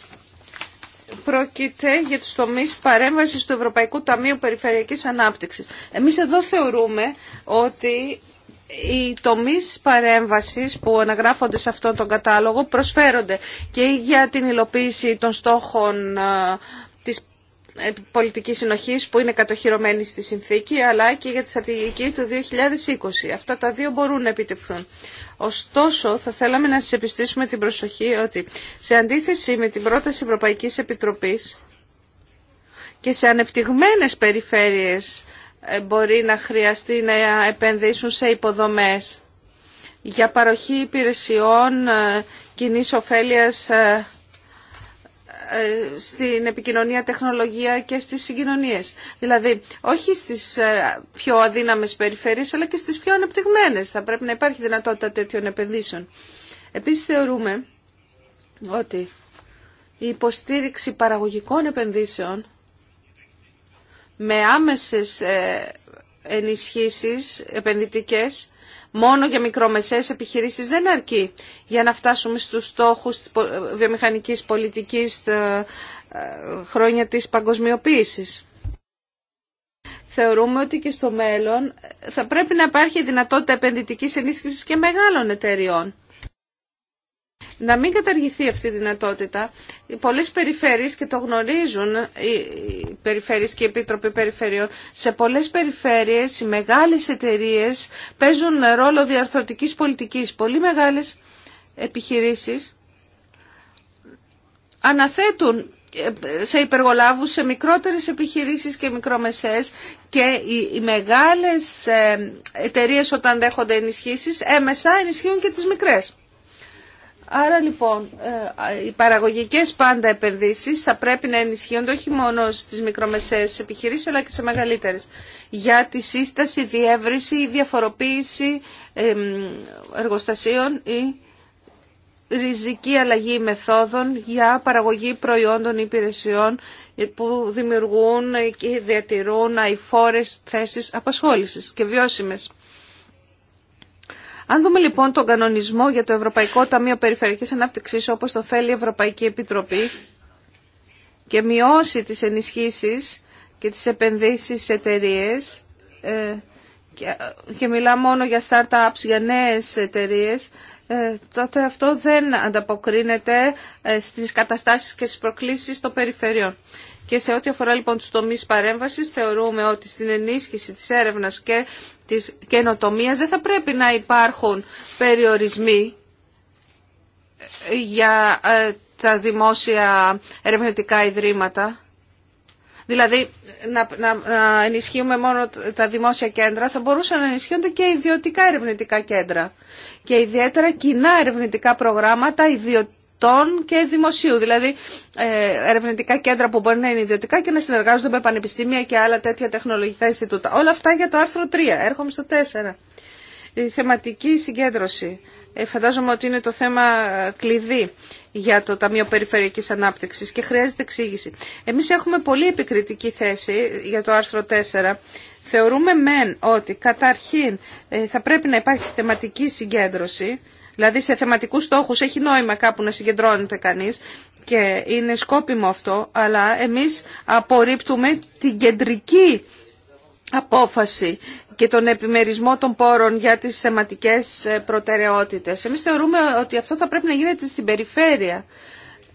Πρόκειται για τους τομείς παρέμβασης του Ευρωπαϊκού Ταμείου Περιφερειακής Ανάπτυξης. Εμείς εδώ θεωρούμε ότι οι τομείς παρέμβαση που αναγράφονται σε αυτόν τον κατάλογο προσφέρονται και για την υλοποίηση των στόχων ε, της πολιτικής συνοχής που είναι κατοχυρωμένη στη συνθήκη αλλά και για τη στρατηγική του 2020. Αυτά τα δύο μπορούν να επιτευχθούν. Ωστόσο, θα θέλαμε να σας επιστήσουμε την προσοχή ότι σε αντίθεση με την πρόταση Ευρωπαϊκής Επιτροπής και σε ανεπτυγμένες περιφέρειες ε, μπορεί να χρειαστεί να επενδύσουν σε υποδομές για παροχή υπηρεσιών ε, κοινή ωφέλεια ε, στην επικοινωνία, τεχνολογία και στις συγκοινωνίες. Δηλαδή, όχι στις πιο αδύναμες περιφέρειες, αλλά και στις πιο ανεπτυγμένες. Θα πρέπει να υπάρχει δυνατότητα τέτοιων επενδύσεων. Επίσης, θεωρούμε ότι η υποστήριξη παραγωγικών επενδύσεων με άμεσες ε, ενισχύσεις επενδυτικές μόνο για μικρομεσαίες επιχειρήσεις δεν αρκεί για να φτάσουμε στους στόχους της βιομηχανικής πολιτικής τα ε, ε, χρόνια της παγκοσμιοποίησης. Θεωρούμε ότι και στο μέλλον θα πρέπει να υπάρχει δυνατότητα επενδυτικής ενίσχυσης και μεγάλων εταιριών να μην καταργηθεί αυτή η δυνατότητα. Οι πολλές περιφέρειες και το γνωρίζουν οι περιφέρειες και οι Επίτροποι Περιφερειών. Σε πολλές περιφέρειες οι μεγάλες εταιρείες παίζουν ρόλο διαρθρωτικής πολιτικής. Πολύ μεγάλες επιχειρήσεις αναθέτουν ε, σε υπεργολάβους, σε μικρότερες επιχειρήσεις και μικρομεσαίες και οι, μεγάλες ε, εταιρείες όταν δέχονται ενισχύσεις έμεσα ενισχύουν και τις μικρές. Άρα λοιπόν ε, οι παραγωγικές πάντα επενδύσεις θα πρέπει να ενισχύονται όχι μόνο στις μικρομεσαίες επιχειρήσεις αλλά και σε μεγαλύτερες για τη σύσταση, διεύρυνση ή διαφοροποίηση εργοστασίων ή ριζική αλλαγή μεθόδων για παραγωγή προϊόντων ή υπηρεσιών που δημιουργούν και διατηρούν αηφόρες θέσεις απασχόλησης και βιώσιμες. Αν δούμε λοιπόν τον κανονισμό για το Ευρωπαϊκό Ταμείο Περιφερειακής Ανάπτυξης όπως το θέλει η Ευρωπαϊκή Επιτροπή και μειώσει τις ενισχύσεις και τις επενδύσεις σε εταιρείε ε, και μιλά μόνο για startups, για νέες εταιρείε, ε, τότε αυτό δεν ανταποκρίνεται ε, στις καταστάσεις και στις προκλήσεις των περιφερειών. Και σε ό,τι αφορά λοιπόν του τομείς παρέμβασης θεωρούμε ότι στην ενίσχυση της έρευνας και της καινοτομίας δεν θα πρέπει να υπάρχουν περιορισμοί για ε, τα δημόσια ερευνητικά ιδρύματα. Δηλαδή να, να, να ενισχύουμε μόνο τα δημόσια κέντρα, θα μπορούσαν να ενισχύονται και ιδιωτικά ερευνητικά κέντρα. Και ιδιαίτερα κοινά ερευνητικά προγράμματα ιδιωτικά ιδιωτών και δημοσίου. Δηλαδή ε, ερευνητικά κέντρα που μπορεί να είναι ιδιωτικά και να συνεργάζονται με πανεπιστήμια και άλλα τέτοια τεχνολογικά Ινστιτούτα. Όλα αυτά για το άρθρο 3. Έρχομαι στο 4. Η θεματική συγκέντρωση. Ε, φαντάζομαι ότι είναι το θέμα κλειδί για το Ταμείο Περιφερειακής Ανάπτυξης και χρειάζεται εξήγηση. Εμείς έχουμε πολύ επικριτική θέση για το άρθρο 4. Θεωρούμε μεν ότι καταρχήν ε, θα πρέπει να υπάρχει θεματική συγκέντρωση Δηλαδή σε θεματικούς στόχους έχει νόημα κάπου να συγκεντρώνεται κανείς και είναι σκόπιμο αυτό, αλλά εμείς απορρίπτουμε την κεντρική απόφαση και τον επιμερισμό των πόρων για τις θεματικές ε, προτεραιότητες. Εμείς θεωρούμε ότι αυτό θα πρέπει να γίνεται στην περιφέρεια.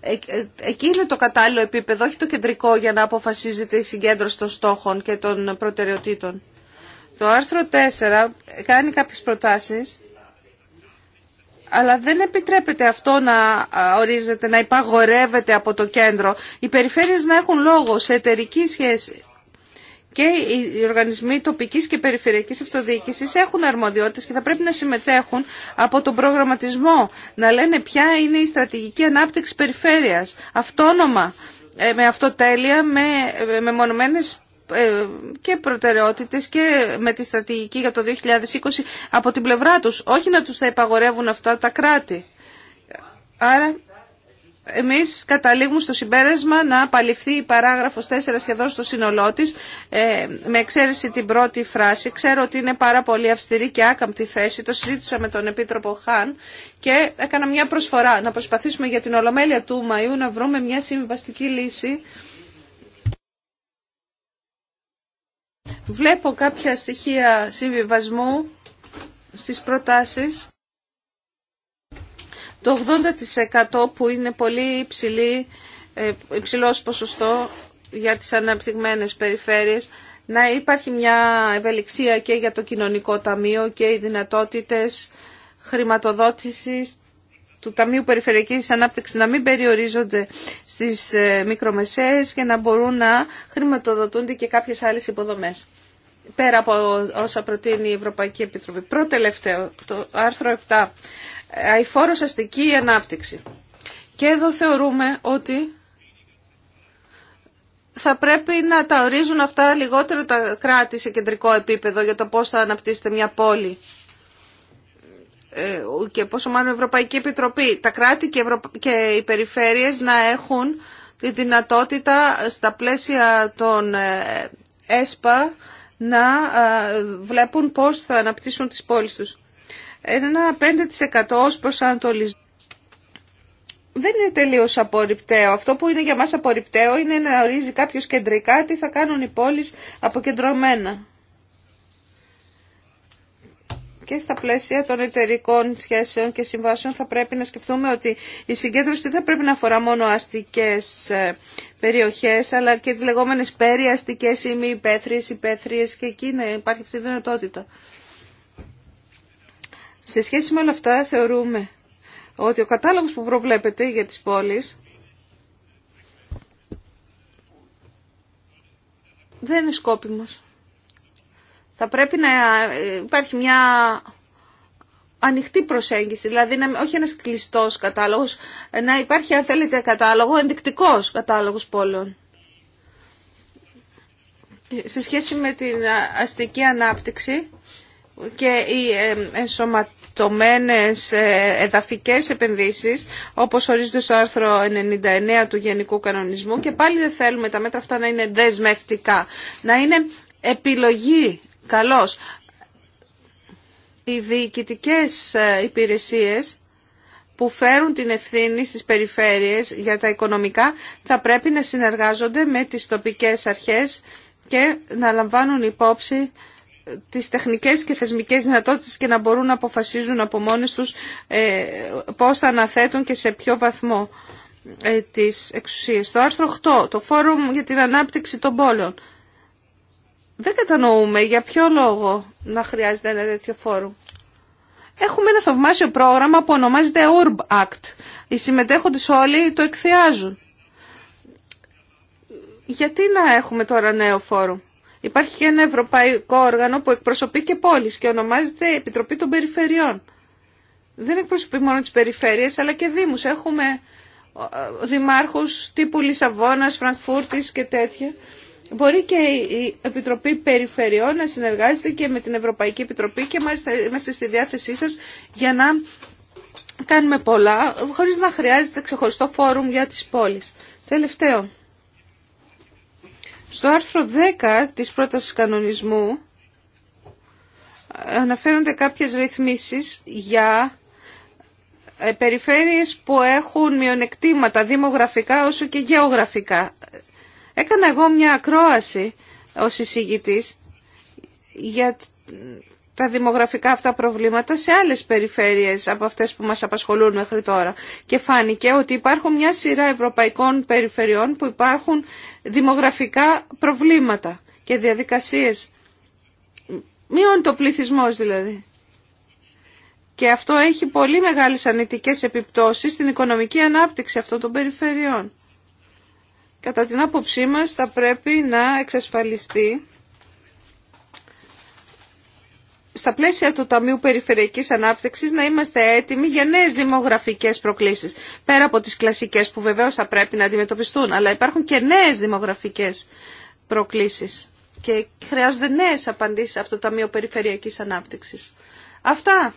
Ε, ε, εκεί είναι το κατάλληλο επίπεδο, όχι το κεντρικό, για να αποφασίζεται η συγκέντρωση των στόχων και των προτεραιοτήτων. Το άρθρο 4 κάνει κάποιες προτάσεις αλλά δεν επιτρέπεται αυτό να ορίζεται, να υπαγορεύεται από το κέντρο. Οι περιφέρειες να έχουν λόγο σε εταιρική σχέση. Και οι οργανισμοί τοπικής και περιφερειακής αυτοδιοίκησης έχουν αρμοδιότητες και θα πρέπει να συμμετέχουν από τον προγραμματισμό, να λένε ποια είναι η στρατηγική ανάπτυξη περιφέρειας, αυτόνομα, ε, με αυτοτέλεια, με ε, μεμονωμένες ε, και προτεραιότητες και με τη στρατηγική για το 2020 από την πλευρά τους, όχι να τους θα υπαγορεύουν αυτά τα κράτη. Άρα εμείς καταλήγουμε στο συμπέρασμα να απαλληφθεί η παράγραφος 4 σχεδόν στο σύνολό της, ε, με εξαίρεση την πρώτη φράση. Ξέρω ότι είναι πάρα πολύ αυστηρή και άκαμπτη θέση, το συζήτησα με τον Επίτροπο Χάν και έκανα μια προσφορά να προσπαθήσουμε για την Ολομέλεια του Μαΐου να βρούμε μια συμβαστική λύση Βλέπω κάποια στοιχεία συμβιβασμού στις προτάσεις. Το 80% που είναι πολύ υψηλή, ε, υψηλός ποσοστό για τις αναπτυγμένες περιφέρειες, να υπάρχει μια ευελιξία και για το κοινωνικό ταμείο και οι δυνατότητες χρηματοδότησης του Ταμείου Περιφερειακής Ανάπτυξης να μην περιορίζονται στις ε, μικρομεσαίες και να μπορούν να χρηματοδοτούνται και κάποιες άλλες υποδομές πέρα από όσα προτείνει η Ευρωπαϊκή Επιτροπή. Πρώτο τελευταίο, το άρθρο 7, αηφόρος αστική ανάπτυξη. Και εδώ θεωρούμε ότι θα πρέπει να τα ορίζουν αυτά λιγότερο τα κράτη σε κεντρικό επίπεδο για το πώς θα αναπτύσσεται μια πόλη ε, και πόσο μάλλον η Ευρωπαϊκή Επιτροπή. Τα κράτη και οι περιφέρειες να έχουν τη δυνατότητα στα πλαίσια των ε, ΕΣΠΑ να βλέπουν πώς θα αναπτύσσουν τις πόλεις τους. Ένα 5% ως προσανατολισμό. Δεν είναι τελείως απορριπταίο. Αυτό που είναι για μας απορριπταίο είναι να ορίζει κάποιος κεντρικά τι θα κάνουν οι πόλεις αποκεντρωμένα και στα πλαίσια των εταιρικών σχέσεων και συμβάσεων θα πρέπει να σκεφτούμε ότι η συγκέντρωση δεν πρέπει να αφορά μόνο αστικές ε, περιοχές αλλά και τις λεγόμενες περιαστικές ή μη υπαίθριες, υπαίθριες και εκεί να υπάρχει αυτή η δυνατότητα. Σε σχέση με όλα αυτά θεωρούμε ότι ο κατάλογος που προβλέπεται για τις πόλεις δεν είναι σκόπιμος. Θα πρέπει να ε, υπάρχει μια ανοιχτή προσέγγιση, δηλαδή να, όχι ένας κλειστός κατάλογος, ε, να υπάρχει αν θέλετε κατάλογο, ενδεικτικός κατάλογος πόλεων. Σε σχέση με την αστική ανάπτυξη και οι ε, ενσωματωμένες εδαφικές επενδύσεις, όπως ορίζονται στο άρθρο 99 του Γενικού Κανονισμού, και πάλι δεν θέλουμε τα μέτρα αυτά να είναι δεσμευτικά, να είναι επιλογή Καλώς, Οι διοικητικές ε, υπηρεσίες που φέρουν την ευθύνη στις περιφέρειες για τα οικονομικά θα πρέπει να συνεργάζονται με τις τοπικές αρχές και να λαμβάνουν υπόψη τις τεχνικές και θεσμικές δυνατότητες και να μπορούν να αποφασίζουν από μόνες τους ε, πώς θα αναθέτουν και σε ποιο βαθμό ε, τις εξουσίες. Το άρθρο 8, το Φόρουμ για την Ανάπτυξη των Πόλεων δεν κατανοούμε για ποιο λόγο να χρειάζεται ένα τέτοιο φόρουμ. Έχουμε ένα θαυμάσιο πρόγραμμα που ονομάζεται URB Act. Οι συμμετέχοντες όλοι το εκθιάζουν. Γιατί να έχουμε τώρα νέο φόρουμ. Υπάρχει και ένα ευρωπαϊκό όργανο που εκπροσωπεί και πόλεις και ονομάζεται Επιτροπή των Περιφερειών. Δεν εκπροσωπεί μόνο τις περιφέρειες αλλά και δήμους. Έχουμε ε, δημάρχους τύπου Λισαβόνας, Φραγκφούρτης και τέτοια Μπορεί και η Επιτροπή Περιφερειών να συνεργάζεται και με την Ευρωπαϊκή Επιτροπή και μάλιστα είμαστε στη διάθεσή σας για να κάνουμε πολλά χωρίς να χρειάζεται ξεχωριστό φόρουμ για τις πόλεις. Τελευταίο. Στο άρθρο 10 της πρότασης κανονισμού αναφέρονται κάποιες ρυθμίσεις για ε, περιφέρειες που έχουν μειονεκτήματα δημογραφικά όσο και γεωγραφικά Έκανα εγώ μια ακρόαση ως εισηγητής για τα δημογραφικά αυτά προβλήματα σε άλλες περιφέρειες από αυτές που μας απασχολούν μέχρι τώρα. Και φάνηκε ότι υπάρχουν μια σειρά ευρωπαϊκών περιφερειών που υπάρχουν δημογραφικά προβλήματα και διαδικασίες. Μειώνει το πληθυσμός δηλαδή. Και αυτό έχει πολύ μεγάλες ανητικές επιπτώσεις στην οικονομική ανάπτυξη αυτών των περιφερειών. Κατά την άποψή μας θα πρέπει να εξασφαλιστεί στα πλαίσια του Ταμείου Περιφερειακής Ανάπτυξης να είμαστε έτοιμοι για νέες δημογραφικές προκλήσεις. Πέρα από τις κλασικές που βεβαίως θα πρέπει να αντιμετωπιστούν, αλλά υπάρχουν και νέες δημογραφικές προκλήσεις και χρειάζονται νέες απαντήσεις από το Ταμείο Περιφερειακής Ανάπτυξης. Αυτά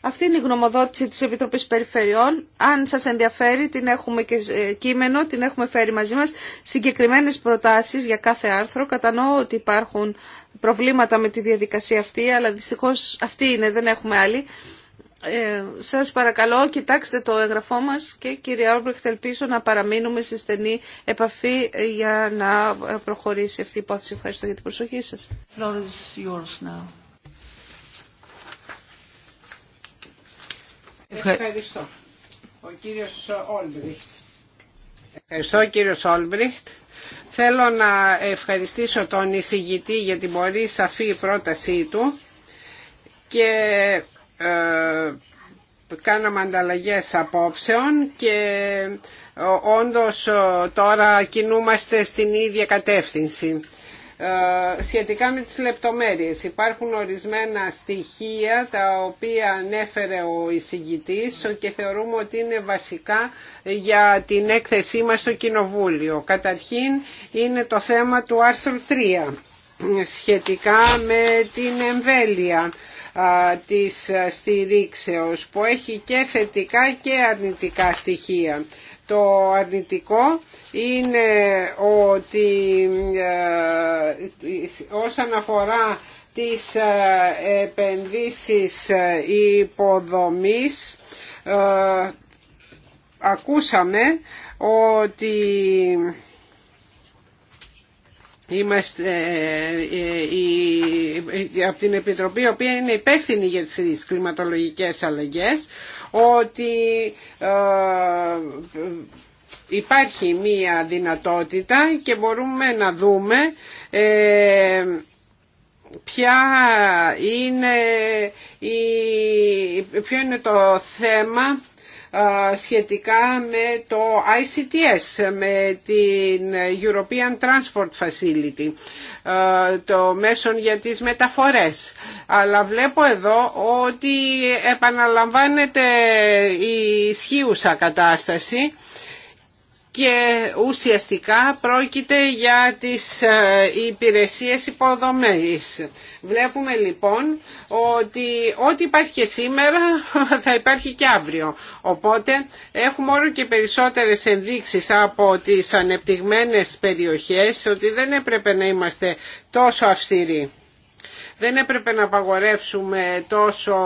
αυτή είναι η γνωμοδότηση της Επιτροπής Περιφερειών. Αν σας ενδιαφέρει, την έχουμε και ε, κείμενο, την έχουμε φέρει μαζί μας. Συγκεκριμένες προτάσεις για κάθε άρθρο. Κατανοώ ότι υπάρχουν προβλήματα με τη διαδικασία αυτή, αλλά δυστυχώς αυτή είναι, δεν έχουμε άλλη. Ε, σας παρακαλώ, κοιτάξτε το έγγραφό μας και κύριε Όρμπρεχτ, ελπίζω να παραμείνουμε σε στενή επαφή για να προχωρήσει αυτή η υπόθεση. Ευχαριστώ για την προσοχή σας. Ευχαριστώ. Ο κύριος Όλμπριχτ. Ευχαριστώ κύριο Όλμπριχτ. Θέλω να ευχαριστήσω τον εισηγητή για την πολύ σαφή πρότασή του και ε, κάναμε ανταλλαγές απόψεων και ε, όντως ε, τώρα κινούμαστε στην ίδια κατεύθυνση. Ε, σχετικά με τις λεπτομέρειες. Υπάρχουν ορισμένα στοιχεία τα οποία ανέφερε ο εισηγητής και θεωρούμε ότι είναι βασικά για την έκθεσή μας στο Κοινοβούλιο. Καταρχήν είναι το θέμα του άρθρου 3 σχετικά με την εμβέλεια της στηρίξεως που έχει και θετικά και αρνητικά στοιχεία. Το αρνητικό είναι ότι ε, όσον αφορά τις ε, επενδύσεις ε, υποδομής ακούσαμε ότι Είμαστε από την Επιτροπή, η οποία είναι υπεύθυνη για τις κλιματολογικές αλλαγές, ότι ε, υπάρχει μία δυνατότητα και μπορούμε να δούμε ε, ποια είναι η, ποιο είναι το θέμα σχετικά με το ICTS, με την European Transport Facility, το μέσον για τις μεταφορές. Αλλά βλέπω εδώ ότι επαναλαμβάνεται η ισχύουσα κατάσταση και ουσιαστικά πρόκειται για τις ε, υπηρεσίες υποδομές. Βλέπουμε λοιπόν ότι ό,τι υπάρχει και σήμερα θα υπάρχει και αύριο. Οπότε έχουμε όλο και περισσότερες ενδείξεις από τις ανεπτυγμένες περιοχές ότι δεν έπρεπε να είμαστε τόσο αυστηροί δεν έπρεπε να απαγορεύσουμε τόσο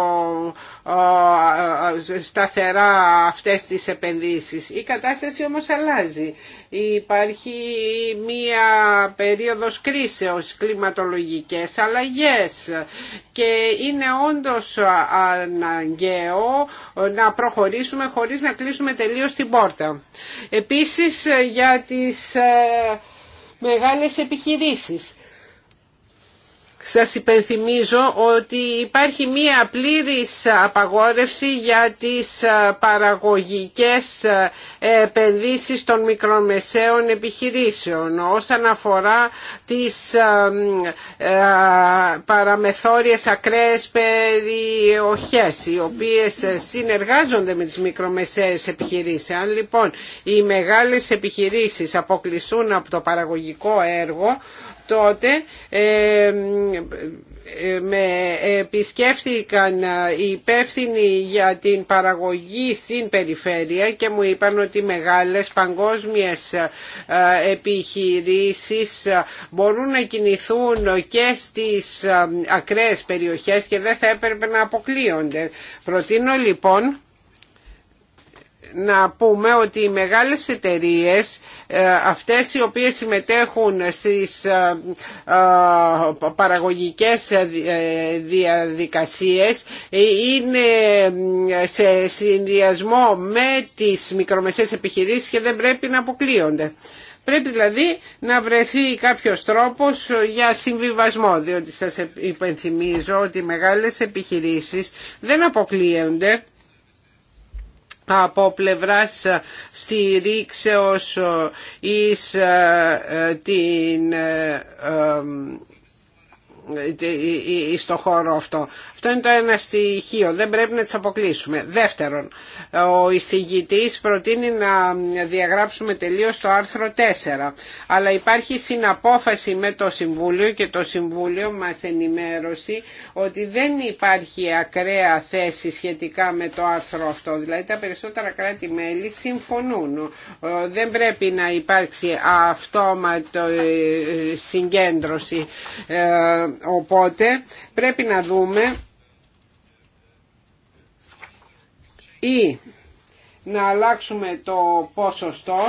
σταθερά αυτές τις επενδύσεις. Η κατάσταση όμως αλλάζει. Υπάρχει μία περίοδος κρίσεως, κλιματολογικές αλλαγές και είναι όντως αναγκαίο να προχωρήσουμε χωρίς να κλείσουμε τελείως την πόρτα. Επίσης για τις ε, μεγάλες επιχειρήσεις. Σας υπενθυμίζω ότι υπάρχει μία πλήρης απαγόρευση για τις ε, παραγωγικές ε, επενδύσεις των μικρομεσαίων επιχειρήσεων όσον αφορά τις ε, παραμεθόριες ακραίες περιοχές οι οποίες συνεργάζονται με τις μικρομεσαίες επιχειρήσεις. Αν λοιπόν οι μεγάλες επιχειρήσεις αποκλειστούν από το παραγωγικό έργο τότε ε, ε, με επισκέφθηκαν ε, οι υπεύθυνοι για την παραγωγή στην περιφέρεια και μου είπαν ότι μεγάλες παγκόσμιες επιχειρήσεις μπορούν να κινηθούν και στις ακραίες περιοχές και δεν θα έπρεπε να αποκλείονται. Προτείνω λοιπόν να πούμε ότι οι μεγάλες εταιρείες, ε, αυτές οι οποίες συμμετέχουν στις ε, ε, παραγωγικές διαδικασίες, είναι σε συνδυασμό με τις μικρομεσαίες επιχειρήσεις και δεν πρέπει να αποκλείονται. Πρέπει δηλαδή να βρεθεί κάποιος τρόπος για συμβιβασμό, διότι σας υπενθυμίζω ότι οι μεγάλες επιχειρήσεις δεν αποκλείονται από πλευράς ε, στηρίξεως ε, εις ε, την ε, ε, ε, στο χώρο αυτό. Αυτό είναι το ένα στοιχείο, δεν πρέπει να τις αποκλείσουμε. Δεύτερον, ο εισηγητής προτείνει να διαγράψουμε τελείως το άρθρο 4, αλλά υπάρχει συναπόφαση με το Συμβούλιο και το Συμβούλιο μας ενημέρωσε ότι δεν υπάρχει ακραία θέση σχετικά με το άρθρο αυτό, δηλαδή τα περισσότερα κράτη-μέλη συμφωνούν. Δεν πρέπει να υπάρξει αυτόματο συγκέντρωση Οπότε πρέπει να δούμε ή να αλλάξουμε το ποσοστό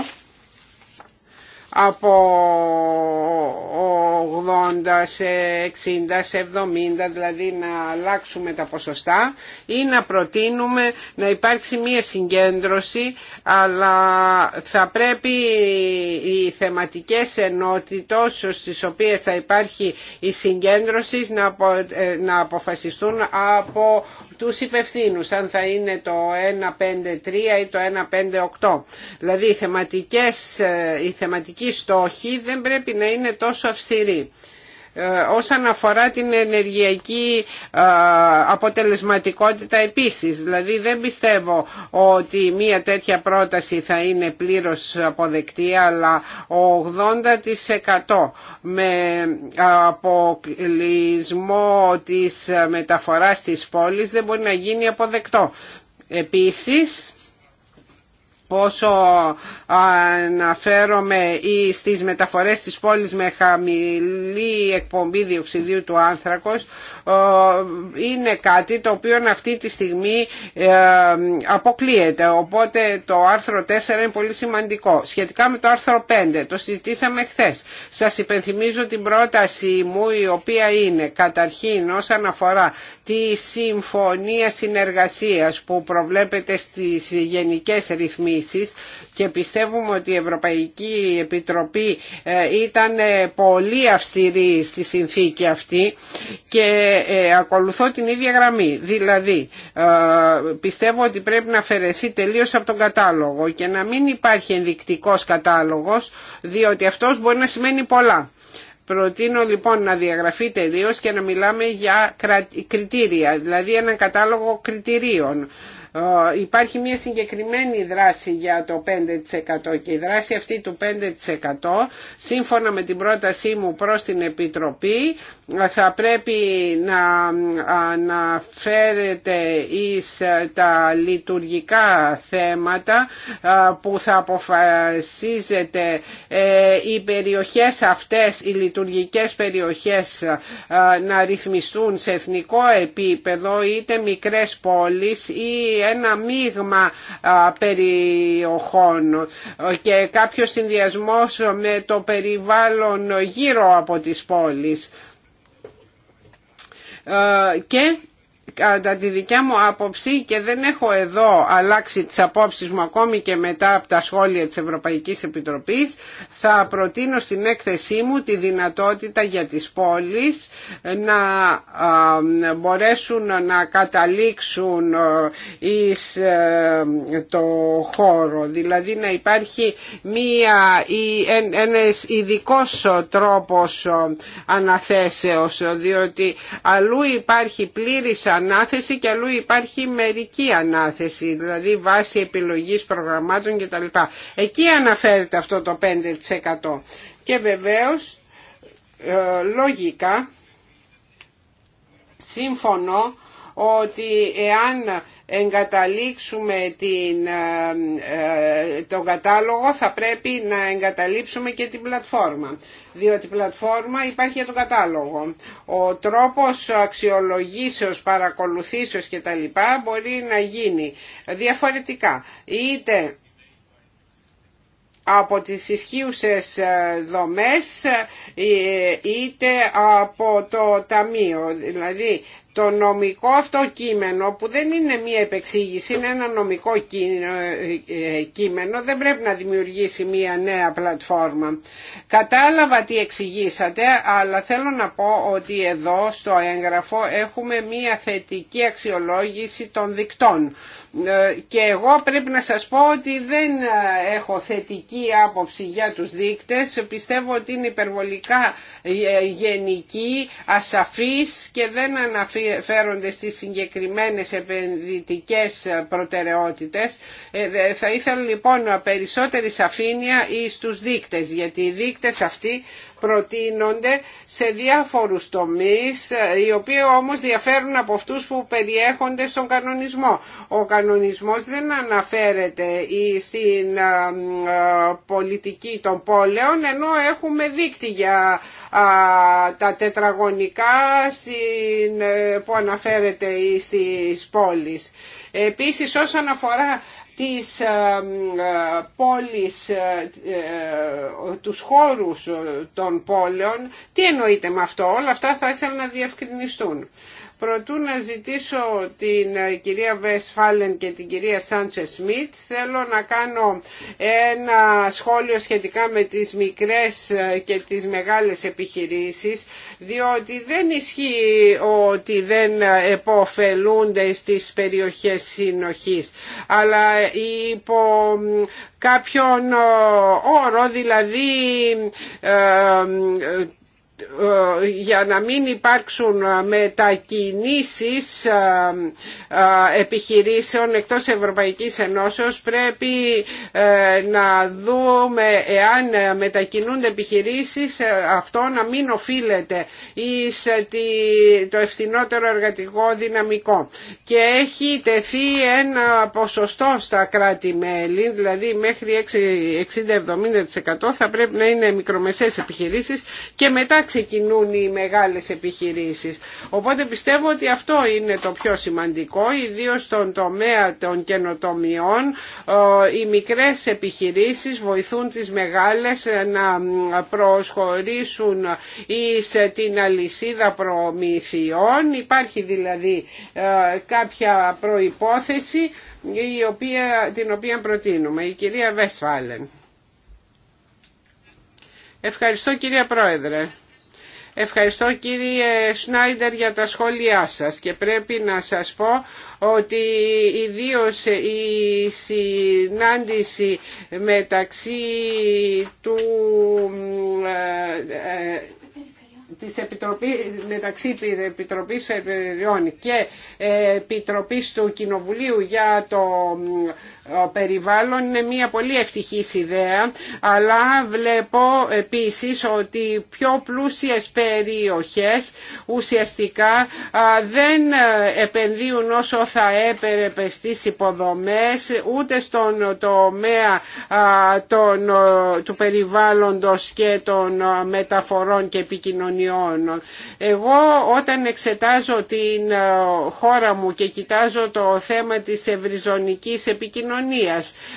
από 80 σε 60 σε 70 δηλαδή να αλλάξουμε τα ποσοστά ή να προτείνουμε να υπάρξει μία συγκέντρωση αλλά θα πρέπει οι θεματικές ενότητες στις οποίες θα υπάρχει η συγκέντρωση να ε, αποφασιστούν από τους υπευθύνους, αν θα είναι το 153 ή το 158. Δηλαδή οι, θεματικές, ε, οι θεματικοί στόχοι δεν πρέπει να είναι τόσο αυστηροί. Ε, όσον αφορά την ενεργειακή ε, αποτελεσματικότητα επίσης. Δηλαδή δεν πιστεύω ότι μία τέτοια πρόταση θα είναι πλήρως αποδεκτή αλλά 80% με αποκλεισμό της μεταφοράς της πόλης δεν μπορεί να γίνει αποδεκτό. Επίσης πόσο αναφέρομαι ή στις μεταφορές της πόλης με χαμηλή εκπομπή διοξιδίου του άνθρακος είναι κάτι το οποίο αυτή τη στιγμή ε, αποκλείεται. Οπότε το άρθρο 4 είναι πολύ σημαντικό. Σχετικά με το άρθρο 5, το συζητήσαμε χθε. Σας υπενθυμίζω την πρόταση μου η οποία είναι καταρχήν όσον αφορά τη συμφωνία συνεργασίας που προβλέπεται στις γενικές ρυθμίσεις και πιστεύουμε ότι η Ευρωπαϊκή Επιτροπή ε, ήταν ε, πολύ αυστηρή στη συνθήκη αυτή και ε, ακολουθώ την ίδια γραμμή. Δηλαδή πιστεύω ότι πρέπει να αφαιρεθεί τελείως από τον κατάλογο και να μην υπάρχει ενδεικτικός κατάλογος διότι αυτός μπορεί να σημαίνει πολλά. Προτείνω λοιπόν να διαγραφεί τελείω και να μιλάμε για κριτήρια, δηλαδή έναν κατάλογο κριτηρίων. Ε, υπάρχει μια συγκεκριμένη δράση για το 5% και η δράση αυτή του 5% σύμφωνα με την πρότασή μου προς την Επιτροπή θα πρέπει να αναφέρεται εις τα λειτουργικά θέματα που θα αποφασίζεται ε, οι περιοχές αυτές, οι λειτουργικές περιοχές να ρυθμιστούν σε εθνικό επίπεδο είτε μικρές πόλεις ή ένα μείγμα περιοχών και κάποιο συνδυασμός με το περιβάλλον γύρω από τις πόλεις. Ε, και κατά τη δικιά μου άποψη και δεν έχω εδώ αλλάξει τις απόψεις μου ακόμη και μετά από τα σχόλια της Ευρωπαϊκής Επιτροπής θα προτείνω στην έκθεσή μου τη δυνατότητα για τις πόλεις να μπορέσουν να καταλήξουν εις ε, το χώρο δηλαδή να υπάρχει μία, ή ένας ειδικός τρόπος αναθέσεως διότι αλλού υπάρχει πλήρης ανάθεση και αλλού υπάρχει μερική ανάθεση, δηλαδή βάση επιλογής προγραμμάτων κτλ. Εκεί αναφέρεται αυτό το 5%. Και βεβαίως, ε, λογικά, σύμφωνο ότι εάν εγκαταλείψουμε την, ε, ε, τον κατάλογο θα πρέπει να εγκαταλείψουμε και την πλατφόρμα διότι η πλατφόρμα υπάρχει για τον κατάλογο. Ο τρόπος αξιολογήσεως, παρακολουθήσεως και τα λοιπά μπορεί να γίνει διαφορετικά. Είτε από τις ισχύουσες ε, δομές είτε από το ταμείο. Δηλαδή το νομικό αυτό κείμενο που δεν είναι μία επεξήγηση, είναι ένα νομικό ε, κείμενο, δεν πρέπει να δημιουργήσει μία νέα πλατφόρμα. Κατάλαβα τι εξηγήσατε, αλλά θέλω να πω ότι εδώ στο έγγραφο έχουμε μία θετική αξιολόγηση των δικτών ε, και εγώ πρέπει να σας πω ότι δεν ε, έχω θετική άποψη για τους δείκτες πιστεύω ότι είναι υπερβολικά ε, γενική, ασαφής και δεν αναφέρονται στις συγκεκριμένες επενδυτικές προτεραιότητες θα ήθελα λοιπόν περισσότερη σαφήνεια στους δείκτες γιατί οι δείκτες αυτοί προτείνονται σε διάφορους τομείς οι οποίοι όμως διαφέρουν από αυτούς που περιέχονται στον κανονισμό. Ο κανονισμός δεν αναφέρεται στην πολιτική των πόλεων ενώ έχουμε δίκτυα τα τετραγωνικά ε, που αναφέρεται στις πόλεις. Επίσης όσον αφορά τις ε, ε, πόλεις, ε, τους χώρους των πόλεων. Τι εννοείται με αυτό, όλα αυτά θα ήθελα να διευκρινιστούν. Προτού να ζητήσω την ε, κυρία Βεσφάλεν και την κυρία Σάντσε Σμιτ, θέλω να κάνω ένα σχόλιο σχετικά με τις μικρές ε, και τις μεγάλες επιχειρήσεις, διότι δεν ισχύει ότι δεν ε, επωφελούνται στις περιοχές συνοχής, αλλά υπό κάποιον όρο, δηλαδή για να μην υπάρξουν μετακινήσεις ε, ε, επιχειρήσεων εκτός Ευρωπαϊκής Ενώσεως πρέπει ε, να δούμε εάν μετακινούνται επιχειρήσεις αυτό να μην οφείλεται εις το ευθυνότερο εργατικό δυναμικό και έχει τεθεί ένα ποσοστό στα κράτη-μέλη δηλαδή μέχρι 60-70% θα πρέπει να είναι μικρομεσαίες επιχειρήσεις και μετά ξεκινούν οι μεγάλες επιχειρήσεις. Οπότε πιστεύω ότι αυτό είναι το πιο σημαντικό, ιδίως στον τομέα των καινοτομιών. Ε, οι μικρές επιχειρήσεις βοηθούν τις μεγάλες να προσχωρήσουν σε την αλυσίδα προμηθειών. Υπάρχει δηλαδή ε, κάποια προϋπόθεση η οποία, την οποία προτείνουμε. Η κυρία Βέσφαλεν. Ευχαριστώ κυρία Πρόεδρε. Ευχαριστώ κύριε Σνάιντερ για τα σχόλιά σας και πρέπει να σας πω ότι ιδίω η συνάντηση μεταξύ του ε, ε, της Επιτροπής, μεταξύ Επιτροπής και Επιτροπής του Κοινοβουλίου για το περιβάλλον είναι μια πολύ ευτυχής ιδέα αλλά βλέπω επίσης ότι πιο πλούσιες περιοχές ουσιαστικά δεν επενδύουν όσο θα έπρεπε στις υποδομές ούτε στον τομέα του περιβάλλοντος και των μεταφορών και επικοινωνιών. Εγώ όταν εξετάζω την χώρα μου και κοιτάζω το θέμα της ευρυζωνικής επικοινωνίας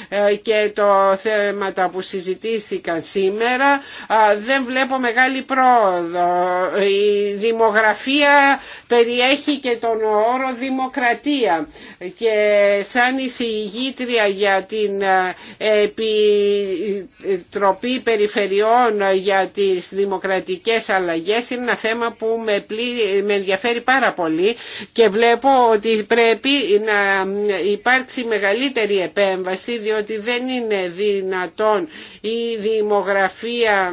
ε, και το θέματα που συζητήθηκαν σήμερα δεν βλέπω μεγάλη πρόοδο. Η δημογραφία περιέχει και τον όρο δημοκρατία και σαν εισηγήτρια για την ε, Επιτροπή Περιφερειών για τις δημοκρατικές αλλαγές είναι ένα θέμα που με, πλή, με ενδιαφέρει πάρα πολύ και βλέπω ότι πρέπει να υπάρξει μεγαλύτερη επέμβαση διότι δεν είναι δυνατόν η δημογραφία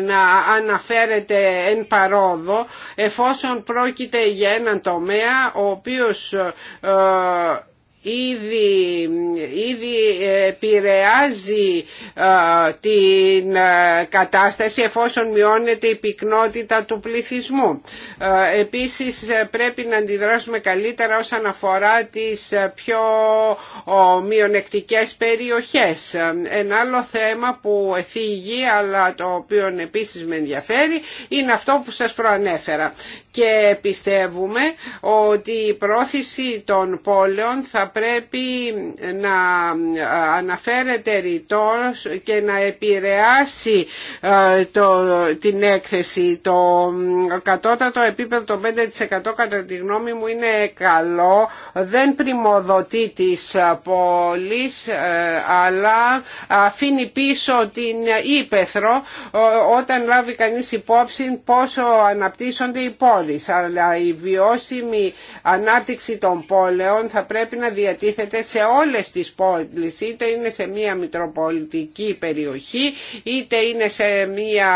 να αναφέρεται εν παρόδο εφόσον πρόκειται για έναν τομέα ο οποίος ε, ήδη, ήδη επηρεάζει την κατάσταση εφόσον μειώνεται η πυκνότητα του πληθυσμού. Επίσης ε, πρέπει να αντιδράσουμε καλύτερα όσον αφορά τις ε, πιο μειονεκτικές περιοχές. Ε, ένα άλλο θέμα που εφήγει αλλά το οποίο επίσης με ενδιαφέρει είναι αυτό που σας προανέφερα. Και πιστεύουμε ότι η πρόθεση των πόλεων θα πρέπει να αναφέρεται ρητός και να επηρεάσει ε, το, την έκθεση. Το κατώτατο επίπεδο το 5% κατά τη γνώμη μου είναι καλό, δεν πρημοδοτεί τις ε, πόλεις ε, αλλά αφήνει πίσω την ύπεθρο όταν λάβει κανείς υπόψη πόσο αναπτύσσονται οι πόλεις. Αλλά η βιώσιμη ανάπτυξη των πόλεων θα πρέπει να διατίθεται σε όλες τις πόλεις, είτε είναι σε μια μητροπολιτική περιοχή, είτε είναι σε μια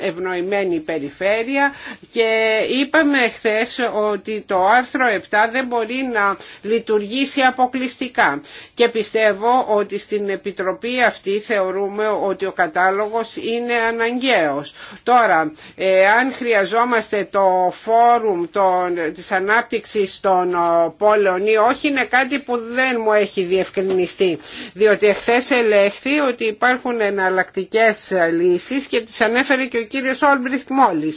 ευνοημένη περιφέρεια και είπαμε χθε ότι το άρθρο 7 δεν μπορεί να λειτουργήσει αποκλειστικά και πιστεύω ότι στην Επιτροπή αυτή θεωρούμε ότι ο κατάλογος είναι αναγκαίος. Τώρα, αν χρειαζόμαστε το φόρουμ των, της ανάπτυξης των ε, πόλεων ή όχι είναι κάτι που δεν μου έχει διευκρινιστεί. Διότι εχθέ ελέγχθη ότι υπάρχουν εναλλακτικέ λύσει, και τις ανέφερε και ο κύριος Όλμπριχτ Μόλι.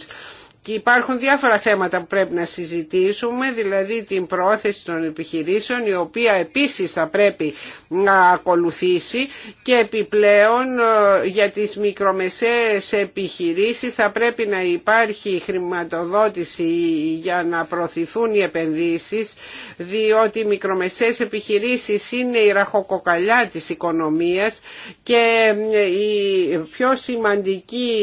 Και υπάρχουν διάφορα θέματα που πρέπει να συζητήσουμε, δηλαδή την πρόθεση των επιχειρήσεων, η οποία επίσης θα πρέπει να ακολουθήσει και επιπλέον ε, για τις μικρομεσαίες επιχειρήσεις θα πρέπει να υπάρχει χρηματοδότηση για να προωθηθούν οι επενδύσεις, διότι οι μικρομεσαίες επιχειρήσεις είναι η ραχοκοκαλιά της οικονομίας και ε, η πιο σημαντική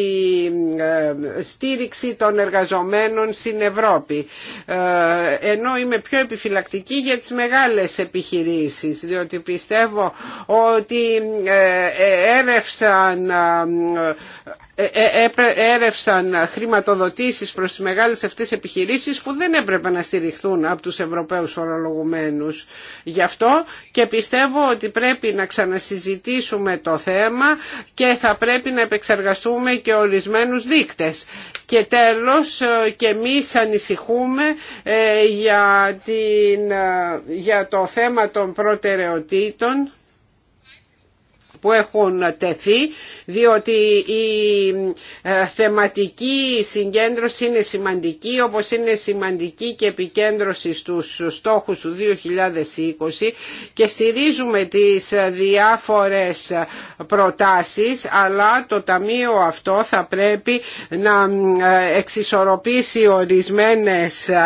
ε, στήριξη των εργαζομένων εργαζομένων στην Ευρώπη. Ε, ενώ είμαι πιο επιφυλακτική για τις μεγάλες επιχειρήσεις, διότι πιστεύω ότι ε, ε, έρευσαν ε, ε, έρευσαν χρηματοδοτήσεις προς τις μεγάλες αυτές επιχειρήσεις που δεν έπρεπε να στηριχθούν από τους Ευρωπαίους φορολογουμένους. Γι' αυτό και πιστεύω ότι πρέπει να ξανασυζητήσουμε το θέμα και θα πρέπει να επεξεργαστούμε και ορισμένους δείκτες. Και τέλος ε, και εμείς ανησυχούμε για, την, για το θέμα των προτεραιοτήτων που έχουν τεθεί διότι η ε, θεματική συγκέντρωση είναι σημαντική όπως είναι σημαντική και επικέντρωση στους στόχους του 2020 και στηρίζουμε τις διάφορες προτάσεις αλλά το Ταμείο αυτό θα πρέπει να ε, εξισορροπήσει ορισμένες ε,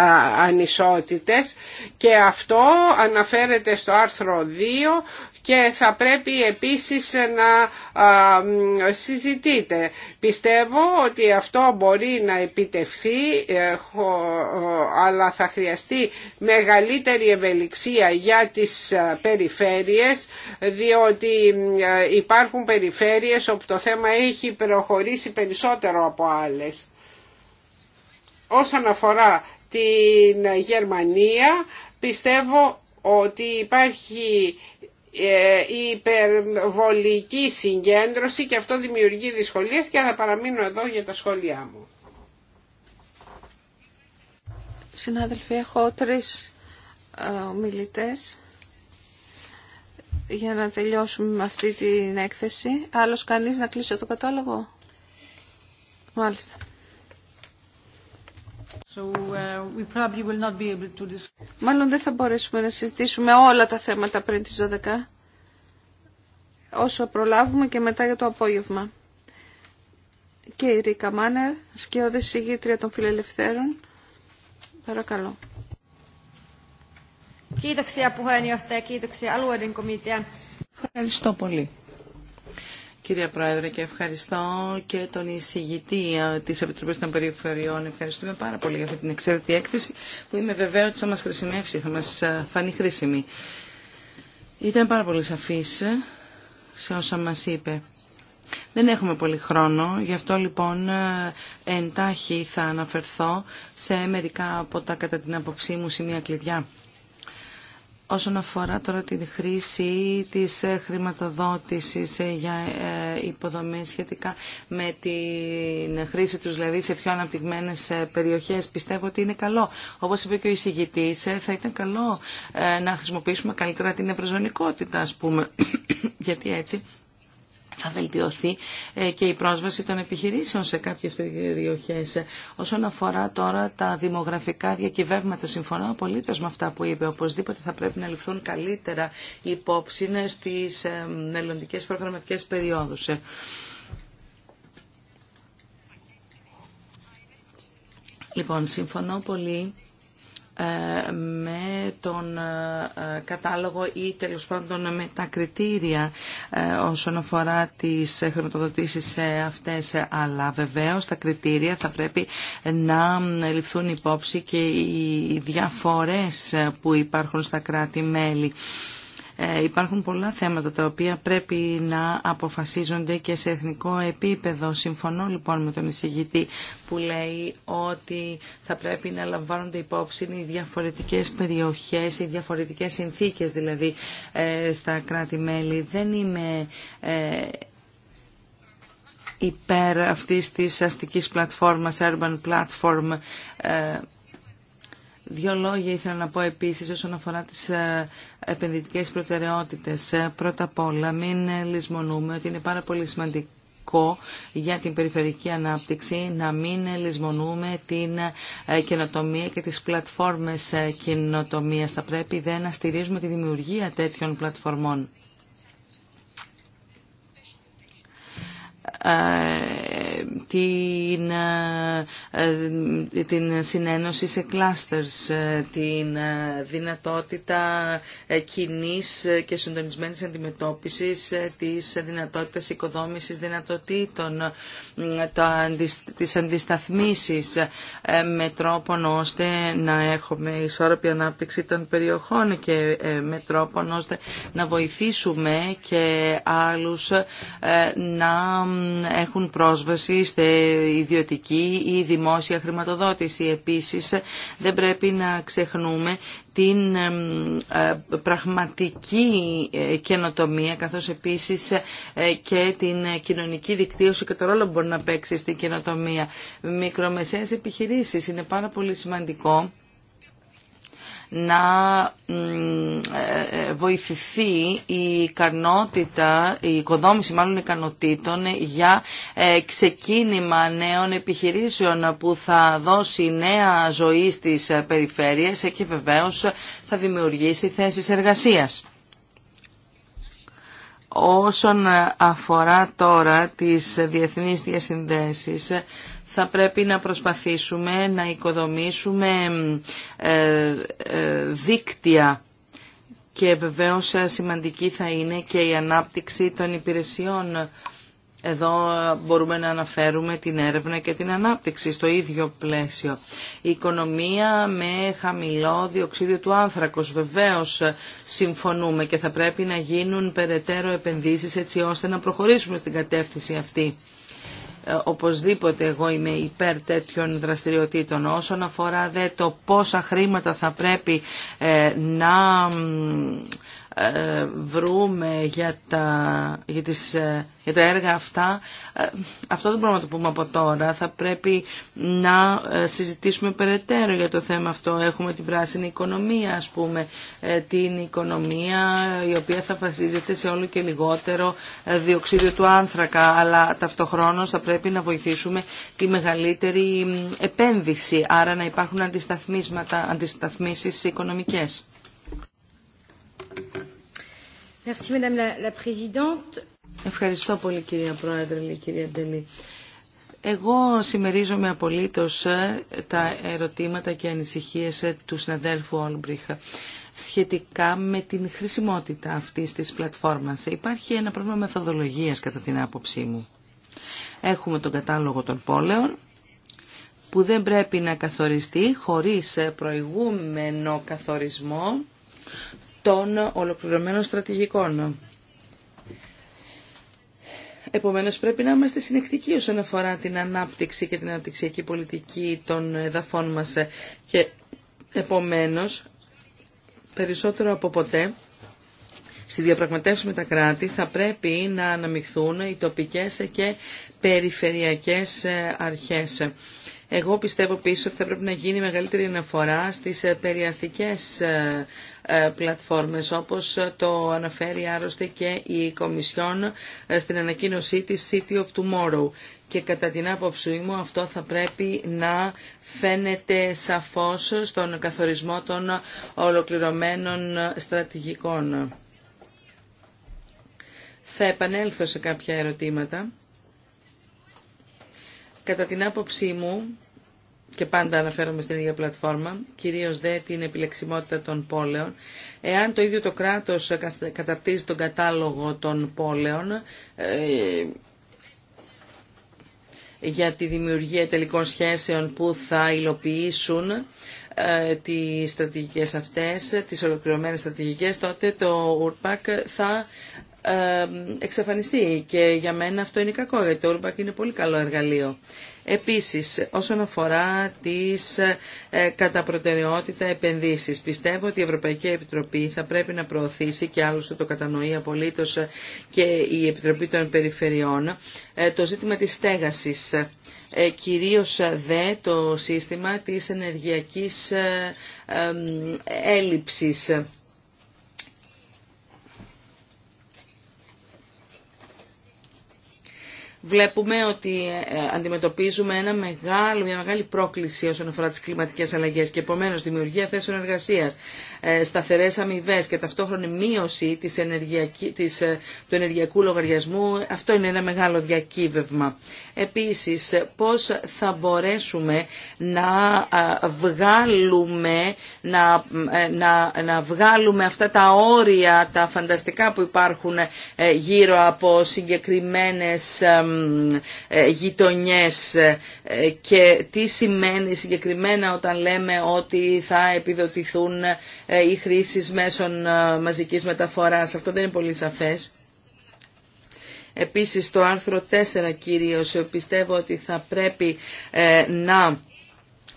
ανισότητες και αυτό αναφέρεται στο άρθρο 2 και θα πρέπει επίσης να συζητείτε. Πιστεύω ότι αυτό μπορεί να επιτευχθεί ε, ε, αλλά θα χρειαστεί μεγαλύτερη ευελιξία για τις ε, περιφέρειες διότι υπάρχουν περιφέρειες όπου το θέμα έχει προχωρήσει περισσότερο από άλλες. Όσον αφορά την Γερμανία πιστεύω ότι υπάρχει ε, υπερβολική συγκέντρωση και αυτό δημιουργεί δυσκολίες και θα παραμείνω εδώ για τα σχόλιά μου. Συνάδελφοι, έχω τρεις ε, ομιλητές για να τελειώσουμε με αυτή την έκθεση. Άλλος κανείς να κλείσω το κατάλογο. Μάλιστα. Uh, Μάλλον δεν θα μπορέσουμε να συζητήσουμε όλα τα θέματα πριν τις 12 όσο προλάβουμε και μετά για το απόγευμα. Και η Ρίκα Μάνερ, σκιώδη συγγήτρια των φιλελευθέρων. Παρακαλώ. Ευχαριστώ πολύ. Κυρία Πρόεδρε και ευχαριστώ και τον εισηγητή ε, τη Επιτροπή των Περιφερειών. Ευχαριστούμε πάρα πολύ για αυτή την εξαιρετική έκθεση που είμαι βεβαίω ότι θα μας χρησιμεύσει, θα μας ε, φανεί χρήσιμη. Ήταν πάρα πολύ σαφής ε, σε όσα μας είπε. Δεν έχουμε πολύ χρόνο, γι' αυτό λοιπόν εντάχει θα αναφερθώ σε μερικά από τα κατά την άποψή μου σημεία κλειδιά. Όσον αφορά τώρα την χρήση της ε, χρηματοδότησης ε, για ε, υποδομές σχετικά με την χρήση τους δηλαδή σε πιο αναπτυγμένες περιοχές πιστεύω ότι είναι καλό. Όπως είπε και ο εισηγητής θα ήταν καλό να χρησιμοποιήσουμε καλύτερα την ευρωζωνικότητα ας πούμε γιατί έτσι θα βελτιωθεί ε, και η πρόσβαση των επιχειρήσεων σε κάποιες περιοχές. Όσον αφορά τώρα τα δημογραφικά διακυβεύματα, συμφωνώ απολύτως με αυτά που είπε. Οπωσδήποτε θα πρέπει να ληφθούν καλύτερα υπόψη στις ε, μελλοντικές προγραμματικές περιόδους. Λοιπόν, συμφωνώ πολύ ε, με τον ε, κατάλογο ή τέλο πάντων με τα κριτήρια ε, όσον αφορά τις χρηματοδοτήσεις αυτές. Αλλά βεβαίως τα κριτήρια θα πρέπει να ληφθούν υπόψη και οι διαφορές που υπάρχουν στα κράτη-μέλη. Ε, υπάρχουν πολλά θέματα τα οποία πρέπει να αποφασίζονται και σε εθνικό επίπεδο. Συμφωνώ λοιπόν με τον εισηγητή που λέει ότι θα πρέπει να λαμβάνονται υπόψη οι διαφορετικές περιοχές, οι διαφορετικές συνθήκες δηλαδή ε, στα κράτη-μέλη. Δεν είμαι ε, υπέρ αυτής της αστικής πλατφόρμας, urban platform, Δύο λόγια ήθελα να πω επίσης όσον αφορά τις ε, επενδυτικές προτεραιότητες. Ε, πρώτα απ' όλα μην ε, λησμονούμε ότι είναι πάρα πολύ σημαντικό για την περιφερική ανάπτυξη να μην λησμονούμε την καινοτομία και τις πλατφόρμες καινοτομίας. Θα πρέπει δε να στηρίζουμε τη δημιουργία τέτοιων πλατφορμών την, ε, την συνένωση σε κλάστερς, την ε, δυνατότητα ε, κοινής και συντονισμένης αντιμετώπισης της δυνατότητας οικοδόμησης δυνατοτήτων, τις αντισταθμίσεις με τρόπον ώστε να έχουμε ισόρροπη ανάπτυξη των περιοχών και με τρόπον ώστε να βοηθήσουμε και άλλους να έχουν πρόσβαση είστε ιδιωτική ή δημόσια χρηματοδότηση. Επίσης δεν πρέπει να ξεχνούμε την ε, πραγματική ε, καινοτομία καθώς επίσης ε, και την κοινωνική δικτύωση και το ρόλο που μπορεί να παίξει στην καινοτομία. Μικρομεσαίες επιχειρήσεις είναι πάρα πολύ σημαντικό να ε, ε, βοηθηθεί η ικανότητα, η οικοδόμηση μάλλον ικανοτήτων για ε, ξεκίνημα νέων επιχειρήσεων που θα δώσει νέα ζωή στις περιφέρειες και βεβαίως θα δημιουργήσει θέσεις εργασίας. Όσον αφορά τώρα τις διεθνείς διασυνδέσεις, θα πρέπει να προσπαθήσουμε να οικοδομήσουμε ε, ε, δίκτυα και βεβαίως ε, σημαντική θα είναι και η ανάπτυξη των υπηρεσιών. Εδώ μπορούμε να αναφέρουμε την έρευνα και την ανάπτυξη στο ίδιο πλαίσιο. Η οικονομία με χαμηλό διοξίδιο του άνθρακος. Βεβαίως συμφωνούμε και θα πρέπει να γίνουν περαιτέρω επενδύσεις έτσι ώστε να προχωρήσουμε στην κατεύθυνση αυτή. Ε, οπωσδήποτε εγώ είμαι υπέρ τέτοιων δραστηριοτήτων. Όσον αφορά δε το πόσα χρήματα θα πρέπει ε, να ε, βρούμε για τα, για, τις, ε, για τα έργα αυτά, ε, αυτό δεν μπορούμε να το πούμε από τώρα. Θα πρέπει να συζητήσουμε περαιτέρω για το θέμα αυτό. Έχουμε την πράσινη οικονομία, ας πούμε, την οικονομία η οποία θα βασίζεται σε όλο και λιγότερο διοξίδιο του άνθρακα, αλλά ταυτοχρόνως θα πρέπει να βοηθήσουμε τη μεγαλύτερη επένδυση, άρα να υπάρχουν αντισταθμίσματα, αντισταθμίσεις οικονομικές. Ευχαριστώ πολύ κυρία Πρόεδρε, κυρία Ντελή. Εγώ συμμερίζομαι απολύτως ε, τα ερωτήματα και ανησυχίες ε, του συναδέλφου Όλμπριχ σχετικά με την χρησιμότητα αυτής της πλατφόρμας. Υπάρχει ένα πρόβλημα μεθοδολογίας κατά την άποψή μου. Έχουμε τον κατάλογο των πόλεων που δεν πρέπει να καθοριστεί χωρίς ε, προηγούμενο καθορισμό των ολοκληρωμένων στρατηγικών. Επομένως πρέπει να είμαστε συνεκτικοί όσον αφορά την ανάπτυξη και την αναπτυξιακή πολιτική των εδαφών μας και επομένως περισσότερο από ποτέ στη διαπραγματεύσεις με τα κράτη θα πρέπει να αναμειχθούν οι τοπικές και περιφερειακές αρχές. Εγώ πιστεύω πίσω ότι θα πρέπει να γίνει μεγαλύτερη αναφορά στις ε, περιαστικές ε, ε, πλατφόρμες όπως το αναφέρει άρρωστη και η Κομισιόν στην ανακοίνωσή της City of Tomorrow και κατά την άποψή μου αυτό θα πρέπει να φαίνεται σαφώς στον καθορισμό των ολοκληρωμένων στρατηγικών. Θα επανέλθω σε κάποια ερωτήματα. Κατά την άποψή μου, και πάντα αναφέρομαι στην ίδια πλατφόρμα, κυρίως δε την επιλεξιμότητα των πόλεων. Εάν το ίδιο το κράτος καταρτίζει τον κατάλογο των πόλεων ε, για τη δημιουργία τελικών σχέσεων που θα υλοποιήσουν ε, τις στρατηγικές αυτές, τις ολοκληρωμένες στρατηγικές, τότε το ΟΥΡΠΑΚ θα ε, εξαφανιστεί. Και για μένα αυτό είναι κακό, γιατί το Ουρμπακ είναι πολύ καλό εργαλείο. Επίσης, όσον αφορά τις ε, κατά προτεραιότητα επενδύσεις, πιστεύω ότι η Ευρωπαϊκή Επιτροπή θα πρέπει να προωθήσει και άλλωστε το κατανοεί απολύτως και η Επιτροπή των Περιφερειών ε, το ζήτημα της στέγασης ε, κυρίως δε το σύστημα της ενεργειακής έλλειψης βλέπουμε ότι ε, αντιμετωπίζουμε ένα μεγάλο, μια μεγάλη πρόκληση όσον αφορά τις κλιματικές αλλαγές και επομένως δημιουργία θέσεων εργασίας, ε, σταθερές αμοιβέ και ταυτόχρονη μείωση της της, ε, του ενεργειακού λογαριασμού, αυτό είναι ένα μεγάλο διακύβευμα. Επίσης, πώς θα μπορέσουμε να ε, βγάλουμε, να, να, να βγάλουμε αυτά τα όρια, τα φανταστικά που υπάρχουν γύρω από συγκεκριμένες γειτονιές και τι σημαίνει συγκεκριμένα όταν λέμε ότι θα επιδοτηθούν ή ε, χρήση μέσων ε, μαζικής μεταφοράς. Αυτό δεν είναι πολύ σαφές. Επίσης το άρθρο 4 κυρίως ε, πιστεύω ότι θα πρέπει να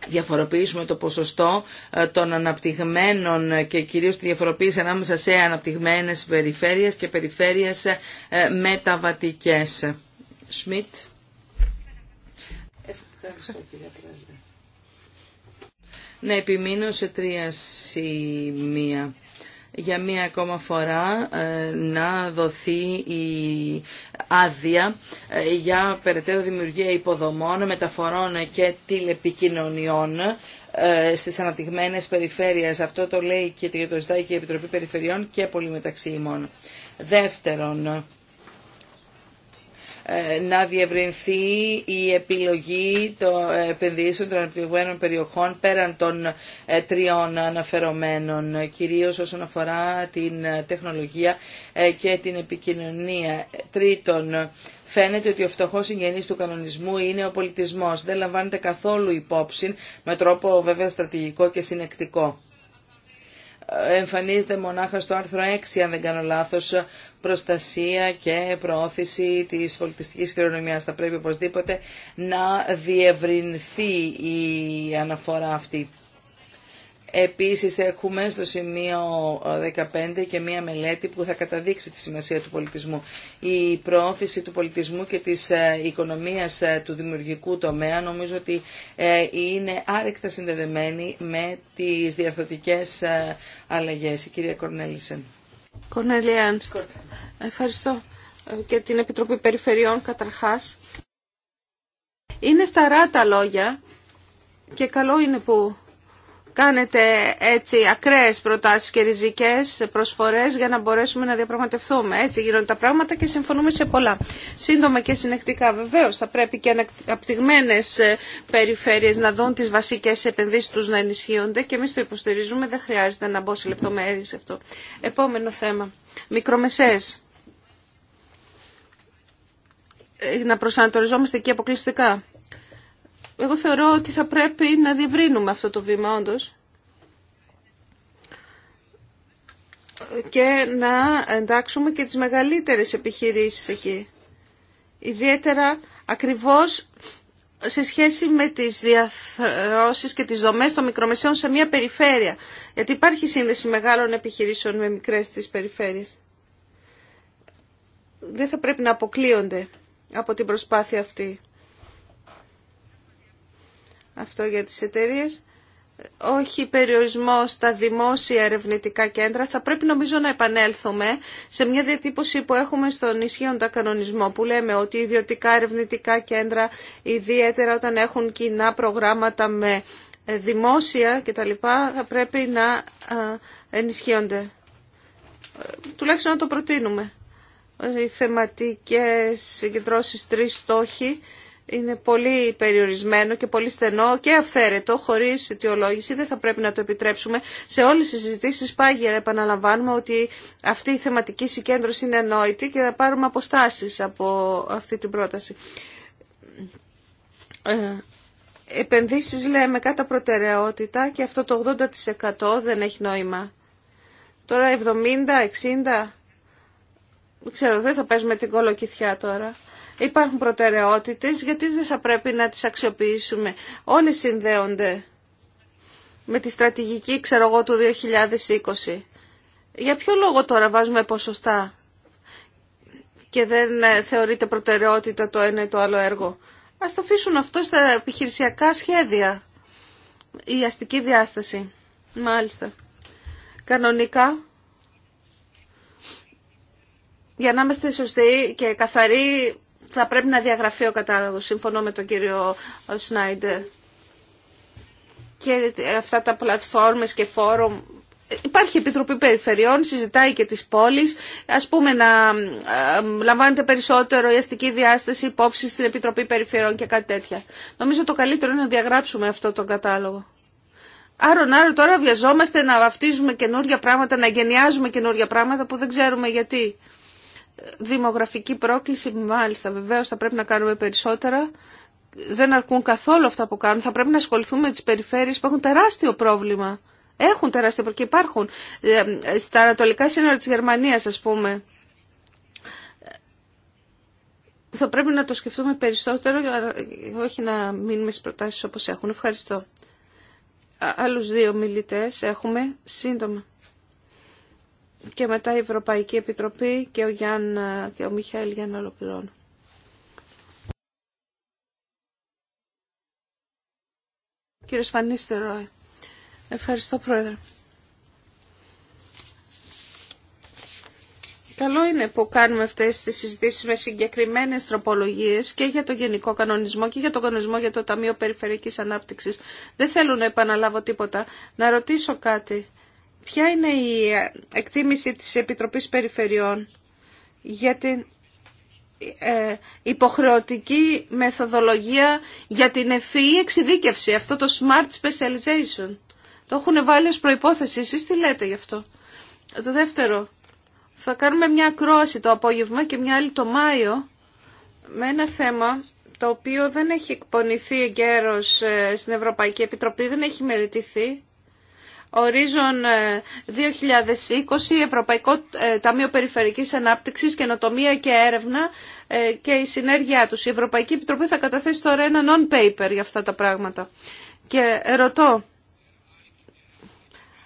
διαφοροποιήσουμε το ποσοστό των αναπτυγμένων και κυρίως τη διαφοροποίηση ανάμεσα σε αναπτυγμένες περιφέρειες και περιφέρειες μεταβατικές. Σμιτ. Ευχαριστώ κύριε να επιμείνω σε τρία σημεία για μία ακόμα φορά ε, να δοθεί η άδεια ε, για περαιτέρω δημιουργία υποδομών, μεταφορών και τηλεπικοινωνιών ε, στις αναπτυγμένες περιφέρειες. Αυτό το λέει και το ζητάει και η Επιτροπή Περιφερειών και πολύ μεταξύ ημών. Δεύτερον, ε, να διευρυνθεί η επιλογή των επενδύσεων των επιλογμένων περιοχών πέραν των ε, τριών αναφερομένων, κυρίως όσον αφορά την ε, τεχνολογία και την επικοινωνία. Τρίτον, Φαίνεται ότι ο φτωχό συγγενή του κανονισμού είναι ο πολιτισμό. Δεν λαμβάνεται καθόλου υπόψη με τρόπο βέβαια στρατηγικό και συνεκτικό εμφανίζεται μονάχα στο άρθρο 6, αν δεν κάνω λάθος, προστασία και προώθηση της πολιτιστικής χειρονομιάς. Θα πρέπει οπωσδήποτε να διευρυνθεί η αναφορά αυτή. Επίσης έχουμε στο σημείο 15 ε, και μία μελέτη που θα καταδείξει τη σημασία του πολιτισμού. Η προώθηση του πολιτισμού και της ε, οικονομίας ε, του δημιουργικού τομέα νομίζω ότι είναι άρρηκτα συνδεδεμένη με τις διαρθωτικές αλλαγές. Η κυρία Κορνέλισεν. Κορνέλιαν, ευχαριστώ και την Επιτροπή Περιφερειών καταρχάς. Είναι σταρά τα λόγια και καλό είναι που κάνετε έτσι ακραίες προτάσεις και ριζικές προσφορές για να μπορέσουμε να διαπραγματευτούμε. Έτσι γίνονται τα πράγματα και συμφωνούμε σε πολλά. Σύντομα και συνεχτικά βεβαίως θα πρέπει και αναπτυγμένες ε, περιφέρειες να δουν τις βασικές επενδύσεις τους να ενισχύονται και εμείς το υποστηρίζουμε, δεν χρειάζεται να μπω σε λεπτομέρειες αυτό. Επόμενο θέμα. Μικρομεσαίες. Ε, να προσανατοριζόμαστε εκεί αποκλειστικά. Εγώ θεωρώ ότι θα πρέπει να διευρύνουμε αυτό το βήμα όντω. και να εντάξουμε και τις μεγαλύτερες επιχειρήσεις εκεί. Ιδιαίτερα ακριβώς σε σχέση με τις διαθρώσεις και τις δομές των μικρομεσαίων σε μια περιφέρεια. Γιατί υπάρχει σύνδεση μεγάλων επιχειρήσεων με μικρές της περιφέρειες. Δεν θα πρέπει να αποκλείονται από την προσπάθεια αυτή αυτό για τις εταιρείε. Όχι περιορισμό στα δημόσια ερευνητικά κέντρα. Θα πρέπει νομίζω να επανέλθουμε σε μια διατύπωση που έχουμε στον ισχύοντα κανονισμό που λέμε ότι ιδιωτικά ερευνητικά κέντρα ιδιαίτερα όταν έχουν κοινά προγράμματα με ε, δημόσια κτλ. θα πρέπει να ενισχύονται. Τουλάχιστον να το προτείνουμε. Οι θεματικές συγκεντρώσεις τρεις στόχοι είναι πολύ περιορισμένο και πολύ στενό και αυθαίρετο, χωρίς αιτιολόγηση. Δεν θα πρέπει να το επιτρέψουμε. Σε όλες τις συζητήσεις πάγια επαναλαμβάνουμε ότι αυτή η θεματική συγκέντρωση είναι ενόητη και θα πάρουμε αποστάσεις από αυτή την πρόταση. Ε, επενδύσεις λέμε κατά προτεραιότητα και αυτό το 80% δεν έχει νόημα. Τώρα 70, 60, δεν ξέρω, δεν θα παίζουμε την κολοκυθιά τώρα. Υπάρχουν προτεραιότητες, γιατί δεν θα πρέπει να τις αξιοποιήσουμε. Όλοι συνδέονται με τη στρατηγική, ξέρω εγώ, του 2020. Για ποιο λόγο τώρα βάζουμε ποσοστά και δεν ε, θεωρείται προτεραιότητα το ένα ή το άλλο έργο. Ας το αφήσουν αυτό στα επιχειρησιακά σχέδια. Η αστική διάσταση. Μάλιστα. Κανονικά, για να είμαστε σωστοί και καθαροί θα πρέπει να διαγραφεί ο κατάλογος. Συμφωνώ με τον κύριο Σνάιντερ. Και αυτά τα πλατφόρμες και φόρουμ. Υπάρχει Επιτροπή Περιφερειών, συζητάει και τις πόλεις. Ας πούμε να λαμβάνεται περισσότερο η αστική διάσταση υπόψη στην Επιτροπή Περιφερειών και κάτι τέτοια. Νομίζω το καλύτερο είναι να διαγράψουμε αυτό τον κατάλογο. Άρον άρον τώρα βιαζόμαστε να βαφτίζουμε καινούργια πράγματα, να γενιάζουμε καινούργια πράγματα που δεν ξέρουμε γιατί δημογραφική πρόκληση, μάλιστα βεβαίως θα πρέπει να κάνουμε περισσότερα. Δεν αρκούν καθόλου αυτά που κάνουν. Θα πρέπει να ασχοληθούμε με τις περιφέρειες που έχουν τεράστιο πρόβλημα. Έχουν τεράστιο πρόβλημα και υπάρχουν. Ε, στα ανατολικά σύνορα της Γερμανίας ας πούμε. Θα πρέπει να το σκεφτούμε περισσότερο, ε, όχι να μείνουμε στις προτάσεις όπως έχουν. Ευχαριστώ. Άλλους δύο μιλητές έχουμε σύντομα και μετά η Ευρωπαϊκή Επιτροπή και ο, Γιάν, και ο Μιχαήλ για να ολοκληρώνω. Κύριε Σφανίστερο, ευχαριστώ Πρόεδρε. Καλό είναι που κάνουμε αυτές τις συζητήσεις με συγκεκριμένες τροπολογίες και για το Γενικό Κανονισμό και για το Κανονισμό για το Ταμείο Περιφερειακής Ανάπτυξης. Δεν θέλω να επαναλάβω τίποτα. Να ρωτήσω κάτι. Ποια είναι η εκτίμηση της Επιτροπής Περιφερειών για την ε, υποχρεωτική μεθοδολογία για την ευφυή εξειδίκευση, αυτό το smart specialization. Το έχουν βάλει ως προϋπόθεση. Εσείς τι λέτε γι' αυτό. Το δεύτερο, θα κάνουμε μια ακρόαση το απόγευμα και μια άλλη το Μάιο με ένα θέμα το οποίο δεν έχει εκπονηθεί εγκαίρως ε, στην Ευρωπαϊκή Επιτροπή, δεν έχει μελετηθεί ε, ορίζον 2020, Ευρωπαϊκό ε, Ταμείο Περιφερικής Ανάπτυξης, Καινοτομία και Έρευνα ε, και η συνέργειά τους. Η Ευρωπαϊκή Επιτροπή θα καταθέσει τώρα ένα non-paper για αυτά τα πράγματα. Και ρωτώ,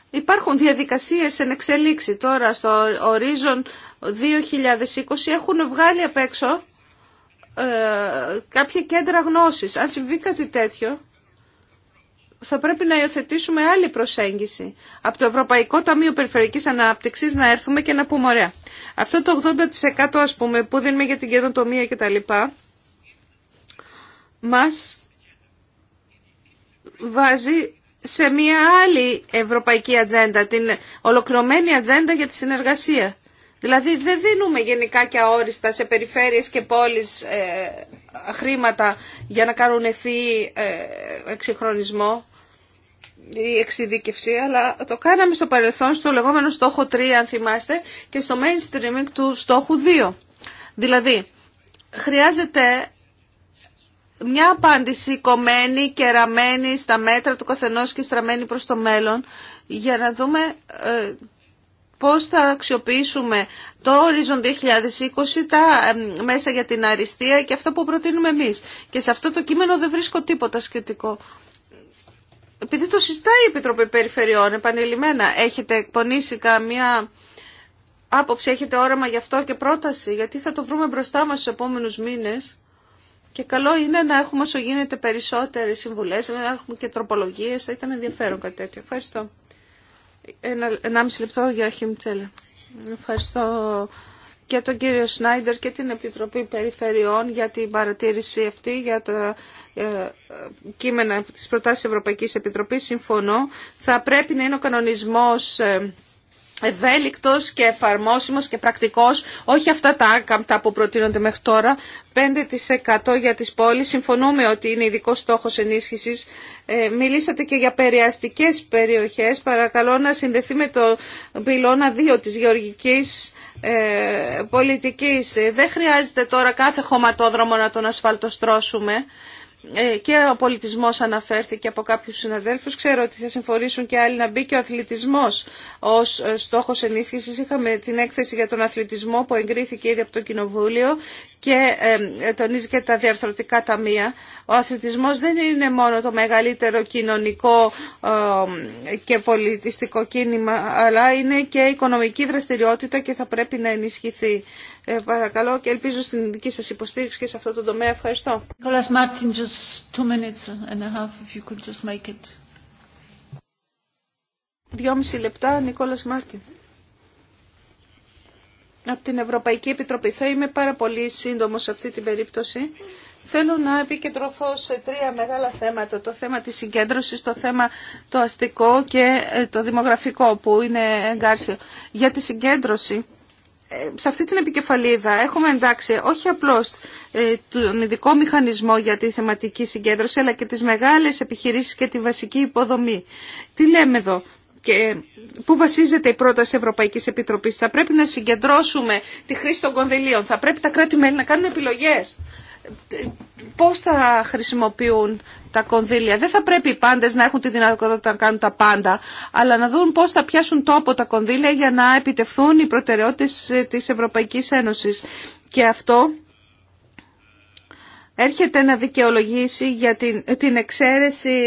υπάρχουν διαδικασίες εν εξελίξη τώρα στο ορίζον 2020, έχουν βγάλει απ' έξω ε, κάποια κέντρα γνώσης. Αν συμβεί κάτι τέτοιο, θα πρέπει να υιοθετήσουμε άλλη προσέγγιση. Από το Ευρωπαϊκό Ταμείο Περιφερειακής Ανάπτυξης να έρθουμε και να πούμε ωραία. Αυτό το 80% ας πούμε που δίνουμε για την καινοτομία και τα λοιπά, μας βάζει σε μια άλλη ευρωπαϊκή ατζέντα, την ολοκληρωμένη ατζέντα για τη συνεργασία. Δηλαδή δεν δίνουμε γενικά και αόριστα σε περιφέρειες και πόλεις ε, χρήματα για να κάνουν ευφύ ε, εξυγχρονισμό η εξειδίκευση, αλλά το κάναμε στο παρελθόν στο λεγόμενο στόχο 3, αν θυμάστε, και στο mainstreaming του στόχου 2. Δηλαδή, χρειάζεται μια απάντηση κομμένη και ραμμένη στα μέτρα του καθενός και στραμμένη προς το μέλλον, για να δούμε ε, πώς θα αξιοποιήσουμε το Horizon 2020, τα ε, μέσα για την αριστεία και αυτό που προτείνουμε εμείς. Και σε αυτό το κείμενο δεν βρίσκω τίποτα σχετικό επειδή το συζητάει η Επιτροπή Περιφερειών επανειλημμένα, έχετε εκπονήσει καμία άποψη, έχετε όραμα γι' αυτό και πρόταση, γιατί θα το βρούμε μπροστά μας στους επόμενους μήνες και καλό είναι να έχουμε όσο γίνεται περισσότερες συμβουλές, να έχουμε και τροπολογίες, θα ήταν ενδιαφέρον κάτι τέτοιο. Ευχαριστώ. Ένα, ένα μισή λεπτό για Χιμτσέλε. Ευχαριστώ και τον κύριο Σνάιντερ και την Επιτροπή Περιφερειών για την παρατήρηση αυτή, για τα ε, κείμενα της προτάσεις Ευρωπαϊκής Επιτροπής συμφωνώ. Θα πρέπει να είναι ο κανονισμός ε, ευέλικτος και εφαρμόσιμος και πρακτικός, όχι αυτά τα άκαμπτα που προτείνονται μέχρι τώρα, 5% για τις πόλεις. Συμφωνούμε ότι είναι ειδικό στόχος ενίσχυσης. Ε, μιλήσατε και για περιαστικές περιοχές. Παρακαλώ να συνδεθεί με το πυλώνα 2 της γεωργικής πολιτικής. Δεν χρειάζεται τώρα κάθε χωματόδρομο να τον ασφαλτοστρώσουμε. Ε, και ο πολιτισμός αναφέρθηκε από κάποιους συναδέλφους. Ξέρω ότι θα συμφορήσουν και άλλοι να μπει και ο αθλητισμός ως ε, στόχος ενίσχυσης. Είχαμε την έκθεση για τον αθλητισμό που εγκρίθηκε ήδη από το Κοινοβούλιο και ε, ε, τονίζει και τα διαρθρωτικά ταμεία. Ο αθλητισμός δεν είναι μόνο το μεγαλύτερο κοινωνικό ε, και πολιτιστικό κίνημα, αλλά είναι και οικονομική δραστηριότητα και θα πρέπει να ενισχυθεί. παρακαλώ και ελπίζω στην δική σας υποστήριξη και σε αυτό το τομέα. Ευχαριστώ. Δυόμιση λεπτά, Νικόλας Μάρτιν από την Ευρωπαϊκή Επιτροπή. Θα είμαι πάρα πολύ σύντομο σε αυτή την περίπτωση. Θέλω να επικεντρωθώ σε τρία μεγάλα θέματα. Το θέμα της συγκέντρωσης, το θέμα το αστικό και ε, το δημογραφικό που είναι εγκάρσιο. Για τη συγκέντρωση, ε, σε αυτή την επικεφαλίδα έχουμε εντάξει όχι απλώς ε, τον ειδικό μηχανισμό για τη θεματική συγκέντρωση αλλά και τις μεγάλες επιχειρήσεις και τη βασική υποδομή. Τι λέμε εδώ και πού βασίζεται η πρόταση Ευρωπαϊκή Επιτροπή. Θα πρέπει να συγκεντρώσουμε τη χρήση των κονδυλίων. Θα πρέπει τα κράτη-μέλη να κάνουν επιλογέ. Πώ θα χρησιμοποιούν τα κονδύλια. Δεν θα πρέπει οι πάντε να έχουν τη δυνατότητα να κάνουν τα πάντα, αλλά να δουν πώ θα πιάσουν τόπο τα κονδύλια για να επιτευχθούν οι προτεραιότητε τη Ευρωπαϊκή Ένωση. Και αυτό έρχεται να δικαιολογήσει για την, την εξαίρεση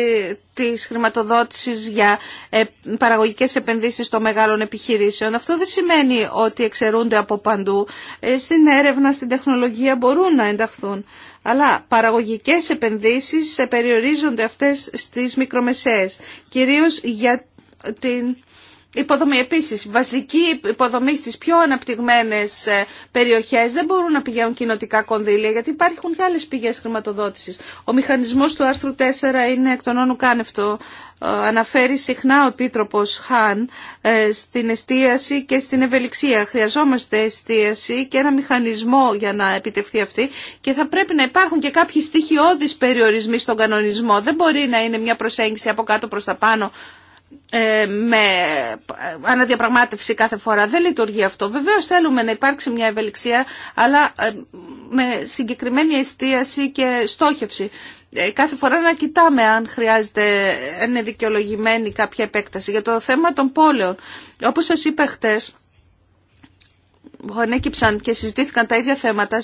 της χρηματοδότησης για ε, παραγωγικές επενδύσεις των μεγάλων επιχειρήσεων. Αυτό δεν σημαίνει ότι εξαιρούνται από παντού. Ε, στην έρευνα, στην τεχνολογία μπορούν να ενταχθούν. Αλλά παραγωγικές επενδύσεις ε, περιορίζονται αυτές στις μικρομεσαίες, κυρίως για την Υποδομή επίσης, βασική υποδομή στις πιο αναπτυγμένες ε, περιοχές δεν μπορούν να πηγαίνουν κοινοτικά κονδύλια γιατί υπάρχουν και άλλες πηγές χρηματοδότησης. Ο μηχανισμός του άρθρου 4 είναι εκ των όνου κάνευτο. Ε, αναφέρει συχνά ο Επίτροπος Χάν ε, στην εστίαση και στην ευελιξία. Χρειαζόμαστε εστίαση και ένα μηχανισμό για να επιτευχθεί αυτή και θα πρέπει να υπάρχουν και κάποιοι στοιχειώδεις περιορισμοί στον κανονισμό. Δεν μπορεί να είναι μια προσέγγιση από κάτω προς τα πάνω ε, με αναδιαπραγμάτευση κάθε φορά. Δεν λειτουργεί αυτό. Βεβαίω θέλουμε να υπάρξει μια ευελιξία, αλλά ε, με συγκεκριμένη εστίαση και στόχευση. Ε, κάθε φορά να κοιτάμε αν χρειάζεται, αν είναι δικαιολογημένη κάποια επέκταση. Για το θέμα των πόλεων, όπως σας είπα χτες, γονέκυψαν και συζητήθηκαν τα ίδια θέματα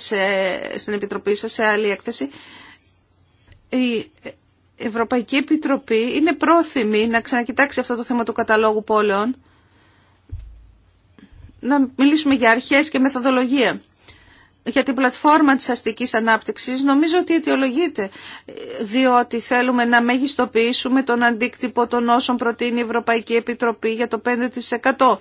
στην Επιτροπή σας, σε άλλη έκθεση, η Ευρωπαϊκή Επιτροπή είναι πρόθυμη να ξανακοιτάξει αυτό το θέμα του καταλόγου πόλεων, να μιλήσουμε για αρχές και μεθοδολογία. Για την πλατφόρμα της αστικής ανάπτυξης νομίζω ότι αιτιολογείται, διότι θέλουμε να μεγιστοποιήσουμε τον αντίκτυπο των όσων προτείνει η Ευρωπαϊκή Επιτροπή για το 5%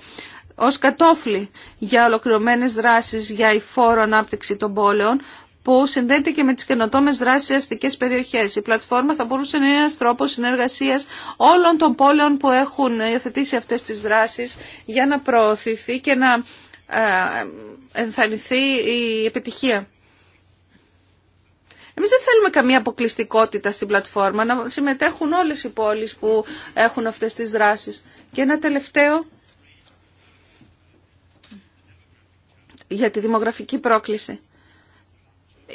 ως κατόφλι για ολοκληρωμένες δράσεις για η φόρο ανάπτυξη των πόλεων που συνδέεται και με τις καινοτόμε δράσεις σε αστικές περιοχές. Η πλατφόρμα θα μπορούσε να είναι ένα τρόπο συνεργασία όλων των πόλεων που έχουν υιοθετήσει αυτές τις δράσεις για να προωθηθεί και να ενθαρρυνθεί η επιτυχία. Εμείς δεν θέλουμε καμία αποκλειστικότητα στην πλατφόρμα, να συμμετέχουν όλες οι πόλεις που έχουν αυτές τις δράσεις. Και ένα τελευταίο για τη δημογραφική πρόκληση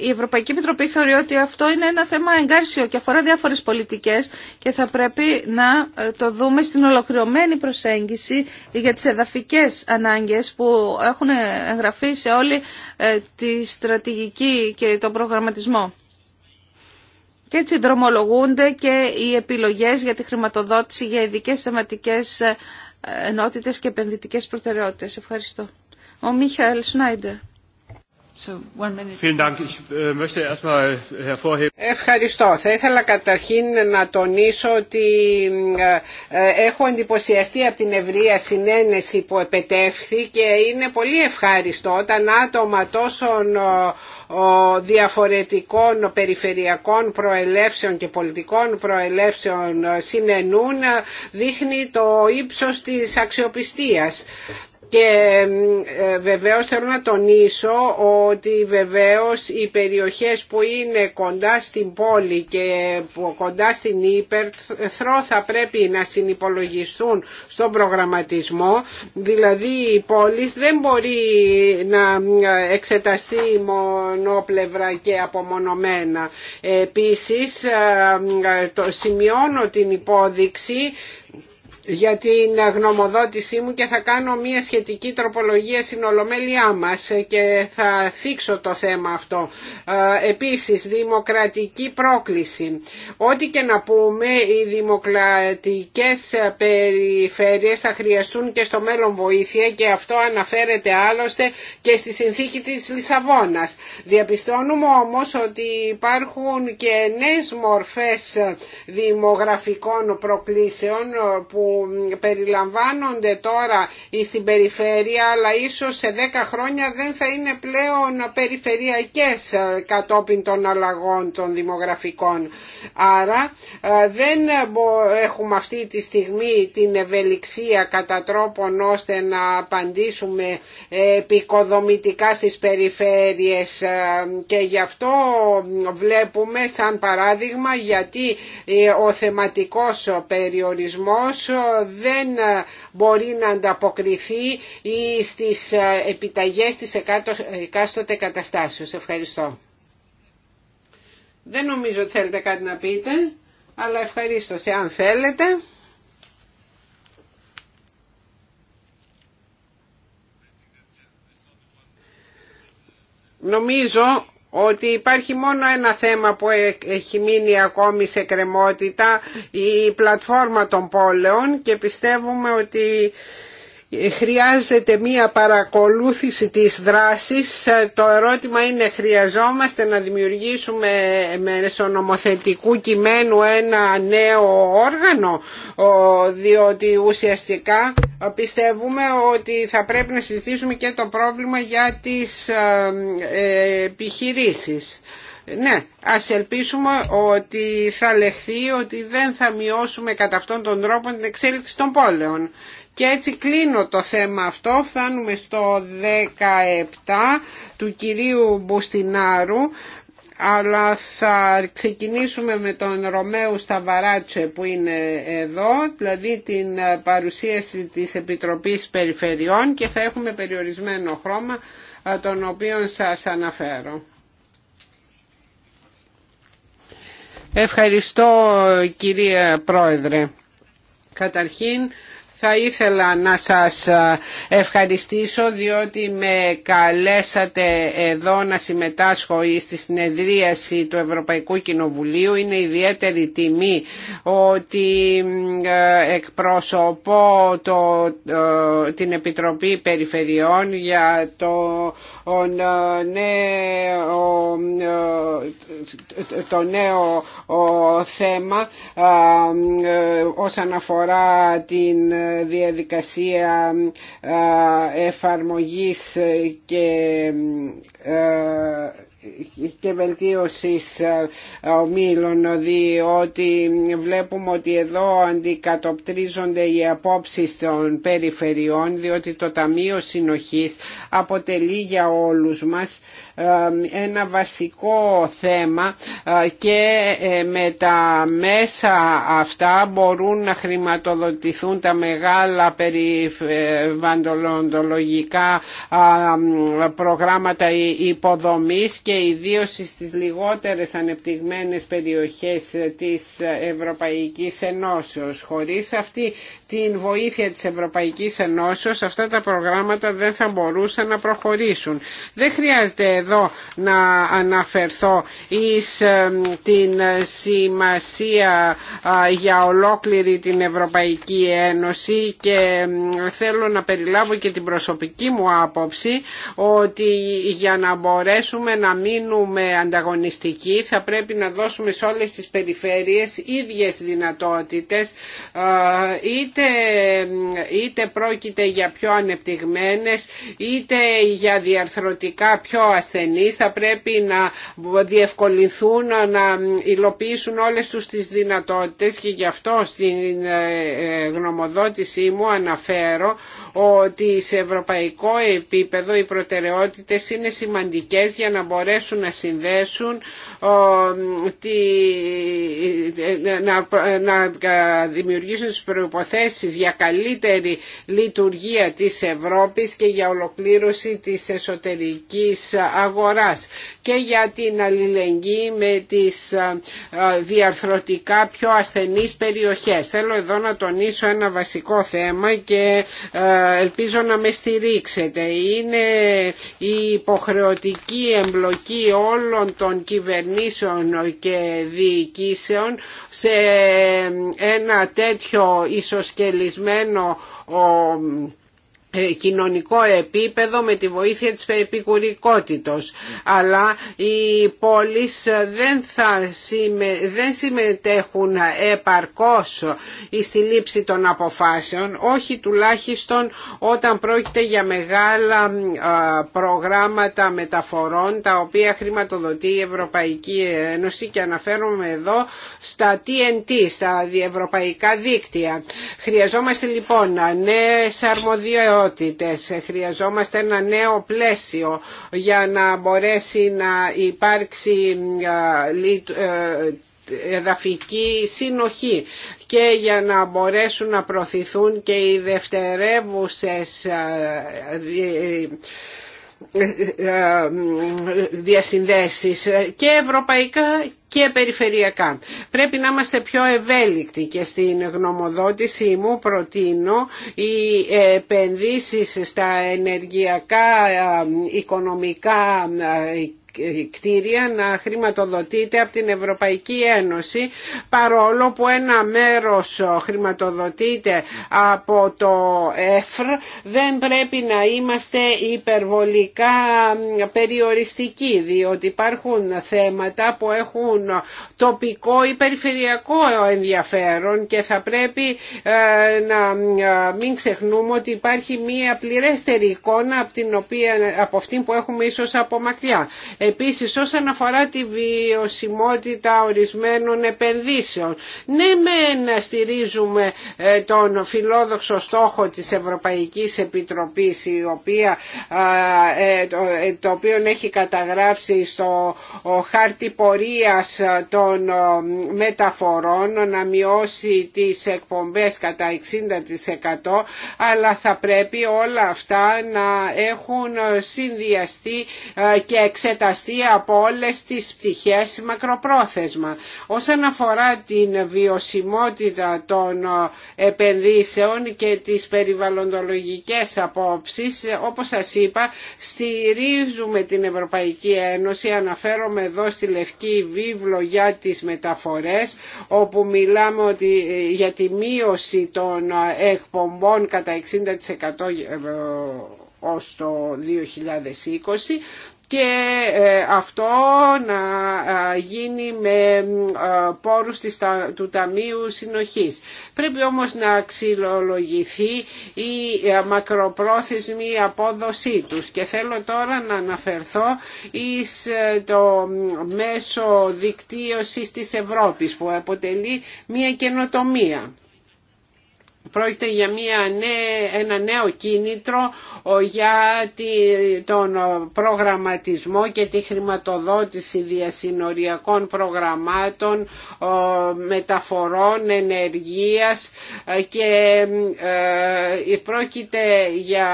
η Ευρωπαϊκή Επιτροπή θεωρεί ότι αυτό είναι ένα θέμα εγκάρσιο και αφορά διάφορες πολιτικές και θα πρέπει να ε, το δούμε στην ολοκληρωμένη προσέγγιση για τις εδαφικές ανάγκες που έχουν εγγραφεί σε όλη ε, τη στρατηγική και τον προγραμματισμό. Και έτσι δρομολογούνται και οι επιλογές για τη χρηματοδότηση για ειδικές θεματικές ε, ενότητες και επενδυτικές προτεραιότητες. Ευχαριστώ. Ο Μίχαελ Σνάιντερ. Äh, Ευχαριστώ. Θα ήθελα καταρχήν να τονίσω ότι ε, ε, έχω εντυπωσιαστεί από την ευρεία συνένεση που επετεύχθη και είναι πολύ ευχάριστο όταν άτομα τόσων διαφορετικών περιφερειακών προελεύσεων και πολιτικών προελεύσεων ε, συνενούν δείχνει το ύψος της αξιοπιστίας και ε, βεβαίως θέλω να τονίσω ότι βεβαίως οι περιοχές που είναι κοντά στην πόλη και κοντά στην Ήπερθρο θα πρέπει να συνυπολογιστούν στον προγραμματισμό. Δηλαδή η πόλη δεν μπορεί να ε, εξεταστεί μονοπλευρά και απομονωμένα. Επίσης ε, το σημειώνω την υπόδειξη για την γνωμοδότησή μου και θα κάνω μια σχετική τροπολογία στην Ολομέλειά μας και θα θίξω το θέμα αυτό. Ε, επίσης, δημοκρατική πρόκληση. Ό,τι και να πούμε, οι δημοκρατικές περιφέρειες θα χρειαστούν και στο μέλλον βοήθεια και αυτό αναφέρεται άλλωστε και στη συνθήκη της Λισαβόνας. Διαπιστώνουμε όμως ότι υπάρχουν και νέες μορφές δημογραφικών προκλήσεων που περιλαμβάνονται τώρα στην περιφέρεια αλλά ίσως σε 10 χρόνια δεν θα είναι πλέον περιφερειακές ε, κατόπιν των αλλαγών των δημογραφικών. Άρα ε, δεν έχουμε αυτή τη στιγμή την ευελιξία κατά τρόπον ώστε να απαντήσουμε επικοδομητικά στις περιφέρειες ε, και γι' αυτό βλέπουμε σαν παράδειγμα γιατί ο θεματικός περιορισμός δεν ε, μπορεί να ανταποκριθεί ή στις ε, επιταγές της εκάστοτε καταστάσεως. Ευχαριστώ. Δεν νομίζω ότι θέλετε κάτι να πείτε, αλλά ευχαρίστω αν θέλετε. Νομίζω ότι υπάρχει μόνο ένα θέμα που έχει μείνει ακόμη σε κρεμότητα, η πλατφόρμα των πόλεων και πιστεύουμε ότι χρειάζεται μία παρακολούθηση της δράσης. Το ερώτημα είναι χρειαζόμαστε να δημιουργήσουμε μέσω νομοθετικού κειμένου ένα νέο όργανο διότι ουσιαστικά πιστεύουμε ότι θα πρέπει να συζητήσουμε και το πρόβλημα για τις ε, επιχειρήσεις. Ναι, ας ελπίσουμε ότι θα λεχθεί ότι δεν θα μειώσουμε κατά αυτόν τον τρόπο την εξέλιξη των πόλεων και έτσι κλείνω το θέμα αυτό, φτάνουμε στο 17 του κυρίου Μπουστινάρου αλλά θα ξεκινήσουμε με τον Ρωμαίου Σταβαράτσε που είναι εδώ, δηλαδή την παρουσίαση της Επιτροπής Περιφερειών και θα έχουμε περιορισμένο χρώμα τον οποίο σας αναφέρω. Ευχαριστώ κυρία Πρόεδρε. Καταρχήν θα ήθελα να σας ευχαριστήσω διότι με καλέσατε εδώ να συμμετάσχω στη συνεδρίαση του Ευρωπαϊκού Κοινοβουλίου. Είναι ιδιαίτερη τιμή ότι εκπροσωπώ το, την Επιτροπή Περιφερειών για το νέο, το νέο θέμα ε, όσον αφορά την διαδικασία ε, εφαρμογής και ε, και βελτίωση ε, ομίλων διότι βλέπουμε ότι εδώ αντικατοπτρίζονται οι απόψεις των περιφερειών διότι το Ταμείο Συνοχής αποτελεί για όλους μας ε, ένα βασικό θέμα ε, και με τα μέσα αυτά μπορούν να χρηματοδοτηθούν τα μεγάλα περιβαντολογικά προγράμματα υποδομής και και ιδίως στις λιγότερες ανεπτυγμένες περιοχές της Ευρωπαϊκής Ενώσεως. Χωρίς αυτή την βοήθεια της Ευρωπαϊκής Ενώσεως αυτά τα προγράμματα δεν θα μπορούσαν να προχωρήσουν. Δεν χρειάζεται εδώ να αναφερθώ εις ε, την σημασία για ολόκληρη την Ευρωπαϊκή Ένωση και θέλω να περιλάβω και την προσωπική μου άποψη ότι για να μπορέσουμε να παραμείνουμε ανταγωνιστικοί θα πρέπει να δώσουμε σε όλες τις περιφέρειες ίδιες δυνατότητες ε, είτε, είτε πρόκειται για πιο ανεπτυγμένες είτε για διαρθρωτικά πιο ασθενείς θα πρέπει να διευκολυνθούν να υλοποιήσουν όλες τους τις δυνατότητες και γι' αυτό στην ε, ε, γνωμοδότησή μου αναφέρω ότι σε ευρωπαϊκό επίπεδο οι προτεραιότητες είναι σημαντικές για να μπορέσουν να συνδέσουν να δημιουργήσουν τις προϋποθέσεις για καλύτερη λειτουργία της Ευρώπης και για ολοκλήρωση της εσωτερικής αγοράς και για την αλληλεγγύη με τις διαρθρωτικά πιο ασθενείς περιοχές. Θέλω εδώ να τονίσω ένα βασικό θέμα και ελπίζω να με στηρίξετε. Είναι η υποχρεωτική εμπλοκή όλων των κυβερνήσεων και διοικήσεων σε ένα τέτοιο ισοσκελισμένο ε, κοινωνικό επίπεδο με τη βοήθεια της επικουρικότητος αλλά οι πόλεις δεν, θα δεν συμμετέχουν επαρκώς στη λήψη των αποφάσεων όχι τουλάχιστον όταν πρόκειται για μεγάλα προγράμματα μεταφορών τα οποία χρηματοδοτεί η Ευρωπαϊκή Ένωση και αναφέρομαι εδώ στα TNT, στα διευρωπαϊκά δίκτυα. Χρειαζόμαστε λοιπόν νέες αρμοδιότητες Χρειαζόμαστε ένα νέο πλαίσιο για να μπορέσει να υπάρξει εδαφική συνοχή και για να μπορέσουν να προωθηθούν και οι δευτερεύουσες διασυνδέσεις και ευρωπαϊκά και περιφερειακά. Πρέπει να είμαστε πιο ευέλικτοι και στην γνωμοδότηση μου προτείνω οι επενδύσεις στα ενεργειακά ε, οικονομικά ε, κτίρια να χρηματοδοτείται από την Ευρωπαϊκή Ένωση παρόλο που ένα μέρος χρηματοδοτείται από το ΕΦΡ δεν πρέπει να είμαστε υπερβολικά περιοριστικοί διότι υπάρχουν θέματα που έχουν τοπικό ή περιφερειακό ενδιαφέρον και θα πρέπει ε, να ε, μην ξεχνούμε ότι υπάρχει μία πληρέστερη εικόνα από, την οποία, από αυτή που έχουμε ίσως από μακριά. Επίσης όσον αφορά τη βιωσιμότητα ορισμένων επενδύσεων. Ναι μεν στηρίζουμε ε, τον φιλόδοξο στόχο της Ευρωπαϊκής Επιτροπής η οποία, ε, ε, το οποίο έχει καταγράψει στο χάρτη πορείας των μεταφορών να μειώσει τις εκπομπές κατά 60% αλλά θα πρέπει όλα αυτά να έχουν συνδυαστεί και εξεταστεί από όλες τις πτυχές μακροπρόθεσμα. Όσον αφορά την βιωσιμότητα των ε, επενδύσεων και τις περιβαλλοντολογικές απόψεις, όπως σας είπα, στηρίζουμε την Ευρωπαϊκή Ένωση, αναφέρομαι εδώ στη Λευκή Βίβλο για τις μεταφορές, όπου μιλάμε ότι ε, για τη μείωση των ε, εκπομπών κατά 60% ως το 2020 και ε, αυτό να ε, γίνει με ε, πόρους του Ταμείου Συνοχής. Πρέπει όμως να αξιολογηθεί η μακροπρόθεσμη απόδοσή τους και θέλω τώρα να αναφερθώ εις το μέσο δικτύωσης της Ευρώπης που αποτελεί μια καινοτομία πρόκειται για μια ένα νέο κίνητρο για τον προγραμματισμό και τη χρηματοδότηση διασυνοριακών προγραμμάτων μεταφορών ενεργείας ε, και ε, ε, πρόκειται για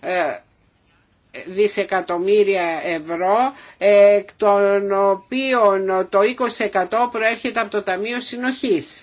10 δισεκατομμύρια ευρώ εκ των οποίων το 20% προέρχεται από το Ταμείο Συνοχής.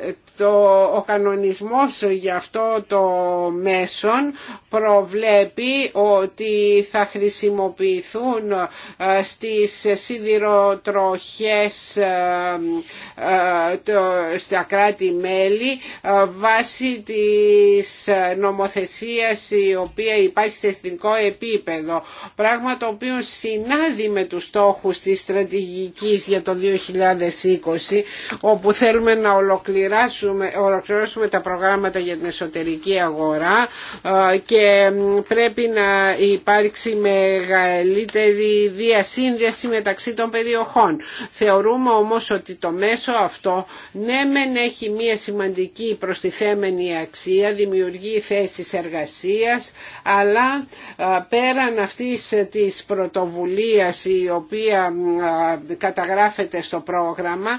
Ε, το, ο κανονισμός για αυτό το μέσον προβλέπει ότι θα χρησιμοποιηθούν ε, στις σιδηροτροχές ε, στα κράτη-μέλη βάσει της νομοθεσίας η οποία υπάρχει σε εθνικό επίπεδο πράγμα το οποίο συνάδει με τους στόχους της στρατηγικής για το 2020 όπου θέλουμε να ολοκληρώσουμε ολοκληρώσουμε, ολοκληρώσουμε τα προγράμματα για την εσωτερική αγορά ε, και πρέπει να υπάρξει μεγαλύτερη διασύνδεση μεταξύ των περιοχών. Θεωρούμε όμως ότι το μέσο αυτό ναι μεν έχει μία σημαντική προστιθέμενη αξία, δημιουργεί θέσεις εργασίας, αλλά ε, πέραν αυτής της πρωτοβουλίας η οποία ε, καταγράφεται στο πρόγραμμα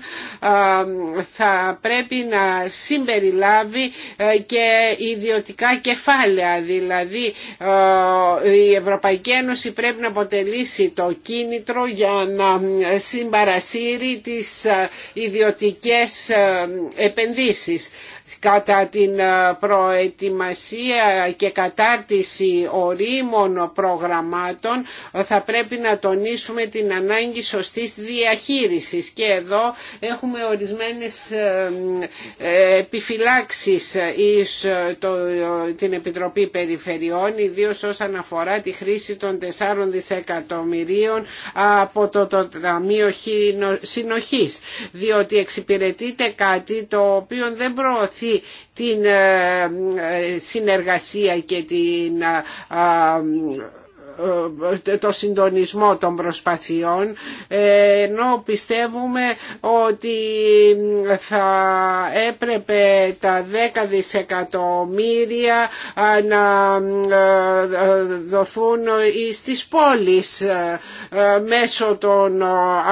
θα πρέπει να συμπεριλάβει ε, και ιδιωτικά κεφάλαια. Δηλαδή ε, η Ευρωπαϊκή Ένωση πρέπει να αποτελήσει το κίνητρο για να συμπαρασύρει τις ε, ιδιωτικές επενδύσεις κατά την ε, προετοιμασία και κατάρτιση ορίμων προγραμμάτων ε, θα πρέπει να τονίσουμε την ανάγκη σωστής διαχείρισης και εδώ έχουμε ορισμένες ε, επιφυλάξεις εις την Επιτροπή Περιφερειών ιδίως όσον αφορά τη χρήση των 4 δισεκατομμυρίων από το, το Ταμείο Συνοχής διότι εξυπηρετείται κάτι το οποίο δεν προωθεί προωθεί την ε, ε, συνεργασία και την ε, ε, το συντονισμό των προσπαθειών ε, ενώ πιστεύουμε ότι θα έπρεπε τα 10 δισεκατομμύρια ε, να δοθούν στις πόλεις μέσω των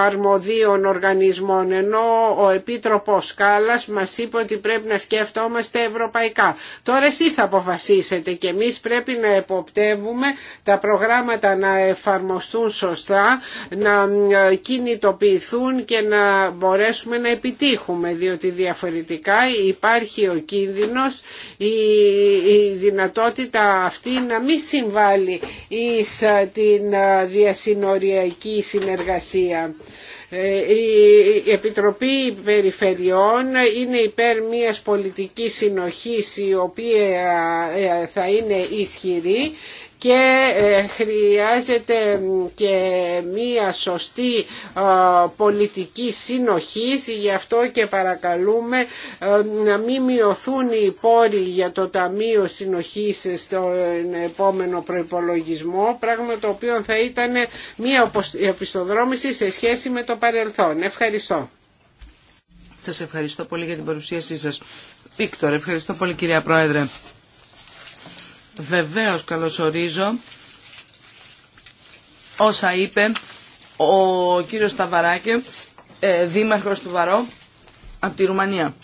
αρμοδίων οργανισμών ενώ ο Επίτροπος Κάλλας μας είπε ότι πρέπει να σκεφτόμαστε ευρωπαϊκά. Τώρα εσείς θα αποφασίσετε και εμείς πρέπει να εποπτεύουμε τα προγράμματα να εφαρμοστούν σωστά, να ε, κινητοποιηθούν και να μπορέσουμε να επιτύχουμε διότι διαφορετικά υπάρχει ο κίνδυνος η δυνατότητα αυτή να μην συμβάλλει εις ε, την ε, διασυνοριακή συνεργασία. Η Επιτροπή Περιφερειών είναι υπέρ μιας πολιτικής συνοχής η οποία θα είναι ισχυρή και ε, χρειάζεται και μία σωστή πολιτική συνοχή, γι' αυτό και παρακαλούμε ε, να μην μειωθούν οι πόροι για το Ταμείο Συνοχής στον επόμενο προϋπολογισμό πράγμα το οποίο θα ήταν μία επιστοδρόμηση σε σχέση με το παρελθόν. Ευχαριστώ. Σας ευχαριστώ πολύ για την παρουσίασή σας. Πίκτορ, ευχαριστώ πολύ κυρία Πρόεδρε. Βεβαίως καλωσορίζω όσα είπε ο κύριος Σταβαράκη, ε, δήμαρχος του Βαρό, από τη Ρουμανία.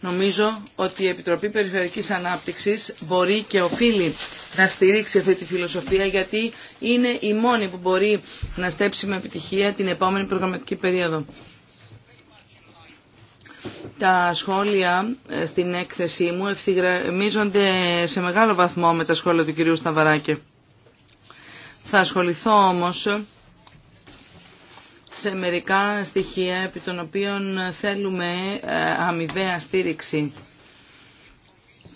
Νομίζω ότι η Επιτροπή Περιφερειακής Ανάπτυξης μπορεί και οφείλει να στηρίξει αυτή τη φιλοσοφία γιατί είναι η μόνη που μπορεί να στέψει με επιτυχία την επόμενη προγραμματική περίοδο. Τα σχόλια ε, στην έκθεσή μου ευθυγραμμίζονται σε μεγάλο βαθμό με τα σχόλια του κυρίου Σταβαράκη. Θα ασχοληθώ όμως σε μερικά στοιχεία επί των οποίων θέλουμε ε, αμοιβαία στήριξη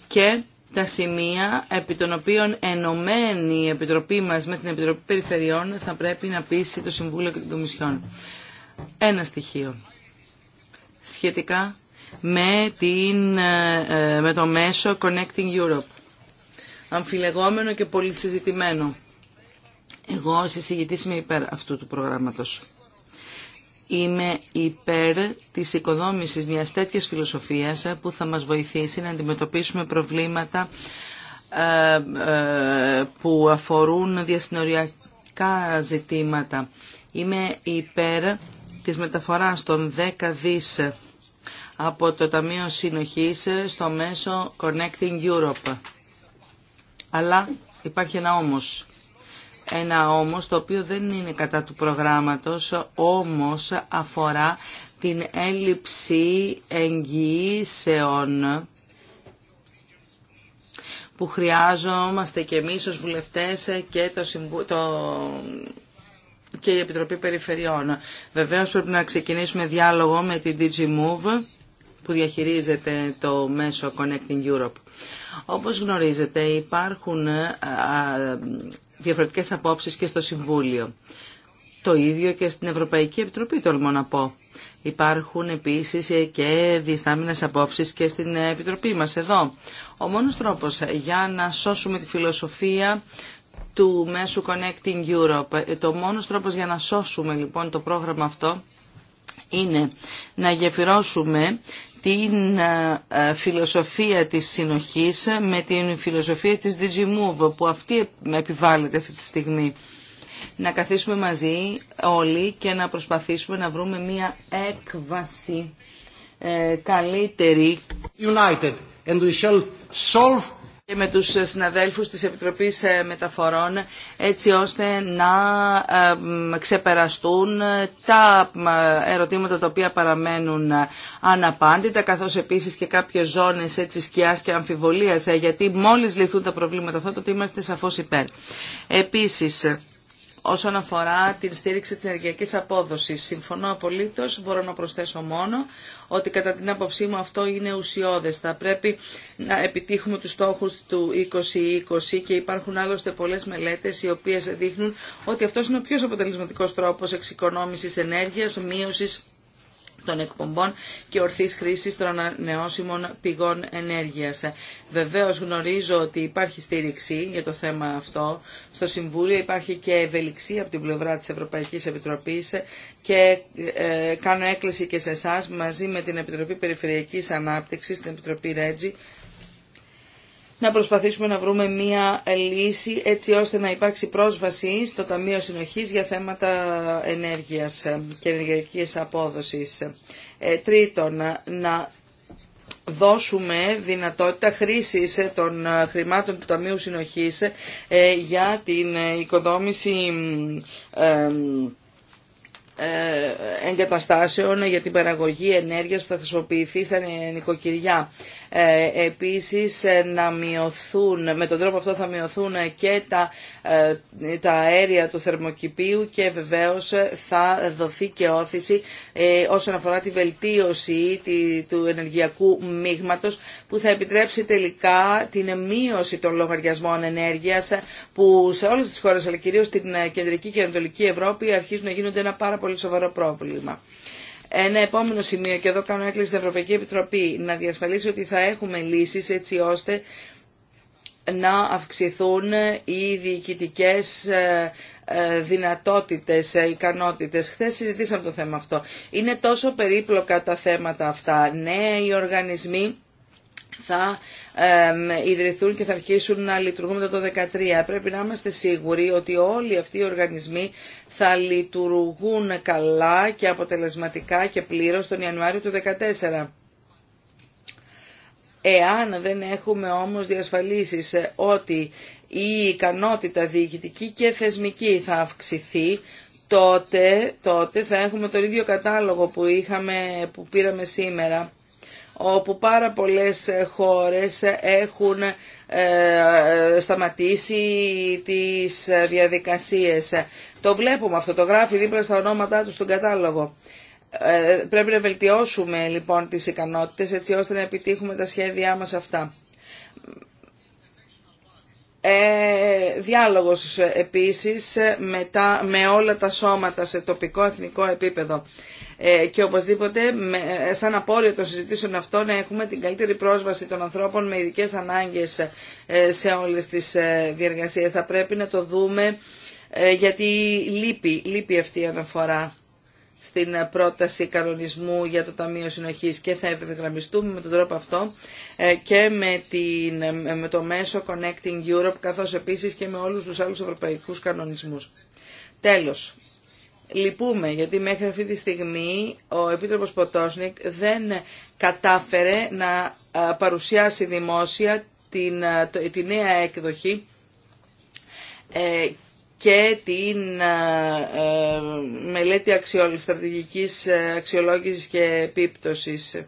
και τα σημεία επί των οποίων ενωμένη η Επιτροπή μας με την Επιτροπή Περιφερειών θα πρέπει να πείσει το Συμβούλιο και την Κομισιόν. Ένα στοιχείο σχετικά με, την, ε, ε, με το μέσο Connecting Europe. Αμφιλεγόμενο και πολύ συζητημένο. Εγώ ως εισηγητής είμαι υπέρ αυτού του προγράμματος. Είμαι υπέρ της οικοδόμησης μιας τέτοιας φιλοσοφίας που θα μας βοηθήσει να αντιμετωπίσουμε προβλήματα ε, που αφορούν διασυνοριακά ζητήματα. Είμαι υπέρ της μεταφοράς των 10 δις από το Ταμείο Συνοχής στο μέσο Connecting Europe. Αλλά υπάρχει ένα όμως. Ένα όμως το οποίο δεν είναι κατά του προγράμματος, όμως αφορά την έλλειψη εγγυήσεων που χρειάζομαστε και εμείς ως βουλευτές και το, και η Επιτροπή Περιφερειών. Βεβαίως πρέπει να ξεκινήσουμε διάλογο με την DG Move που διαχειρίζεται το μέσο Connecting Europe. Όπως γνωρίζετε υπάρχουν ε, διαφορετικές απόψεις και στο Συμβούλιο. Το ίδιο και στην Ευρωπαϊκή Επιτροπή τολμώ να πω. Υπάρχουν επίσης και διστάμινες απόψεις και στην Επιτροπή μας εδώ. Ο μόνος τρόπος για να σώσουμε τη φιλοσοφία του μέσου Connecting Europe, ε, το μόνος τρόπος για να σώσουμε λοιπόν το πρόγραμμα αυτό είναι να γεφυρώσουμε την ε, ε, φιλοσοφία της συνοχής με την φιλοσοφία της Digimove που αυτή επιβάλλεται αυτή τη στιγμή. Να καθίσουμε μαζί όλοι και να προσπαθήσουμε να βρούμε μία έκβαση ε, καλύτερη. United and we shall solve και με τους συναδέλφους της Επιτροπής ε, Μεταφορών έτσι ώστε να ε, ξεπεραστούν τα ερωτήματα τα οποία παραμένουν αναπάντητα καθώς επίσης και κάποιες ζώνες έτσι σκιάς και αμφιβολίας ε, γιατί μόλις λυθούν τα προβλήματα αυτά τότε είμαστε σαφώς υπέρ. Επίσης όσον αφορά την στήριξη της ενεργειακής απόδοσης. Συμφωνώ απολύτως, μπορώ να προσθέσω μόνο ότι κατά την άποψή μου αυτό είναι ουσιώδες. Θα πρέπει να επιτύχουμε τους στόχους του 2020 και υπάρχουν άλλωστε πολλές μελέτες οι οποίες δείχνουν ότι αυτός είναι ο πιο αποτελεσματικός τρόπος εξοικονόμησης ενέργειας, μείωσης των εκπομπών και ορθής χρήσης των ανανεώσιμων πηγών ενέργειας. Βεβαίως γνωρίζω ότι υπάρχει στήριξη για το θέμα αυτό. Στο Συμβούλιο υπάρχει και ευελιξία από την πλευρά της Ευρωπαϊκής Επιτροπής και ε, κάνω έκκληση και σε εσά μαζί με την Επιτροπή Περιφερειακής Ανάπτυξης, την Επιτροπή Ρέτζη, να προσπαθήσουμε να βρούμε μία λύση έτσι ώστε να υπάρξει πρόσβαση στο Ταμείο Συνοχής για θέματα ενέργειας και ενεργειακής απόδοσης. Ε, τρίτον, να δώσουμε δυνατότητα χρήσης των χρημάτων του Ταμείου Συνοχής ε, για την οικοδόμηση ε, εγκαταστάσεων για την παραγωγή ενέργειας που θα χρησιμοποιηθεί στα νοικοκυριά. Ε, επίσης ε, να μειωθούν, με τον τρόπο αυτό θα μειωθούν και τα, ε, τα αέρια του θερμοκηπίου και βεβαίως θα δοθεί και όθηση όσον αφορά τη βελτίωση του ενεργειακού μείγματος που θα επιτρέψει τελικά την μείωση των λογαριασμών ενέργειας που σε όλες τις χώρες αλλά κυρίως στην κεντρική και ανατολική Ευρώπη αρχίζουν να γίνονται ένα πάρα πολύ σοβαρό πρόβλημα. Ένα επόμενο σημείο, και εδώ κάνω έκκληση στην Ευρωπαϊκή Επιτροπή, να διασφαλίσει ότι θα έχουμε λύσεις έτσι ώστε να αυξηθούν οι διοικητικέ ε, ε, δυνατότητες, ε, ικανότητε. Χθε συζητήσαμε το θέμα αυτό. Είναι τόσο περίπλοκα τα θέματα αυτά. Νέοι οργανισμοί θα ιδρυθούν και θα αρχίσουν να λειτουργούν το 2013. Πρέπει να είμαστε σίγουροι ότι όλοι αυτοί οι οργανισμοί θα λειτουργούν καλά και αποτελεσματικά και πλήρως τον Ιανουάριο του 2014. Εάν δεν έχουμε όμως διασφαλίσεις ότι η ικανότητα διοικητική και θεσμική θα αυξηθεί, τότε, τότε θα έχουμε τον ίδιο κατάλογο που, είχαμε, που πήραμε σήμερα όπου πάρα πολλές χώρες έχουν ε, σταματήσει τις διαδικασίες. Το βλέπουμε αυτό, το γράφει δίπλα στα ονόματά του στον κατάλογο. Ε, πρέπει να βελτιώσουμε λοιπόν τις ικανότητες έτσι ώστε να επιτύχουμε τα σχέδιά μας αυτά. Ε, διάλογος επίσης με, με όλα τα σώματα σε τοπικό εθνικό επίπεδο. Ε, και οπωσδήποτε σαν απόρριο των συζητήσεων αυτών έχουμε την καλύτερη πρόσβαση των ανθρώπων με ειδικές ανάγκες ε, σε όλες τις ε, διεργασίες. Θα πρέπει να το δούμε γιατί λείπει, λείπει αυτή η αναφορά στην πρόταση κανονισμού για το Ταμείο Συνοχής και θα ευθυγραμμιστούμε με τον τρόπο αυτό και με, την, με το μέσο Connecting Europe καθώς επίσης και με όλους τους άλλους ευρωπαϊκούς κανονισμούς. Τέλος, Λυπούμε γιατί μέχρι αυτή τη στιγμή ο Επίτροπος Ποτόσνικ δεν κατάφερε να ε, παρουσιάσει δημόσια την, ε, τη νέα έκδοχη ε, και την μελέτη αξιόλογης, στρατηγικής αξιολόγησης και επίπτωσης.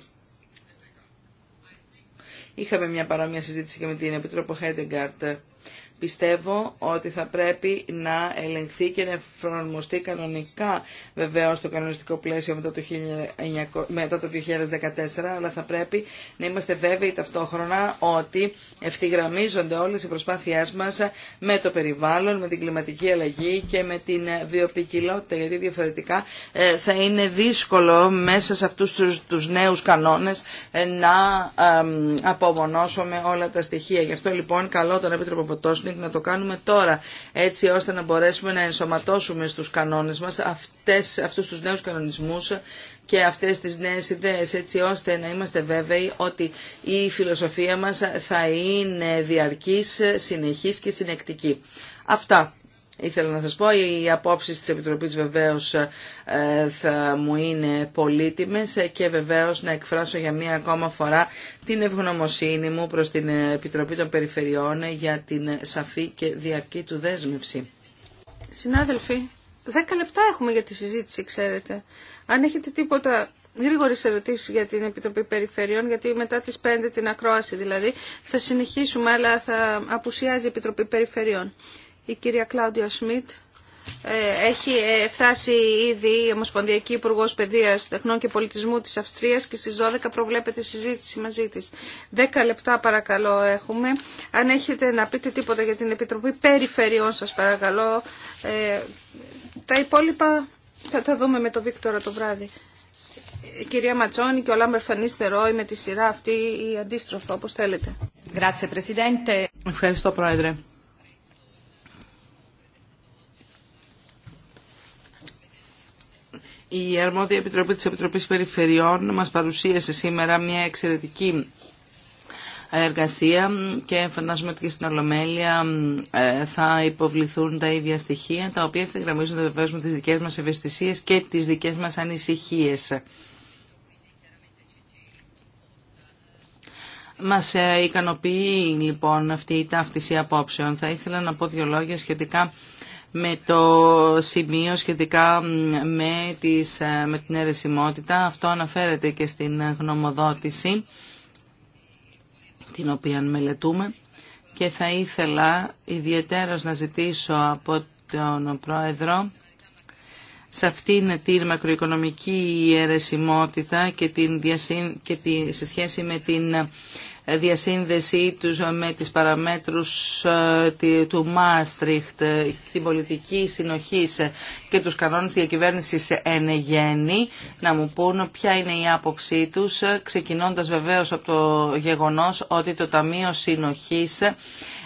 Είχαμε μια παρόμοια συζήτηση και με την Επιτρόπο Χέντεγκάρτ πιστεύω ότι θα πρέπει να ελεγχθεί και να εφαρμοστεί κανονικά βεβαίω το κανονιστικό πλαίσιο μετά το 2014, αλλά θα πρέπει να είμαστε βέβαιοι ταυτόχρονα ότι ευθυγραμμίζονται όλες οι προσπάθειές μας με το περιβάλλον, με την κλιματική αλλαγή και με την βιοπικιλότητα, γιατί διαφορετικά ε, θα είναι δύσκολο μέσα σε αυτούς τους, νέου νέους κανόνες ε, να ε, απομονώσουμε όλα τα στοιχεία. Γι' αυτό λοιπόν καλό τον Επίτροπο να το κάνουμε τώρα, έτσι ώστε να μπορέσουμε να ενσωματώσουμε στους κανόνες μας αυτές, αυτούς τους νέους κανονισμούς και αυτές τις νέες ιδέες, έτσι ώστε να είμαστε βέβαιοι ότι η φιλοσοφία μας θα είναι διαρκής, συνεχής και συνεκτική. Αυτά ήθελα να σας πω, οι απόψεις της Επιτροπής βεβαίως ε, θα μου είναι πολύτιμες και βεβαίως να εκφράσω για μία ακόμα φορά την ευγνωμοσύνη μου προς την Επιτροπή των Περιφερειών για την σαφή και διαρκή του δέσμευση. Συνάδελφοι, δέκα λεπτά έχουμε για τη συζήτηση, ξέρετε. Αν έχετε τίποτα γρήγορε ερωτήσει για την Επιτροπή Περιφερειών, γιατί μετά τι 5 την ακρόαση δηλαδή θα συνεχίσουμε, αλλά θα απουσιάζει η Επιτροπή Περιφερειών. Η κυρία Κλάουδια Σμιτ ε, έχει ε, φτάσει ήδη η Ομοσπονδιακή Υπουργό Παιδεία, Τεχνών και Πολιτισμού τη Αυστρία και στι 12 προβλέπεται συζήτηση μαζί τη. 10 λεπτά παρακαλώ έχουμε. Αν έχετε να πείτε τίποτα για την Επιτροπή Περιφερειών σα παρακαλώ. Ε, τα υπόλοιπα θα τα δούμε με τον Βίκτορα το βράδυ. Η κυρία Ματσόνη και ο Λάμπερ Φανίστερο είναι τη σειρά αυτή ή αντίστροφα όπως θέλετε. Ευχαριστώ Πρόεδρε. Η αρμόδια επιτροπή της Επιτροπής Περιφερειών μας παρουσίασε σήμερα μια εξαιρετική ε, εργασία και φαντάζομαι ότι και στην Ολομέλεια ε, θα υποβληθούν τα ίδια στοιχεία τα οποία ευθυγραμμίζονται βεβαίως με τις δικές μας ευαισθησίες και τις δικές μας ανησυχίες. Μας ε, ικανοποιεί λοιπόν αυτή η ταύτιση απόψεων. Θα ήθελα να πω δύο λόγια σχετικά με το σημείο σχετικά με, τις, με την αιρεσιμότητα. Αυτό αναφέρεται και στην γνωμοδότηση την οποία μελετούμε και θα ήθελα ιδιαίτερα να ζητήσω από τον Πρόεδρο σε αυτήν την μακροοικονομική αιρεσιμότητα και, την διασύν... και τη... σε σχέση με την διασύνδεσή τους με τις παραμέτρους ε, του Μάστριχτ, ε, την πολιτική συνοχή και τους κανόνες διακυβέρνησης εν να μου πούν ποια είναι η άποψή τους, ε, ξεκινώντας βεβαίως από το γεγονός ότι το Ταμείο Συνοχής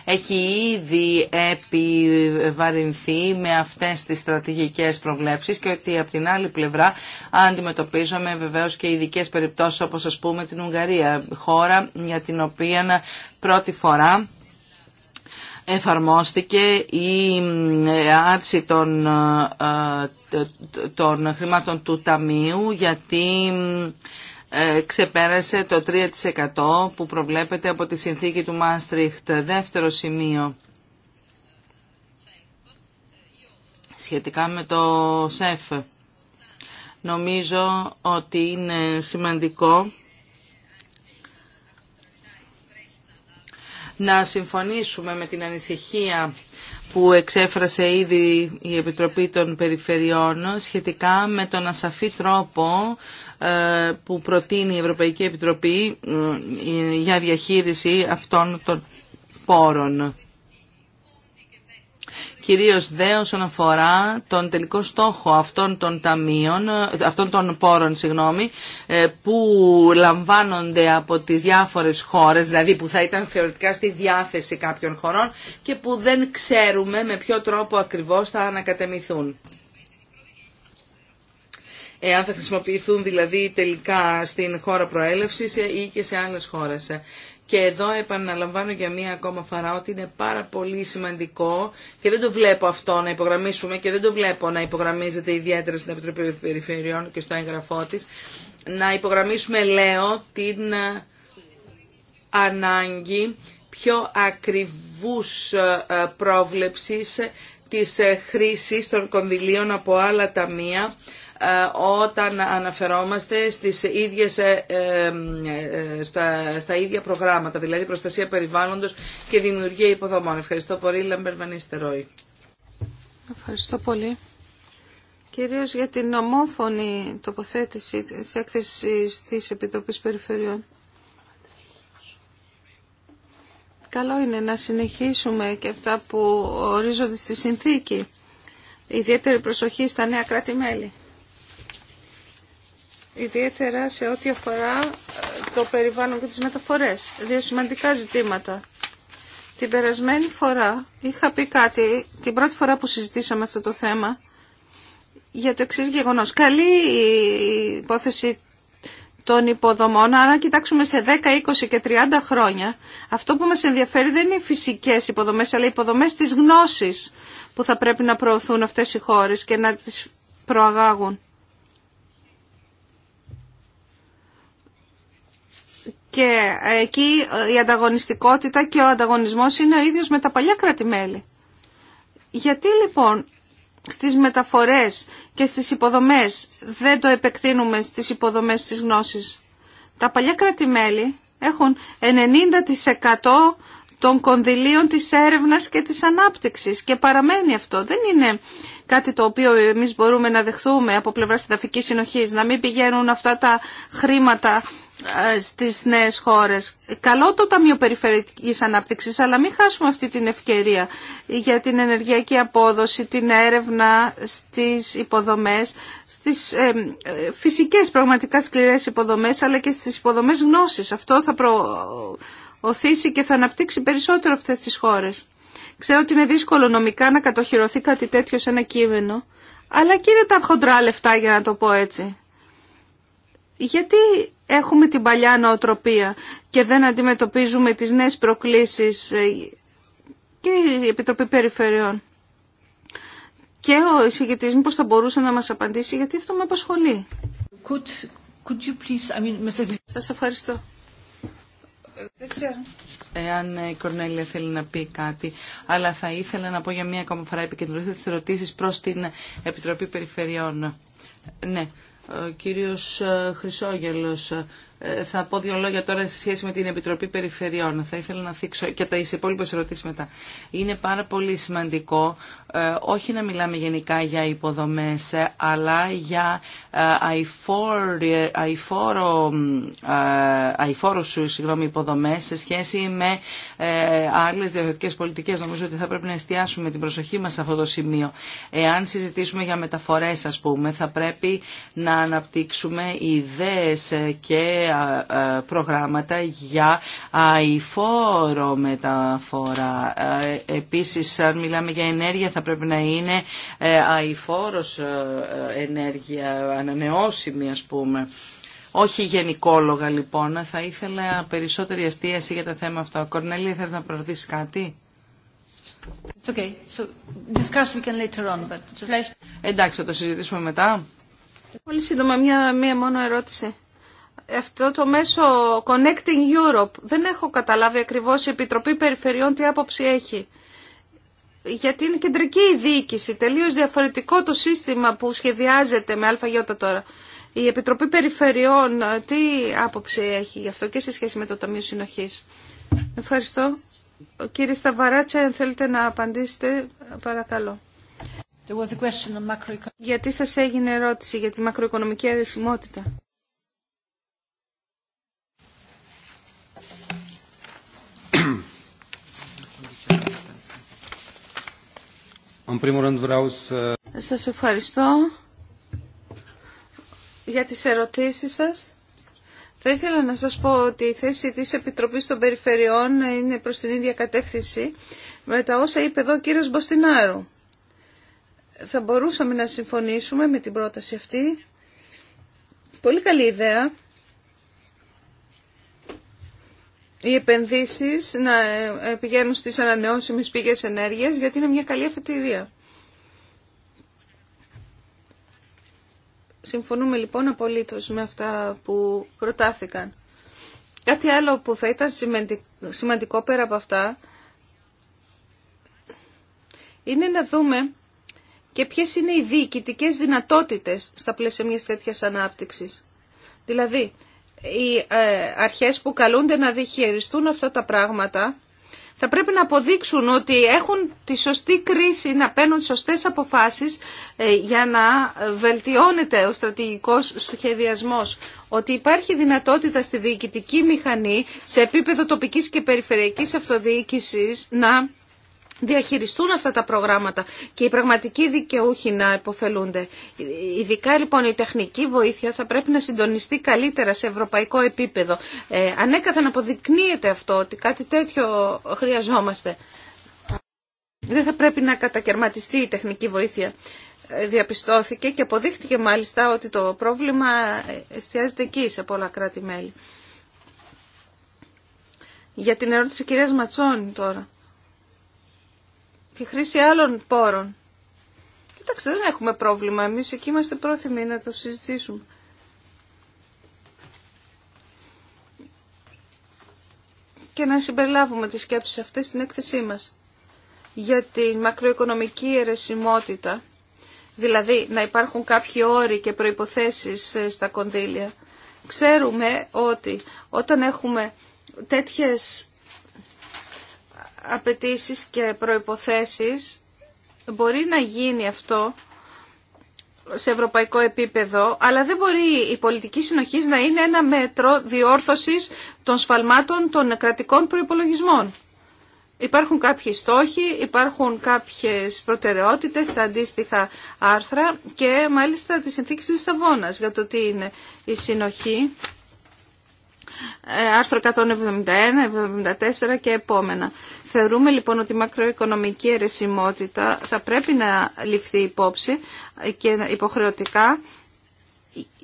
έχει ήδη επιβαρυνθεί με αυτές τις στρατηγικές προβλέψεις και ότι από την άλλη πλευρά αντιμετωπίζουμε βεβαίως και ειδικέ περιπτώσεις όπως ας πούμε την Ουγγαρία, χώρα για την την οποία πρώτη φορά εφαρμόστηκε η άρση των, ε, των χρημάτων του Ταμείου γιατί ε, ξεπέρασε το 3% που προβλέπεται από τη συνθήκη του Μάστριχτ. Δεύτερο σημείο. Σχετικά με το ΣΕΦ. Νομίζω ότι είναι σημαντικό να συμφωνήσουμε με την ανησυχία που εξέφρασε ήδη η Επιτροπή των Περιφερειών σχετικά με τον ασαφή τρόπο ε, που προτείνει η Ευρωπαϊκή Επιτροπή ε, για διαχείριση αυτών των πόρων κυρίως δε όσον αφορά τον τελικό στόχο αυτών των ταμείων, αυτών των πόρων, συγγνώμη, ε, που λαμβάνονται από τις διάφορες χώρες, δηλαδή που θα ήταν θεωρητικά στη διάθεση κάποιων χωρών και που δεν ξέρουμε με ποιο τρόπο ακριβώς θα ανακατεμηθούν. Εάν θα χρησιμοποιηθούν δηλαδή τελικά στην χώρα προέλευσης ή και σε άλλες χώρες. Και εδώ επαναλαμβάνω για μία ακόμα φορά ότι είναι πάρα πολύ σημαντικό και δεν το βλέπω αυτό να υπογραμμίσουμε και δεν το βλέπω να υπογραμμίζεται ιδιαίτερα στην Επιτροπή Περιφερειών και στο έγγραφό τη, Να υπογραμμίσουμε, λέω, την ε, ανάγκη πιο ακριβούς ε, ε, πρόβλεψης της χρήσης των κονδυλίων από άλλα ταμεία όταν αναφερόμαστε στις ίδιες, ε, ε, στα, στα ίδια προγράμματα, δηλαδή προστασία περιβάλλοντος και δημιουργία υποδομών. Ευχαριστώ πολύ, Λέμπερ Βανίστερόι. Ευχαριστώ πολύ. Κυρίως για την ομόφωνη τοποθέτηση της έκθεσης της Επιτροπής Περιφερειών. Καλό είναι να συνεχίσουμε και αυτά που ορίζονται στη συνθήκη. Ιδιαίτερη προσοχή στα νέα κράτη-μέλη ιδιαίτερα σε ό,τι αφορά ε, το περιβάλλον και τις μεταφορές. Δύο σημαντικά ζητήματα. Την περασμένη φορά είχα πει κάτι, την πρώτη φορά που συζητήσαμε αυτό το θέμα, για το εξή γεγονός. Καλή η υπόθεση των υποδομών, αλλά αν κοιτάξουμε σε 10, 20 και 30 χρόνια, αυτό που μας ενδιαφέρει δεν είναι οι φυσικές υποδομές, αλλά οι υποδομές της γνώσης που θα πρέπει να προωθούν αυτές οι χώρες και να τις προαγάγουν. Και εκεί η ανταγωνιστικότητα και ο ανταγωνισμός είναι ο ίδιος με τα παλιά κρατημέλη. Γιατί λοιπόν στις μεταφορές και στις υποδομές δεν το επεκτείνουμε στις υποδομές της γνώσης. Τα παλιά κρατημέλη έχουν 90% των κονδυλίων της έρευνας και της ανάπτυξης και παραμένει αυτό. Δεν είναι κάτι το οποίο εμείς μπορούμε να δεχθούμε από πλευρά συνταφικής συνοχής, να μην πηγαίνουν αυτά τα χρήματα ε, στις νέες χώρες. Καλό το Ταμείο Περιφερειακής Ανάπτυξης, αλλά μην χάσουμε αυτή την ευκαιρία για την ενεργειακή απόδοση, την έρευνα στις υποδομές, στις ε, φυσικές πραγματικά σκληρές υποδομές, αλλά και στις υποδομές γνώσης. Αυτό θα προωθήσει και θα αναπτύξει περισσότερο αυτές τις χώρες. Ξέρω ότι είναι δύσκολο νομικά να κατοχυρωθεί κάτι τέτοιο σε ένα κείμενο, αλλά και είναι τα χοντρά λεφτά για να το πω έτσι. Γιατί έχουμε την παλιά νοοτροπία και δεν αντιμετωπίζουμε τις νέες προκλήσεις ε, και η Επιτροπή Περιφερειών. Και ο εισηγητής μου πώς θα μπορούσε να μας απαντήσει, γιατί αυτό με απασχολεί. Could, could you please, I mean, Σας ευχαριστώ. Δεν Εάν ε, η Κορνέλια θέλει να πει κάτι, αλλά θα ήθελα να πω για μία ακόμα φορά επικεντρωθείτε τις ερωτήσεις προς την Επιτροπή Περιφερειών. Ναι, ο κύριος ε, Χρυσόγελος, ε, θα πω δύο λόγια τώρα σε σχέση με την Επιτροπή Περιφερειών. Θα ήθελα να θίξω και τα υπόλοιπε ερωτήσει μετά. Είναι πάρα πολύ σημαντικό ε, όχι να μιλάμε γενικά για υποδομές, ε, αλλά για ε, αηφόρο, αϊφόρο συγγνώμη, υποδομές σε σχέση με άλλες διαδοτικές πολιτικές. Νομίζω ότι θα πρέπει να εστιάσουμε την προσοχή μας σε αυτό το σημείο. Εάν συζητήσουμε για μεταφορές, ας πούμε, θα πρέπει να αναπτύξουμε ιδέες και προγράμματα για αηφόρο μεταφορά. Επίσης, αν μιλάμε για ενέργεια, θα πρέπει να είναι ε, αηφόρος ε, ε, ενέργεια, ανανεώσιμη ας πούμε. Όχι γενικόλογα λοιπόν, θα ήθελα περισσότερη αστίαση για το θέμα αυτό. Κορνέλη, θες να προωθήσεις κάτι? It's okay. So, discuss we can later on, but... Εντάξει, θα το συζητήσουμε μετά. Πολύ σύντομα, μία, μία μόνο ερώτηση. Αυτό το μέσο Connecting Europe, δεν έχω καταλάβει ακριβώς η Επιτροπή Περιφερειών τι άποψη έχει. Γιατί είναι κεντρική η διοίκηση. Τελείως διαφορετικό το σύστημα που σχεδιάζεται με ΑΙ τώρα. Η Επιτροπή Περιφερειών ε, τι άποψη έχει γι' αυτό και σε σχέση με το Ταμείο Συνοχής. Ευχαριστώ. Ο κύριε Σταβαράτσα, αν θέλετε να απαντήσετε, παρακαλώ. Γιατί σας έγινε ερώτηση για τη μακροοικονομική αρισιμότητα. Σας ευχαριστώ για τις ερωτήσεις σας. Θα ήθελα να σας πω ότι η θέση της Επιτροπής των Περιφερειών είναι προς την ίδια κατεύθυνση με τα όσα είπε εδώ ο κύριος Μποστινάρου. Θα μπορούσαμε να συμφωνήσουμε με την πρόταση αυτή. Πολύ καλή ιδέα οι επενδύσεις να ε, ε, πηγαίνουν στις ανανεώσιμες πηγές ενέργειας γιατί είναι μια καλή αφετηρία. Συμφωνούμε λοιπόν απολύτως με αυτά που προτάθηκαν. Κάτι άλλο που θα ήταν σημαντικό πέρα από αυτά είναι να δούμε και ποιες είναι οι διοικητικέ δυνατότητες στα πλαίσια μιας τέτοιας ανάπτυξης. Δηλαδή, οι ε, αρχές που καλούνται να διχειριστούν αυτά τα πράγματα θα πρέπει να αποδείξουν ότι έχουν τη σωστή κρίση, να παίρνουν σωστές αποφάσεις ε, για να βελτιώνεται ο στρατηγικός σχεδιασμός. Ότι υπάρχει δυνατότητα στη διοικητική μηχανή, σε επίπεδο τοπικής και περιφερειακής αυτοδιοίκησης, να διαχειριστούν αυτά τα προγράμματα και οι πραγματικοί δικαιούχοι να υποφελούνται. Ειδικά λοιπόν η τεχνική βοήθεια θα πρέπει να συντονιστεί καλύτερα σε ευρωπαϊκό επίπεδο. Ε, ανέκαθεν αποδεικνύεται αυτό ότι κάτι τέτοιο χρειαζόμαστε. Δεν θα πρέπει να κατακαιρματιστεί η τεχνική βοήθεια. Ε, διαπιστώθηκε και αποδείχτηκε μάλιστα ότι το πρόβλημα εστιάζεται εκεί σε πολλά κράτη-μέλη. Για την ερώτηση κυρίας Ματσόνη τώρα. Η χρήση άλλων πόρων. Κοιτάξτε, δεν έχουμε πρόβλημα. Εμείς εκεί είμαστε πρόθυμοι να το συζητήσουμε. Και να συμπεριλάβουμε τις σκέψεις αυτές στην έκθεσή μας. Για την μακροοικονομική αιρεσιμότητα, δηλαδή να υπάρχουν κάποιοι όροι και προϋποθέσεις ε, στα κονδύλια, ξέρουμε ότι όταν έχουμε τέτοιες απαιτήσει και προϋποθέσεις. Μπορεί να γίνει αυτό σε ευρωπαϊκό επίπεδο, αλλά δεν μπορεί η πολιτική συνοχή να είναι ένα μέτρο διόρθωση των σφαλμάτων των κρατικών προϋπολογισμών. Υπάρχουν κάποιοι στόχοι, υπάρχουν κάποιε προτεραιότητες, τα αντίστοιχα άρθρα και μάλιστα τη συνθήκη της Σαββόνας για το τι είναι η συνοχή, ε, άρθρο 171, 174 και επόμενα. Θεωρούμε λοιπόν ότι η μακροοικονομική αιρεσιμότητα θα πρέπει να ληφθεί υπόψη και υποχρεωτικά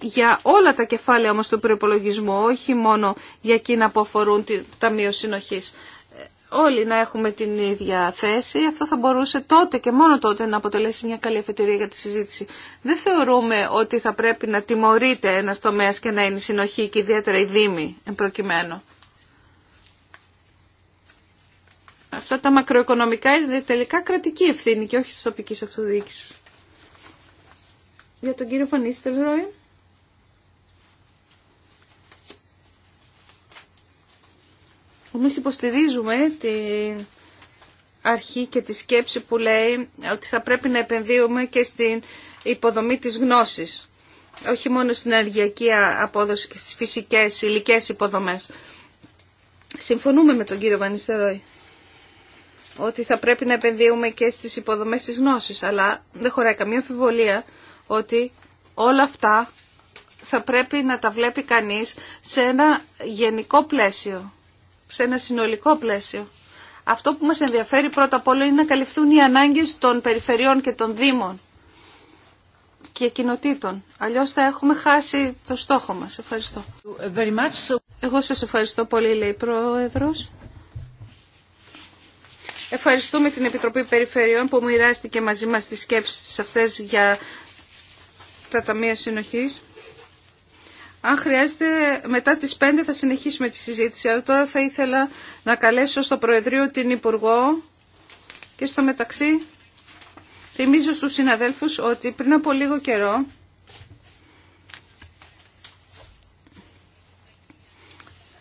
για όλα τα κεφάλαια όμως του προπολογισμού, όχι μόνο για εκείνα που αφορούν τη Ταμείο συνοχή. Όλοι να έχουμε την ίδια θέση, αυτό θα μπορούσε τότε και μόνο τότε να αποτελέσει μια καλή αφετηρία για τη συζήτηση. Δεν θεωρούμε ότι θα πρέπει να τιμωρείται ένας τομέας και να είναι συνοχή και ιδιαίτερα η Δήμη, εν αυτά τα μακροοικονομικά είναι τελικά κρατική ευθύνη και όχι τη τοπική αυτοδιοίκησης. Για τον κύριο Φανίστελ Ρόι. Εμείς υποστηρίζουμε την αρχή και τη σκέψη που λέει ότι θα πρέπει να επενδύουμε και στην υποδομή της γνώσης. Όχι μόνο στην ενεργειακή απόδοση και στις φυσικές υλικές υποδομές. Συμφωνούμε με τον κύριο Βανιστερόη ότι θα πρέπει να επενδύουμε και στις υποδομές της γνώσης, αλλά δεν χωράει καμία αμφιβολία ότι όλα αυτά θα πρέπει να τα βλέπει κανείς σε ένα γενικό πλαίσιο, σε ένα συνολικό πλαίσιο. Αυτό που μας ενδιαφέρει πρώτα απ' όλα είναι να καλυφθούν οι ανάγκες των περιφερειών και των δήμων και κοινοτήτων. Αλλιώς θα έχουμε χάσει το στόχο μας. Ευχαριστώ. Εγώ σας ευχαριστώ πολύ, λέει η Πρόεδρος. Ευχαριστούμε την Επιτροπή Περιφερειών που μοιράστηκε μαζί μας τις σκέψεις αυτές για τα Ταμεία Συνοχής. Αν χρειάζεται, μετά τις 5 θα συνεχίσουμε τη συζήτηση. Αλλά τώρα θα ήθελα να καλέσω στο Προεδρείο την Υπουργό και στο μεταξύ θυμίζω στους συναδέλφους ότι πριν από λίγο καιρό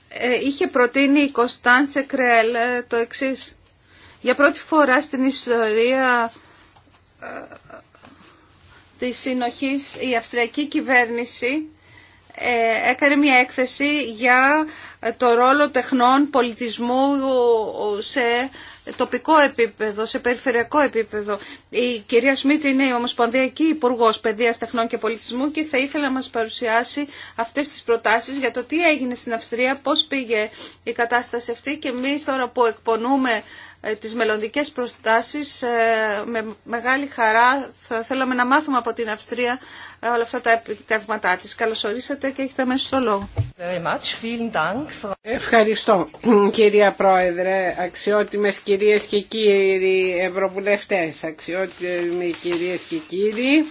ε, είχε προτείνει η Κωνσταντσε Κρέλ το εξής. Για πρώτη φορά στην ιστορία ε, της συνοχής η αυστριακή κυβέρνηση ε, έκανε μια έκθεση για το ρόλο τεχνών πολιτισμού σε τοπικό επίπεδο, σε περιφερειακό επίπεδο. Η κυρία Σμίτ είναι η Ομοσπονδιακή Υπουργό Παιδεία Τεχνών και Πολιτισμού και θα ήθελα να μα παρουσιάσει αυτέ τι προτάσει για το τι έγινε στην Αυστρία, πώ πήγε η κατάσταση αυτή και εμεί τώρα που εκπονούμε ε, τις μελλοντικές προστάσεις ε, με μεγάλη χαρά θα θέλαμε να μάθουμε από την Αυστρία ε, όλα αυτά τα επιτεύγματά της. Καλώς ορίσατε και έχετε μέσα στο λόγο. Ευχαριστώ κυρία Πρόεδρε, αξιότιμες κυρίες και κύριοι ευρωβουλευτές, αξιότιμοι κυρίες και κύριοι.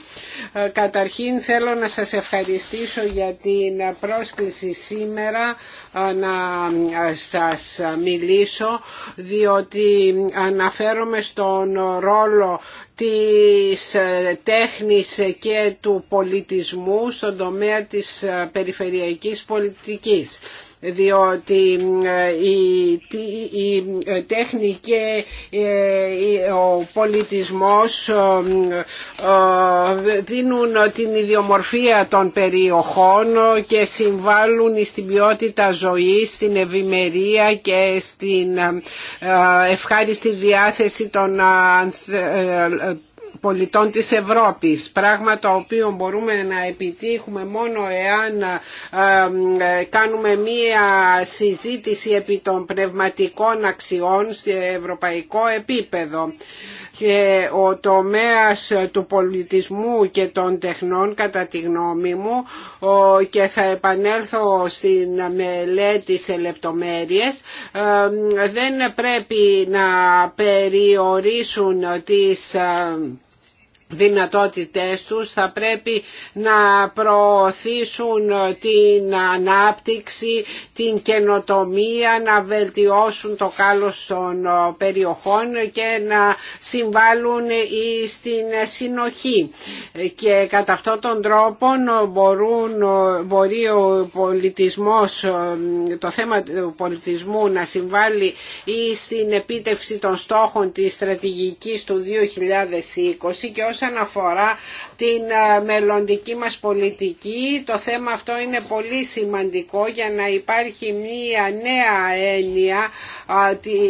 Καταρχήν θέλω να σας ευχαριστήσω για την πρόσκληση σήμερα να ε, σας μιλήσω διότι αναφέρομαι στον ρόλο της ε, τέχνης και του πολιτισμού στον τομέα της ε, περιφερειακής πολιτικής διότι ε, η ε, τέχνη και ε, ο πολιτισμός δίνουν την ιδιομορφία των περιοχών και συμβάλλουν στην ποιότητα ζωής, στην ευημερία και στην ευχάριστη διάθεση των πολιτών της Ευρώπης. Πράγμα το οποίο μπορούμε να επιτύχουμε μόνο εάν ε, ε, κάνουμε μία συζήτηση επί των πνευματικών αξιών σε ευρωπαϊκό επίπεδο και ο τομέας του πολιτισμού και των τεχνών κατά τη γνώμη μου και θα επανέλθω στην μελέτη σε λεπτομέρειες ε, δεν πρέπει να περιορίσουν τις ε, δυνατότητές τους θα πρέπει να προωθήσουν την ανάπτυξη, την καινοτομία, να βελτιώσουν το κάλος των ε, περιοχών και να συμβάλλουν στην συνοχή. Και κατά αυτόν τον τρόπο μπορούν, ε, μπορεί ο πολιτισμός, ε, το θέμα του πολιτισμού να συμβάλλει ή στην επίτευξη των στόχων της στρατηγικής του 2020 και όσον αφορά την ε, μελλοντική μας πολιτική το θέμα αυτό είναι πολύ σημαντικό για να υπάρχει μία νέα έννοια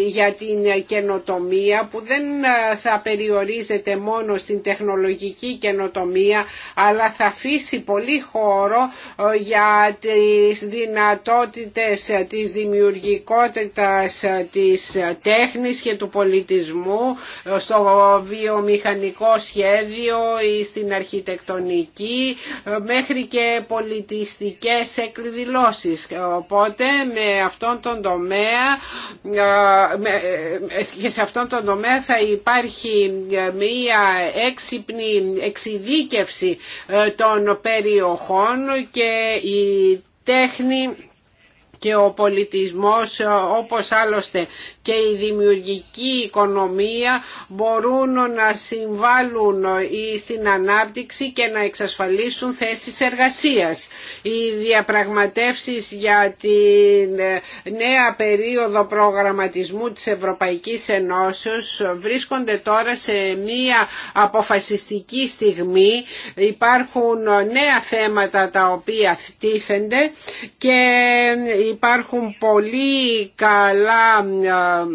για την καινοτομία που δεν ε, θα περιορίζεται μόνο στην τεχνολογική καινοτομία αλλά θα αφήσει πολύ χώρο ε, για τις δυνατότητες της δημιουργικότητας της τέχνης και του πολιτισμού στο βιομηχανικό σχέδιο σχέδιο ή στην αρχιτεκτονική μέχρι και πολιτιστικές εκδηλώσεις. Οπότε με αυτόν τον τομέα και σε αυτόν τον τομέα θα υπάρχει μία έξυπνη εξειδίκευση ε, των περιοχών και η τέχνη και ο πολιτισμός όπως άλλωστε και η δημιουργική οικονομία μπορούν να συμβάλλουν στην ανάπτυξη και να εξασφαλίσουν θέσεις εργασίας. Οι διαπραγματεύσεις για την νέα περίοδο προγραμματισμού της Ευρωπαϊκής Ενώσεως βρίσκονται τώρα σε μία αποφασιστική στιγμή. Υπάρχουν νέα θέματα τα οποία τίθενται και υπάρχουν πολύ καλά ε,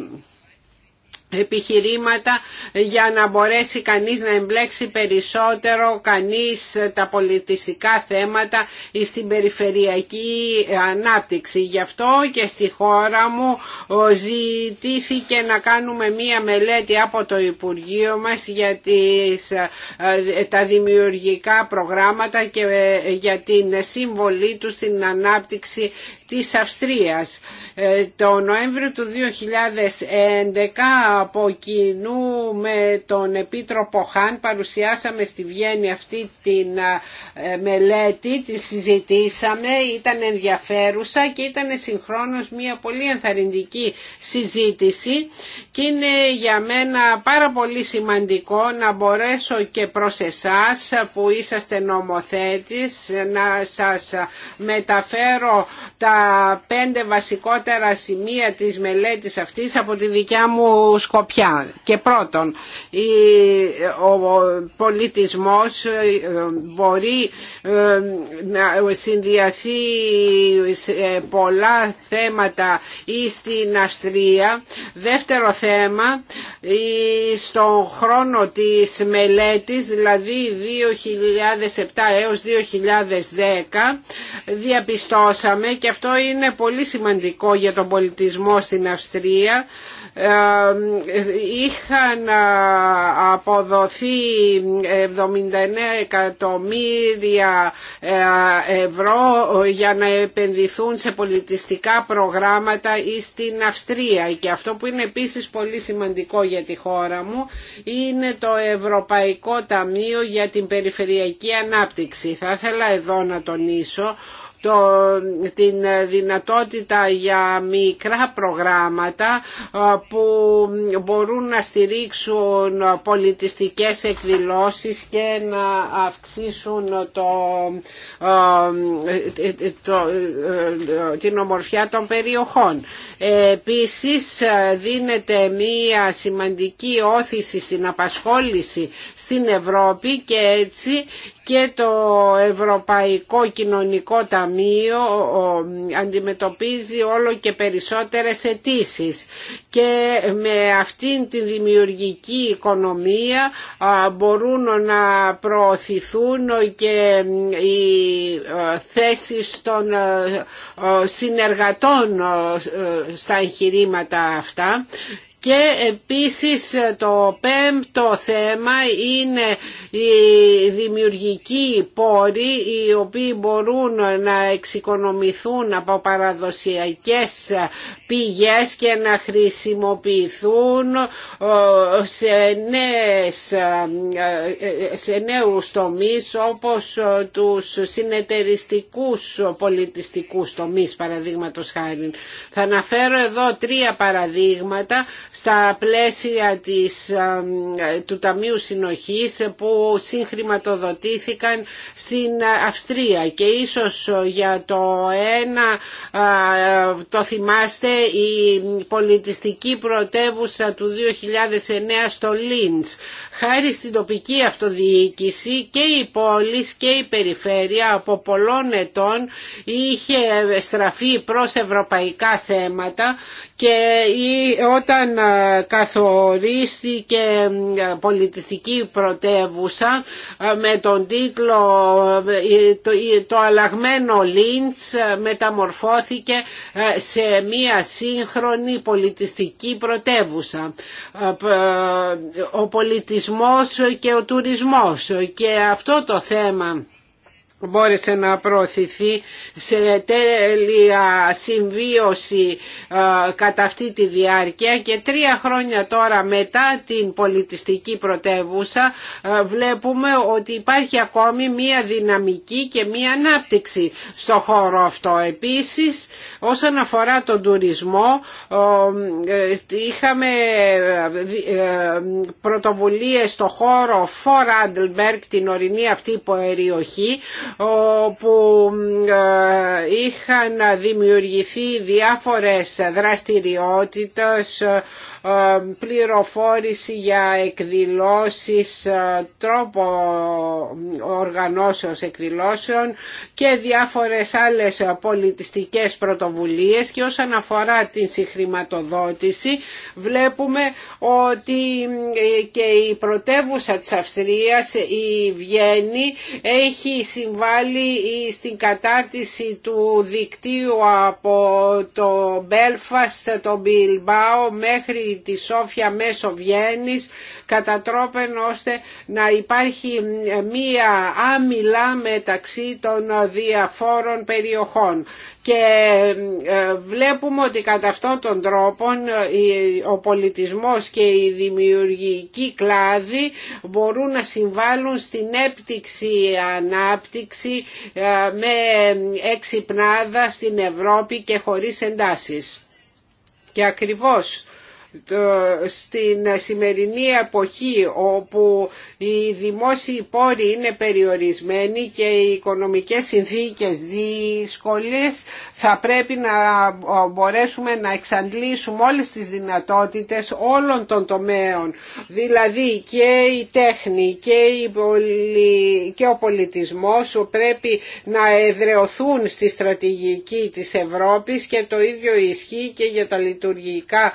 επιχειρήματα για να μπορέσει κανείς να εμπλέξει περισσότερο κανείς τα πολιτιστικά θέματα στην περιφερειακή ανάπτυξη. Γι' αυτό και στη χώρα μου ζητήθηκε να κάνουμε μία μελέτη από το Υπουργείο μας για ε, ε, τα δημιουργικά προγράμματα και ε, για την συμβολή του στην ανάπτυξη της Αυστρίας. Ε, το Νοέμβριο του 2011 από κοινού με τον Επίτροπο Χάν παρουσιάσαμε στη Βιέννη αυτή τη ε, μελέτη, τη συζητήσαμε, ήταν ενδιαφέρουσα και ήταν συγχρόνως μια πολύ ενθαρρυντική συζήτηση και είναι για μένα πάρα πολύ σημαντικό να μπορέσω και προς εσάς που είσαστε νομοθέτης να σας μεταφέρω τα πέντε βασικό σημεία της μελέτης αυτής από τη δικιά μου σκοπιά. Και πρώτον, ο πολιτισμός ε, μπορεί ε, να συνδυαθεί σε πολλά θέματα ή στην Αυστρία. Δεύτερο θέμα, στον χρόνο της μελέτης, δηλαδή 2007 έως 2010, διαπιστώσαμε και αυτό είναι πολύ σημαντικό για τον πολιτισμό στην Αυστρία ε, είχαν ε, αποδοθεί 79 εκατομμύρια ε, ευρώ για να επενδυθούν σε πολιτιστικά προγράμματα ή στην Αυστρία και αυτό που είναι επίσης πολύ σημαντικό για τη χώρα μου είναι το Ευρωπαϊκό Ταμείο για την Περιφερειακή Ανάπτυξη. Θα ήθελα εδώ να τονίσω το, την δυνατότητα για μικρά προγράμματα που μπορούν να στηρίξουν πολιτιστικές εκδηλώσεις και να αυξήσουν το, ε, ε, ε, την ομορφιά των περιοχών. Επίσης δίνεται μία σημαντική όθηση στην απασχόληση στην Ευρώπη και έτσι και το Ευρωπαϊκό Κοινωνικό Ταμείο αντιμετωπίζει όλο και περισσότερες αιτήσει. και με αυτήν τη δημιουργική οικονομία μπορούν να προωθηθούν και ε, οι ε, θέσεις των ε, συνεργατών στα εγχειρήματα αυτά και επίσης το πέμπτο θέμα είναι οι δημιουργικοί πόροι οι οποίοι μπορούν να εξοικονομηθούν από παραδοσιακές πηγές και να χρησιμοποιηθούν ε, σε, νέες, ε, σε νέους τομείς όπως τους συνεταιριστικούς πολιτιστικούς τομείς παραδείγματος χάρη. Θα αναφέρω εδώ τρία παραδείγματα στα πλαίσια της, του Ταμείου Συνοχής που συγχρηματοδοτήθηκαν στην Αυστρία και ίσως για το ένα το θυμάστε η πολιτιστική πρωτεύουσα του 2009 στο Λίντς. Χάρη στην τοπική αυτοδιοίκηση και η πόλη και η περιφέρεια από πολλών ετών είχε στραφεί προς ευρωπαϊκά θέματα και όταν ε, καθορίστηκε πολιτιστική πρωτεύουσα ε, με τον τίτλο ε, «Το αλλαγμένο Λίντς» μεταμορφώθηκε σε μία σύγχρονη πολιτιστική πρωτεύουσα. Ο πολιτισμός και ο τουρισμός και αυτό το θέμα μπόρεσε να προωθηθεί σε τέλεια συμβίωση κατά αυτή τη διάρκεια και τρία χρόνια τώρα μετά την πολιτιστική πρωτεύουσα βλέπουμε ότι υπάρχει ακόμη μία δυναμική και μία ανάπτυξη στο χώρο αυτό. Επίσης όσον αφορά τον τουρισμό ε, είχαμε ε, ε, πρωτοβουλίες στο χώρο Φοράντλμπερκ την ορεινή αυτή περιοχή όπου ε, είχαν δημιουργηθεί διάφορες δραστηριότητες ε, πληροφόρηση για εκδηλώσεις ε, τρόπο οργανώσεως εκδηλώσεων και διάφορες άλλες πολιτιστικές πρωτοβουλίες και όσον αφορά την συγχρηματοδότηση βλέπουμε ότι και η πρωτεύουσα της Αυστρίας η Βιέννη έχει συμβολή στην κατάρτιση του δικτύου από το Μπέλφαστ, το Μπιλμπάο μέχρι τη Σόφια μέσω Βιέννης κατά ώστε να υπάρχει μία άμυλα μεταξύ των διαφόρων περιοχών και ε, βλέπουμε ότι κατά αυτόν τον τρόπο ε, ο πολιτισμός και η δημιουργική κλάδη μπορούν να συμβάλλουν στην έπτυξη ανάπτυξη ε, με εξυπνάδα στην Ευρώπη και χωρίς εντάσεις. Και ακριβώς στην σημερινή εποχή όπου οι δημόσιοι πόροι είναι περιορισμένοι και οι οικονομικές συνθήκες δύσκολες θα πρέπει να μπορέσουμε να εξαντλήσουμε όλες τις δυνατότητες όλων των τομέων δηλαδή και η τέχνη και, ο πολιτισμός πρέπει να εδρεωθούν στη στρατηγική της Ευρώπης και το ίδιο ισχύει και για τα λειτουργικά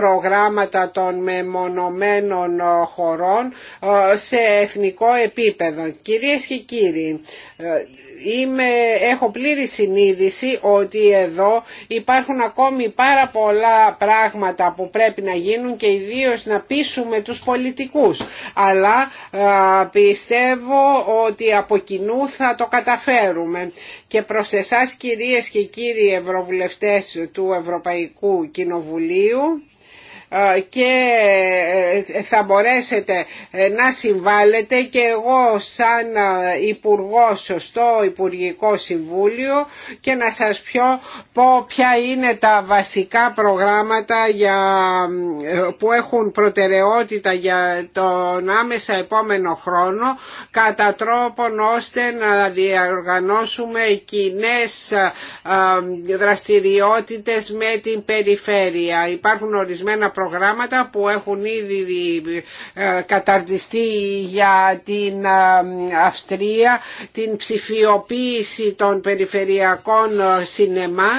προγράμματα των μεμονωμένων ε, χωρών ε, σε εθνικό επίπεδο. Κυρίες και κύριοι, ε, είμαι, έχω πλήρη συνείδηση ότι εδώ υπάρχουν ακόμη πάρα πολλά πράγματα που πρέπει να γίνουν και ιδίως να πείσουμε τους πολιτικούς. Αλλά πιστεύω ότι από κοινού θα το καταφέρουμε. Και προς εσάς κυρίες και κύριοι Ευρωβουλευτές του Ευρωπαϊκού Κοινοβουλίου, και ε, θα μπορέσετε ε, να συμβάλλετε και εγώ σαν υπουργό στο Υπουργικό Συμβούλιο και να σας πω ποια είναι τα βασικά προγράμματα για, ε, που έχουν προτεραιότητα για τον άμεσα επόμενο χρόνο κατά τρόπον ώστε να διαργανώσουμε κοινέ δραστηριότητες με την περιφέρεια. Υπάρχουν ορισμένα προγράμματα που έχουν ήδη ε, καταρτιστεί για την ε, Αυστρία, την ψηφιοποίηση των περιφερειακών ε, σινεμά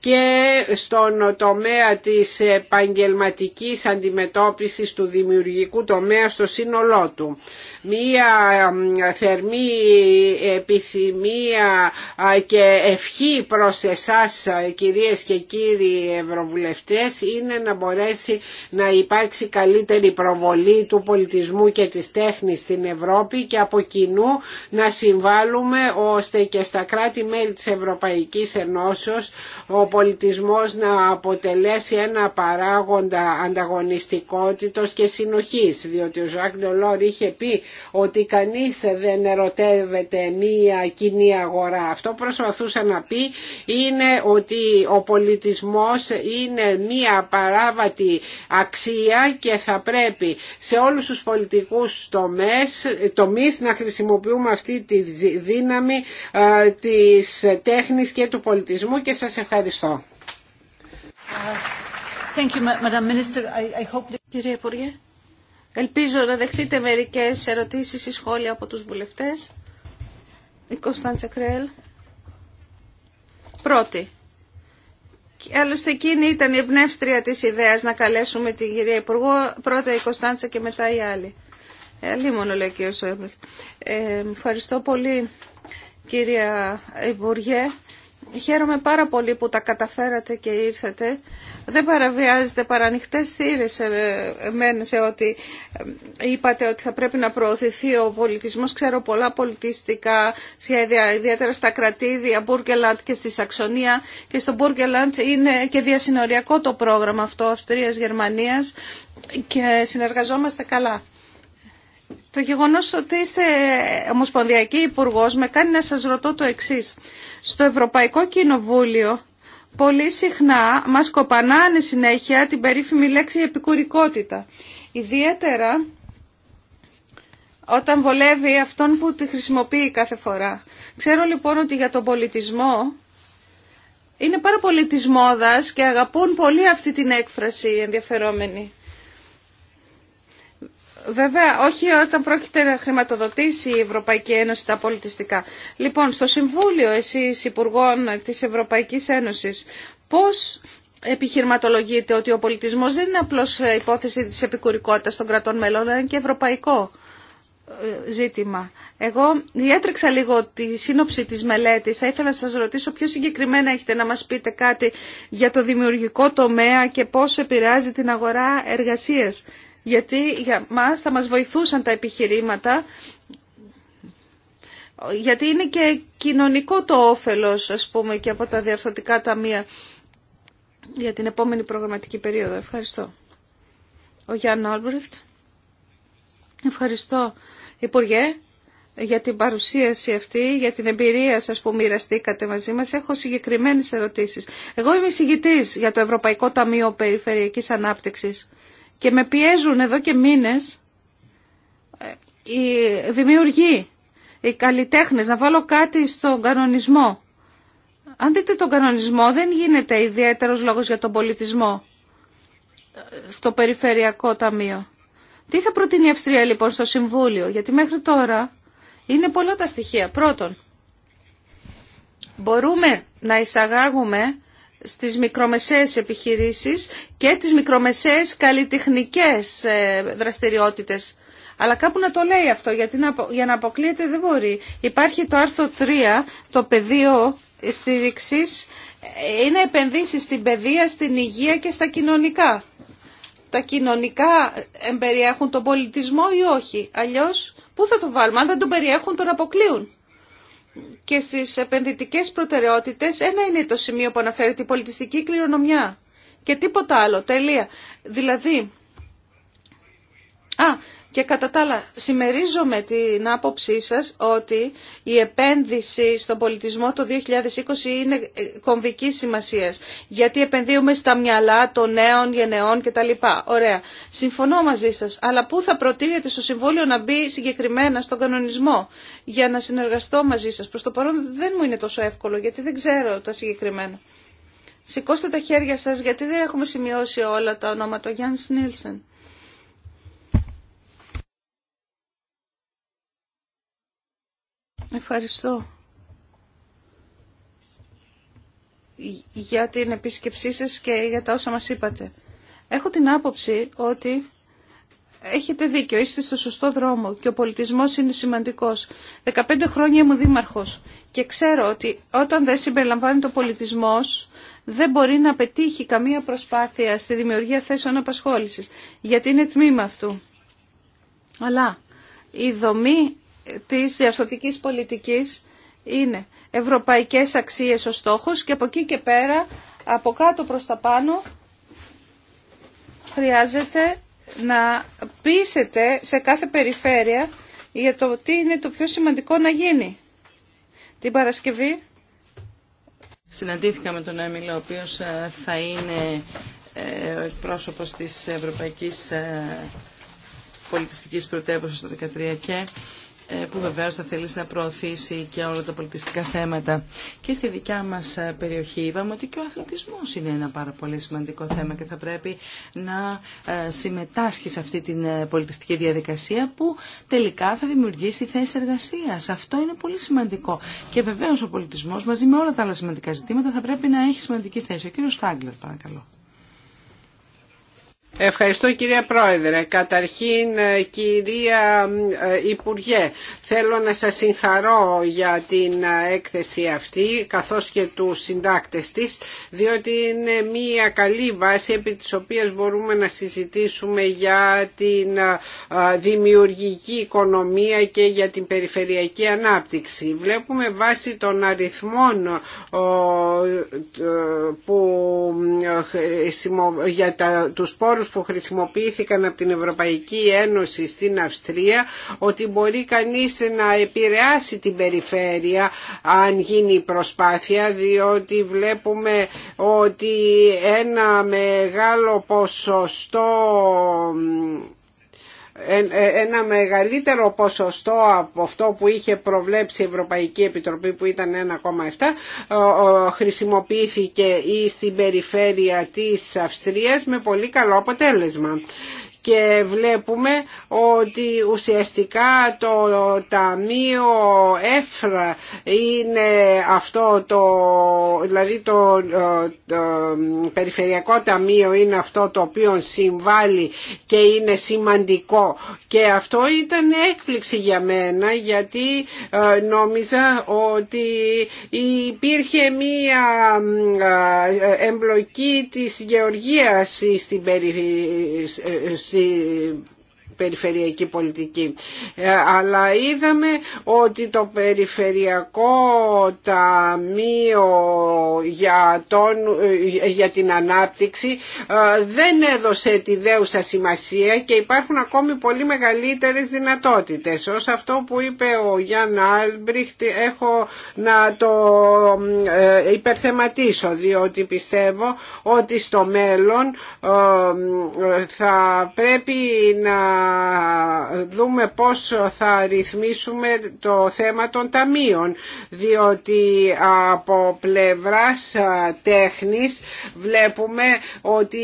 και στον τομέα της επαγγελματικής αντιμετώπισης του δημιουργικού τομέα στο σύνολό του μία θερμή επιθυμία και ευχή προς εσάς κυρίες και κύριοι ευρωβουλευτές είναι να μπορέσει να υπάρξει καλύτερη προβολή του πολιτισμού και της τέχνης στην Ευρώπη και από κοινού να συμβάλλουμε ώστε και στα κράτη-μέλη της Ευρωπαϊκής Ενώσεως ο πολιτισμός να αποτελέσει ένα παράγοντα ανταγωνιστικότητος και συνοχής διότι ο Ζακ Ντολόρ είχε πει ότι κανείς δεν ερωτεύεται μία κοινή αγορά. Αυτό που προσπαθούσα να πει είναι ότι ο πολιτισμός είναι μία παράβατη αξία και θα πρέπει σε όλους τους πολιτικούς τομές, τομείς να χρησιμοποιούμε αυτή τη δύναμη ε, της τέχνης και του πολιτισμού και σας ευχαριστώ. Thank you, Madam Ελπίζω να δεχτείτε μερικές ερωτήσεις ή σχόλια από τους βουλευτές. Η Κωνσταντσα Κρέλ. Πρώτη. άλλωστε εκείνη ήταν η εμπνεύστρια της ιδέας να καλέσουμε την κυρία Υπουργό, πρώτα η Κωνσταντσα και μετά η άλλη. Ε, λέει ε, Ευχαριστώ πολύ κυρία Υπουργέ Χαίρομαι πάρα πολύ που τα καταφέρατε και ήρθατε. Δεν παραβιάζετε παρανοιχτές θύρες ε, εμένα σε ότι ε, είπατε ότι θα πρέπει να προωθηθεί ο πολιτισμός. Ξέρω πολλά πολιτιστικά σχέδια, ιδιαίτερα στα κρατήδια Μπούργκελαντ και στη Σαξονία. Και στο Μπούργκελαντ είναι και διασυνοριακό το πρόγραμμα αυτό Αυστρίας-Γερμανίας και συνεργαζόμαστε καλά. Το γεγονός ότι είστε Ομοσπονδιακή υπουργό με κάνει να σας ρωτώ το εξή. Στο Ευρωπαϊκό Κοινοβούλιο πολύ συχνά μας κοπανάνε συνέχεια την περίφημη λέξη επικουρικότητα. Ιδιαίτερα όταν βολεύει αυτόν που τη χρησιμοποιεί κάθε φορά. Ξέρω λοιπόν ότι για τον πολιτισμό είναι πάρα πολύ της μόδας και αγαπούν πολύ αυτή την έκφραση οι ενδιαφερόμενοι. Βέβαια, όχι όταν πρόκειται να χρηματοδοτήσει η Ευρωπαϊκή Ένωση τα πολιτιστικά. Λοιπόν, στο Συμβούλιο εσείς Υπουργών της Ευρωπαϊκής Ένωσης, πώς επιχειρηματολογείτε ότι ο πολιτισμός δεν είναι απλώς υπόθεση της επικουρικότητας των κρατών μελών, αλλά είναι και ευρωπαϊκό ε, ζήτημα. Εγώ διέτρεξα λίγο τη σύνοψη της μελέτης. Θα ήθελα να σας ρωτήσω πιο συγκεκριμένα έχετε να μας πείτε κάτι για το δημιουργικό τομέα και πώς επηρεάζει την αγορά εργασίας γιατί για μας θα μας βοηθούσαν τα επιχειρήματα γιατί είναι και κοινωνικό το όφελος ας πούμε και από τα διαρθωτικά ταμεία για την επόμενη προγραμματική περίοδο. Ευχαριστώ. Ο Γιάνν Όλμπριχτ. Ευχαριστώ. Υπουργέ, για την παρουσίαση αυτή, για την εμπειρία σας που μοιραστήκατε μαζί μας. Έχω συγκεκριμένες ερωτήσεις. Εγώ είμαι συγγητής για το Ευρωπαϊκό Ταμείο Περιφερειακής Ανάπτυξης και με πιέζουν εδώ και μήνες ε, οι δημιουργοί, οι καλλιτέχνες, να βάλω κάτι στον κανονισμό. Αν δείτε τον κανονισμό δεν γίνεται ιδιαίτερος λόγος για τον πολιτισμό ε, στο Περιφερειακό Ταμείο. Τι θα προτείνει η Αυστρία λοιπόν στο Συμβούλιο, γιατί μέχρι τώρα είναι πολλά τα στοιχεία. Πρώτον, μπορούμε να εισαγάγουμε στις μικρομεσαίες επιχειρήσεις και τις μικρομεσαίες καλλιτεχνικές ε, δραστηριότητες. Αλλά κάπου να το λέει αυτό, γιατί για να αποκλείεται δεν μπορεί. Υπάρχει το άρθρο 3, το πεδίο στήριξης, είναι επενδύσεις στην παιδεία, στην υγεία και στα κοινωνικά. Τα κοινωνικά ε, εμπεριέχουν τον πολιτισμό ή όχι. Αλλιώς, πού θα το βάλουμε, αν δεν τον περιέχουν τον αποκλείουν και στις επενδυτικές προτεραιότητες ένα είναι το σημείο που αναφέρει την πολιτιστική κληρονομιά και τίποτα άλλο, τελεία. Δηλαδή, α, και κατά τα άλλα, συμμερίζομαι την άποψή σας ότι η επένδυση στον πολιτισμό το 2020 είναι ε, κομβική σημασίας, γιατί επενδύουμε στα μυαλά των νέων γενεών κτλ. Ωραία. Συμφωνώ μαζί σας, αλλά πού θα προτείνετε στο Συμβούλιο να μπει συγκεκριμένα στον κανονισμό για να συνεργαστώ μαζί σας. Προς το παρόν δεν μου είναι τόσο εύκολο, γιατί δεν ξέρω τα συγκεκριμένα. Σηκώστε τα χέρια σας, γιατί δεν έχουμε σημειώσει όλα τα ονόματα. Γιάννης Νίλσεν. Ευχαριστώ για την επίσκεψή σας και για τα όσα μας είπατε. Έχω την άποψη ότι έχετε δίκιο, είστε στο σωστό δρόμο και ο πολιτισμός είναι σημαντικός. 15 χρόνια είμαι δήμαρχος και ξέρω ότι όταν δεν συμπεριλαμβάνεται ο πολιτισμός δεν μπορεί να πετύχει καμία προσπάθεια στη δημιουργία θέσεων απασχόλησης, γιατί είναι τμήμα αυτού. Αλλά η δομή της διαρθωτικής πολιτικής είναι ευρωπαϊκές αξίες ο στόχος και από εκεί και πέρα, από κάτω προς τα πάνω, χρειάζεται να πείσετε σε κάθε περιφέρεια για το τι είναι το πιο σημαντικό να γίνει. Την Παρασκευή. Συναντήθηκα με τον Έμιλο, ο οποίος ε, θα είναι ε, ο εκπρόσωπος της Ευρωπαϊκής ε, Πολιτιστικής Πρωτεύουσας το 2013 και ε, που βεβαίω θα θελήσει να προωθήσει και όλα τα πολιτιστικά θέματα. Και στη δικιά μας ε, περιοχή είπαμε ότι και ο αθλητισμός είναι ένα πάρα πολύ σημαντικό θέμα και θα πρέπει να ε, συμμετάσχει σε αυτή την πολιτιστική διαδικασία που τελικά θα δημιουργήσει θέσεις εργασία. Αυτό είναι πολύ σημαντικό. Και βεβαίω ο πολιτισμό μαζί με όλα τα άλλα σημαντικά ζητήματα θα πρέπει να έχει σημαντική θέση. Ο κύριο Στάγκλερ παρακαλώ. Ευχαριστώ κυρία Πρόεδρε. Καταρχήν ε, κυρία ε, Υπουργέ, θέλω να σας συγχαρώ για την ε, έκθεση αυτή καθώς και του συντάκτες της διότι είναι μια καλή βάση επί της οποίας μπορούμε να συζητήσουμε για την δημιουργική οικονομία και για την περιφερειακή ανάπτυξη. Βλέπουμε βάση των αριθμών που για τους πόρους που χρησιμοποιήθηκαν από την Ευρωπαϊκή Ένωση στην Αυστρία ότι μπορεί κανείς να επηρεάσει την περιφέρεια αν γίνει η προσπάθεια διότι βλέπουμε ότι ένα μεγάλο ποσοστό ε, ένα μεγαλύτερο ποσοστό από αυτό που είχε προβλέψει η Ευρωπαϊκή Επιτροπή που ήταν 1,7 χρησιμοποιήθηκε ή στην περιφέρεια της Αυστρίας με πολύ καλό αποτέλεσμα και βλέπουμε ότι ουσιαστικά το Ταμείο ΕΦΡΑ είναι αυτό το, δηλαδή ε, το, Περιφερειακό Ταμείο είναι αυτό το οποίο συμβάλλει και είναι σημαντικό και αυτό ήταν έκπληξη για μένα γιατί ε, νόμιζα ότι υπήρχε μία ε, εμπλοκή της γεωργίας στην περιφερειακή στη περιφερειακή πολιτική. Ε, αλλά είδαμε ότι το περιφερειακό ταμείο για, τον, ε, για την ανάπτυξη ε, δεν έδωσε τη δέουσα σημασία και υπάρχουν ακόμη πολύ μεγαλύτερες δυνατότητες. Ως αυτό που είπε ο Γιάννα Άλμπριχτ έχω να το υπερθεματίσω διότι πιστεύω ότι στο μέλλον θα πρέπει να δούμε πώς θα ρυθμίσουμε το θέμα των ταμείων διότι από πλευράς τέχνης βλέπουμε ότι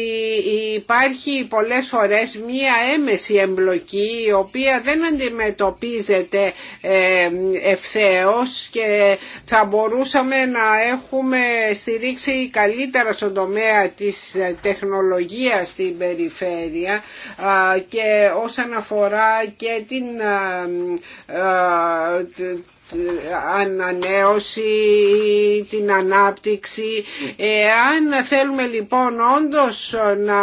υπάρχει πολλές φορές μία έμεση εμπλοκή η οποία δεν αντιμετωπίζεται ε, ευθέως και θα μπορούσαμε να έχουμε στηρίξει καλύτερα στον τομέα της τεχνολογίας στην περιφέρεια ε, και όσον αφορά και την ε, ε, ανανέωση, την ανάπτυξη. Εάν θέλουμε λοιπόν όντως να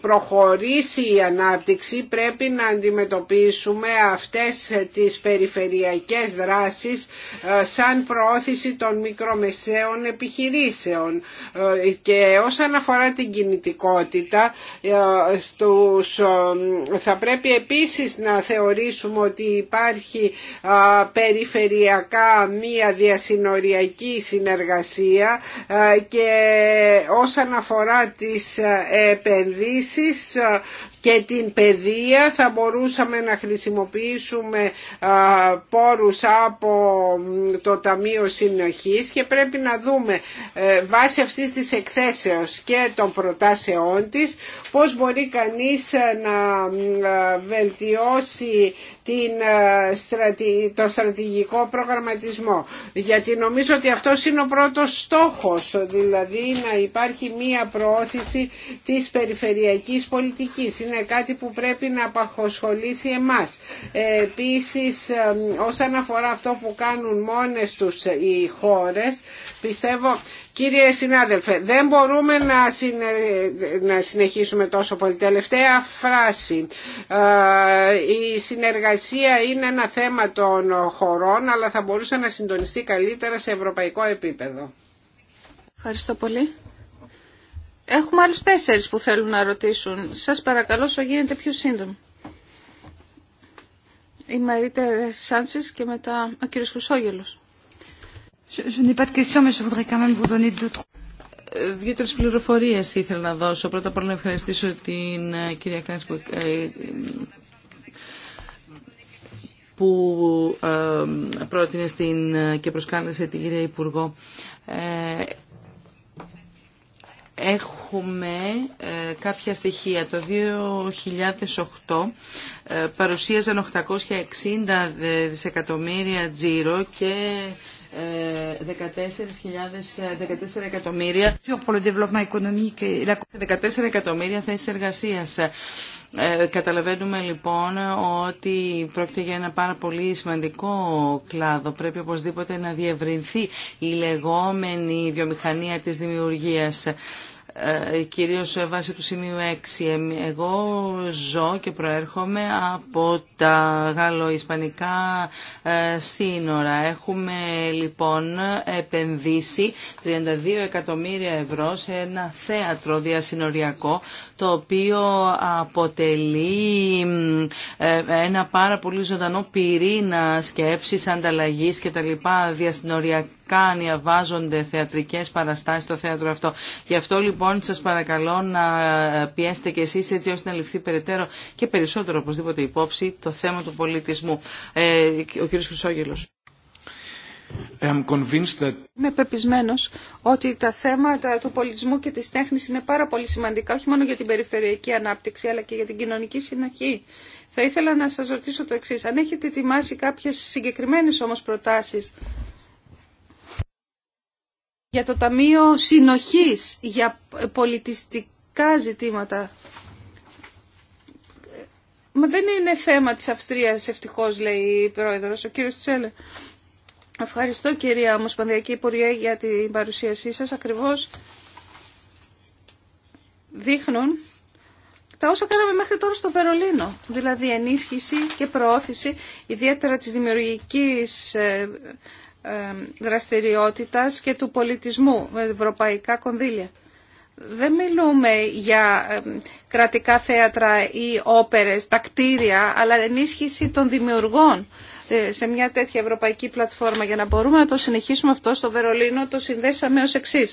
προχωρήσει η ανάπτυξη πρέπει να αντιμετωπίσουμε αυτές τις περιφερειακές δράσεις σαν προώθηση των μικρομεσαίων επιχειρήσεων. Και όσον αφορά την κινητικότητα θα πρέπει επίσης να θεωρήσουμε ότι υπάρχει περιφερειακά μία διασυνοριακή συνεργασία και όσον αφορά τις επενδύσεις και την παιδεία θα μπορούσαμε να χρησιμοποιήσουμε πόρους από το Ταμείο Συνοχής και πρέπει να δούμε ε, βάσει αυτής της εκθέσεως και των προτάσεών της πώς μπορεί κανείς ε, να βελτιώσει την, ε, το στρατηγικό προγραμματισμό. Γιατί νομίζω ότι αυτό είναι ο πρώτος στόχος, δηλαδή να υπάρχει μία προώθηση της περιφερειακής πολιτικής. Είναι κάτι που πρέπει να απαχοσχολήσει εμάς. Επίσης, ε, όσον αφορά αυτό που κάνουν μόνες τους οι χώρες, πιστεύω Κύριε συνάδελφε, δεν μπορούμε να, να συνεχίσουμε τόσο πολύ. Τελευταία φράση. Ε, η συνεργασία είναι ένα θέμα των χωρών, αλλά θα μπορούσε να συντονιστεί καλύτερα σε ευρωπαϊκό επίπεδο. Ευχαριστώ πολύ. Έχουμε άλλους τέσσερις που θέλουν να ρωτήσουν. Σας παρακαλώ, όσο γίνεται πιο σύντομο. Η Μαρίτε Σάντσης και μετά ο κύριος Χρυσόγελος. Δύο-τρεις πληροφορίες ήθελα να δώσω. Πρώτα απ' όλα να ευχαριστήσω την ε, κυρία Κράνης που ε, ε, πρότεινε στην, και προσκάλεσε την κυρία Υπουργό. Έχουμε κάποια στοιχεία. Το 2008 παρουσίαζαν 860 δισεκατομμύρια τζίρο και 14 εκατομμύρια 14 εκατομμύρια θέσεις εργασίας. Ε, καταλαβαίνουμε λοιπόν ότι πρόκειται για ένα πάρα πολύ σημαντικό κλάδο. Πρέπει οπωσδήποτε να διευρυνθεί η λεγόμενη βιομηχανία της δημιουργίας. Ε, κυρίως βάσει του σημείου 6. Ε, εγώ ζω και προέρχομαι από τα γαλλο-ισπανικά ε, σύνορα. Έχουμε λοιπόν επενδύσει 32 εκατομμύρια ευρώ σε ένα θέατρο διασυνοριακό το οποίο αποτελεί ε, ένα πάρα πολύ ζωντανό πυρήνα σκέψης, ανταλλαγής και τα λοιπά θεατρικέ Κάνει, θεατρικές παραστάσεις στο θέατρο αυτό. Γι' αυτό λοιπόν σας παρακαλώ να ε, πιέσετε κι εσείς έτσι ώστε να ληφθεί περαιτέρω και περισσότερο οπωσδήποτε υπόψη το θέμα του πολιτισμού. Ε, ο κύριος Χρυσόγελος. Είμαι πεπισμένο ότι τα θέματα του πολιτισμού και της τέχνης είναι πάρα πολύ σημαντικά, όχι μόνο για την περιφερειακή ανάπτυξη, αλλά και για την κοινωνική συνοχή. Θα ήθελα να σας ρωτήσω το εξή: Αν έχετε ετοιμάσει κάποιες συγκεκριμένες όμως προτάσεις για το Ταμείο Συνοχής, για πολιτιστικά ζητήματα, Μα δεν είναι θέμα της Αυστρίας, ευτυχώς, λέει η Πρόεδρος, ο κύριος Τσέλε. Ευχαριστώ κυρία Ομοσπονδιακή Υπουργέ για την παρουσίασή σας. Ακριβώς δείχνουν τα όσα κάναμε μέχρι τώρα στο Βερολίνο, δηλαδή ενίσχυση και προώθηση ιδιαίτερα της δημιουργικής ε, ε, δραστηριότητας και του πολιτισμού με ευρωπαϊκά κονδύλια. Δεν μιλούμε για ε, κρατικά θέατρα ή όπερες, τα κτίρια, αλλά ενίσχυση των δημιουργών ε, σε μια τέτοια ευρωπαϊκή πλατφόρμα για να μπορούμε να το συνεχίσουμε αυτό στο Βερολίνο το συνδέσαμε ως εξή.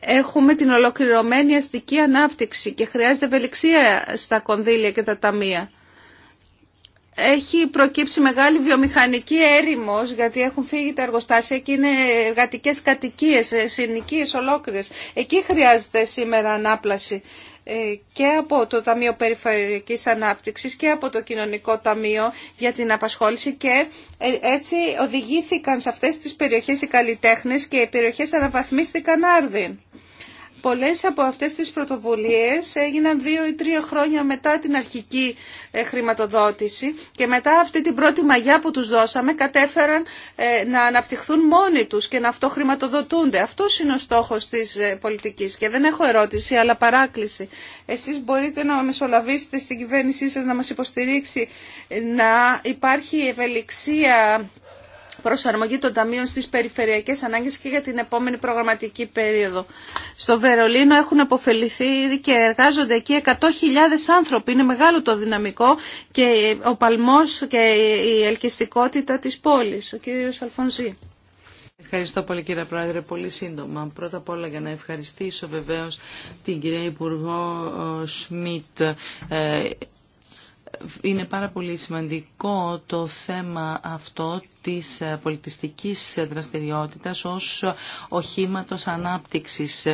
Έχουμε την ολοκληρωμένη αστική ανάπτυξη και χρειάζεται ευελιξία στα κονδύλια και τα ταμεία. Έχει προκύψει μεγάλη βιομηχανική έρημος γιατί έχουν φύγει τα εργοστάσια και είναι εργατικές κατοικίες, ε, συνοικίες ολόκληρες. Εκεί χρειάζεται σήμερα ανάπλαση. Ε, και από το Ταμείο Περιφερειακής Ανάπτυξης και από το Κοινωνικό Ταμείο για την απασχόληση και ε, έτσι οδηγήθηκαν σε αυτές τις περιοχές οι καλλιτέχνες και οι περιοχές αναβαθμίστηκαν άρδιν. Πολλές από αυτές τις πρωτοβουλίες έγιναν δύο ή τρία χρόνια μετά την αρχική ε, χρηματοδότηση και μετά αυτή την πρώτη μαγιά που τους δώσαμε κατέφεραν ε, να αναπτυχθούν μόνοι τους και να αυτοχρηματοδοτούνται. Αυτό είναι ο στόχος της ε, πολιτικής και δεν έχω ερώτηση αλλά παράκληση. Εσείς μπορείτε να μεσολαβήσετε στην κυβέρνησή σας να μας υποστηρίξει να υπάρχει ευελιξία προσαρμογή των ταμείων στις περιφερειακές ανάγκες και για την επόμενη προγραμματική περίοδο. Στο Βερολίνο έχουν αποφεληθεί και εργάζονται εκεί 100.000 άνθρωποι. Είναι μεγάλο το δυναμικό και ο παλμός και η ελκυστικότητα της πόλης. Ο κύριος Αλφονζή. Ευχαριστώ πολύ κύριε Πρόεδρε. Πολύ σύντομα. Πρώτα απ' όλα για να ευχαριστήσω βεβαίως την κυρία Υπουργό ε, Σμιτ ε, είναι πάρα πολύ σημαντικό το θέμα αυτό της πολιτιστικής δραστηριότητας ως οχήματος ανάπτυξης.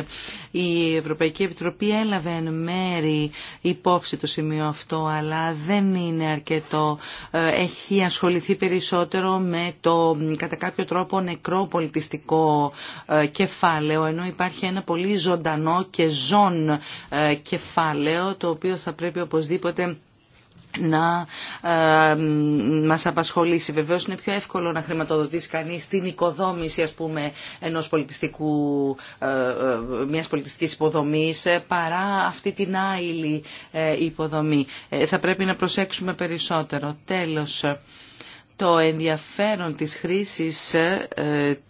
Η Ευρωπαϊκή Επιτροπή έλαβε εν μέρη υπόψη το σημείο αυτό, αλλά δεν είναι αρκετό. Ε, έχει ασχοληθεί περισσότερο με το κατά κάποιο τρόπο νεκρό πολιτιστικό ε, κεφάλαιο, ενώ υπάρχει ένα πολύ ζωντανό και ζών ε, κεφάλαιο, το οποίο θα πρέπει οπωσδήποτε να ε, μας απασχολήσει. Βεβαίως είναι πιο εύκολο να χρηματοδοτήσει κανείς την οικοδόμηση ας πούμε ενός πολιτιστικού, ε, ε, μιας πολιτιστικής υποδομής ε, παρά αυτή την άειλη υποδομή. θα πρέπει να προσέξουμε περισσότερο. Τέλος, το ενδιαφέρον της χρήσης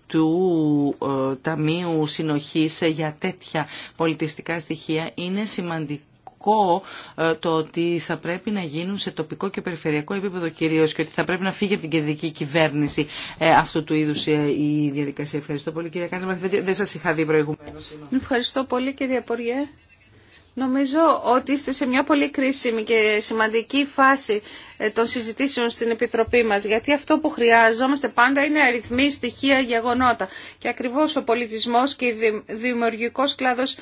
του Ταμείου Συνοχής για τέτοια πολιτιστικά στοιχεία είναι σημαντικό ε, το ότι θα πρέπει να γίνουν σε τοπικό και περιφερειακό επίπεδο κυρίως και ότι θα πρέπει να φύγει από την κεντρική κυβέρνηση ε, αυτού του είδους ε, η διαδικασία. Ευχαριστώ πολύ κύριε Κάντσμα. Δεν σας είχα δει προηγουμένω. Ευχαριστώ πολύ κύριε Ποριέ. Νομίζω ότι είστε σε μια πολύ κρίσιμη και σημαντική φάση των συζητήσεων στην Επιτροπή μας, γιατί αυτό που χρειάζομαστε πάντα είναι αριθμοί, στοιχεία, γεγονότα. Και ακριβώς ο πολιτισμός και ο δημιουργικός κλάδος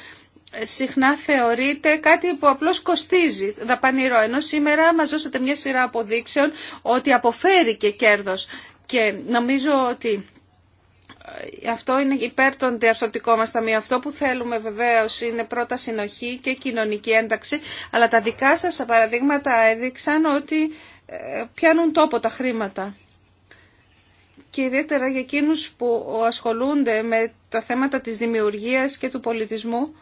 συχνά θεωρείται κάτι που απλώς κοστίζει δαπανηρό, ενώ σήμερα μας δώσατε μια σειρά αποδείξεων ότι αποφέρει και κέρδος και νομίζω ότι ε, αυτό είναι υπέρ των διαφθορτικών μας ταμείων. Αυτό που θέλουμε βεβαίως είναι πρώτα συνοχή και κοινωνική ένταξη, αλλά τα δικά σας παραδείγματα έδειξαν ότι ε, πιάνουν τόπο τα χρήματα και για εκείνους που ασχολούνται με τα θέματα της δημιουργίας και του πολιτισμού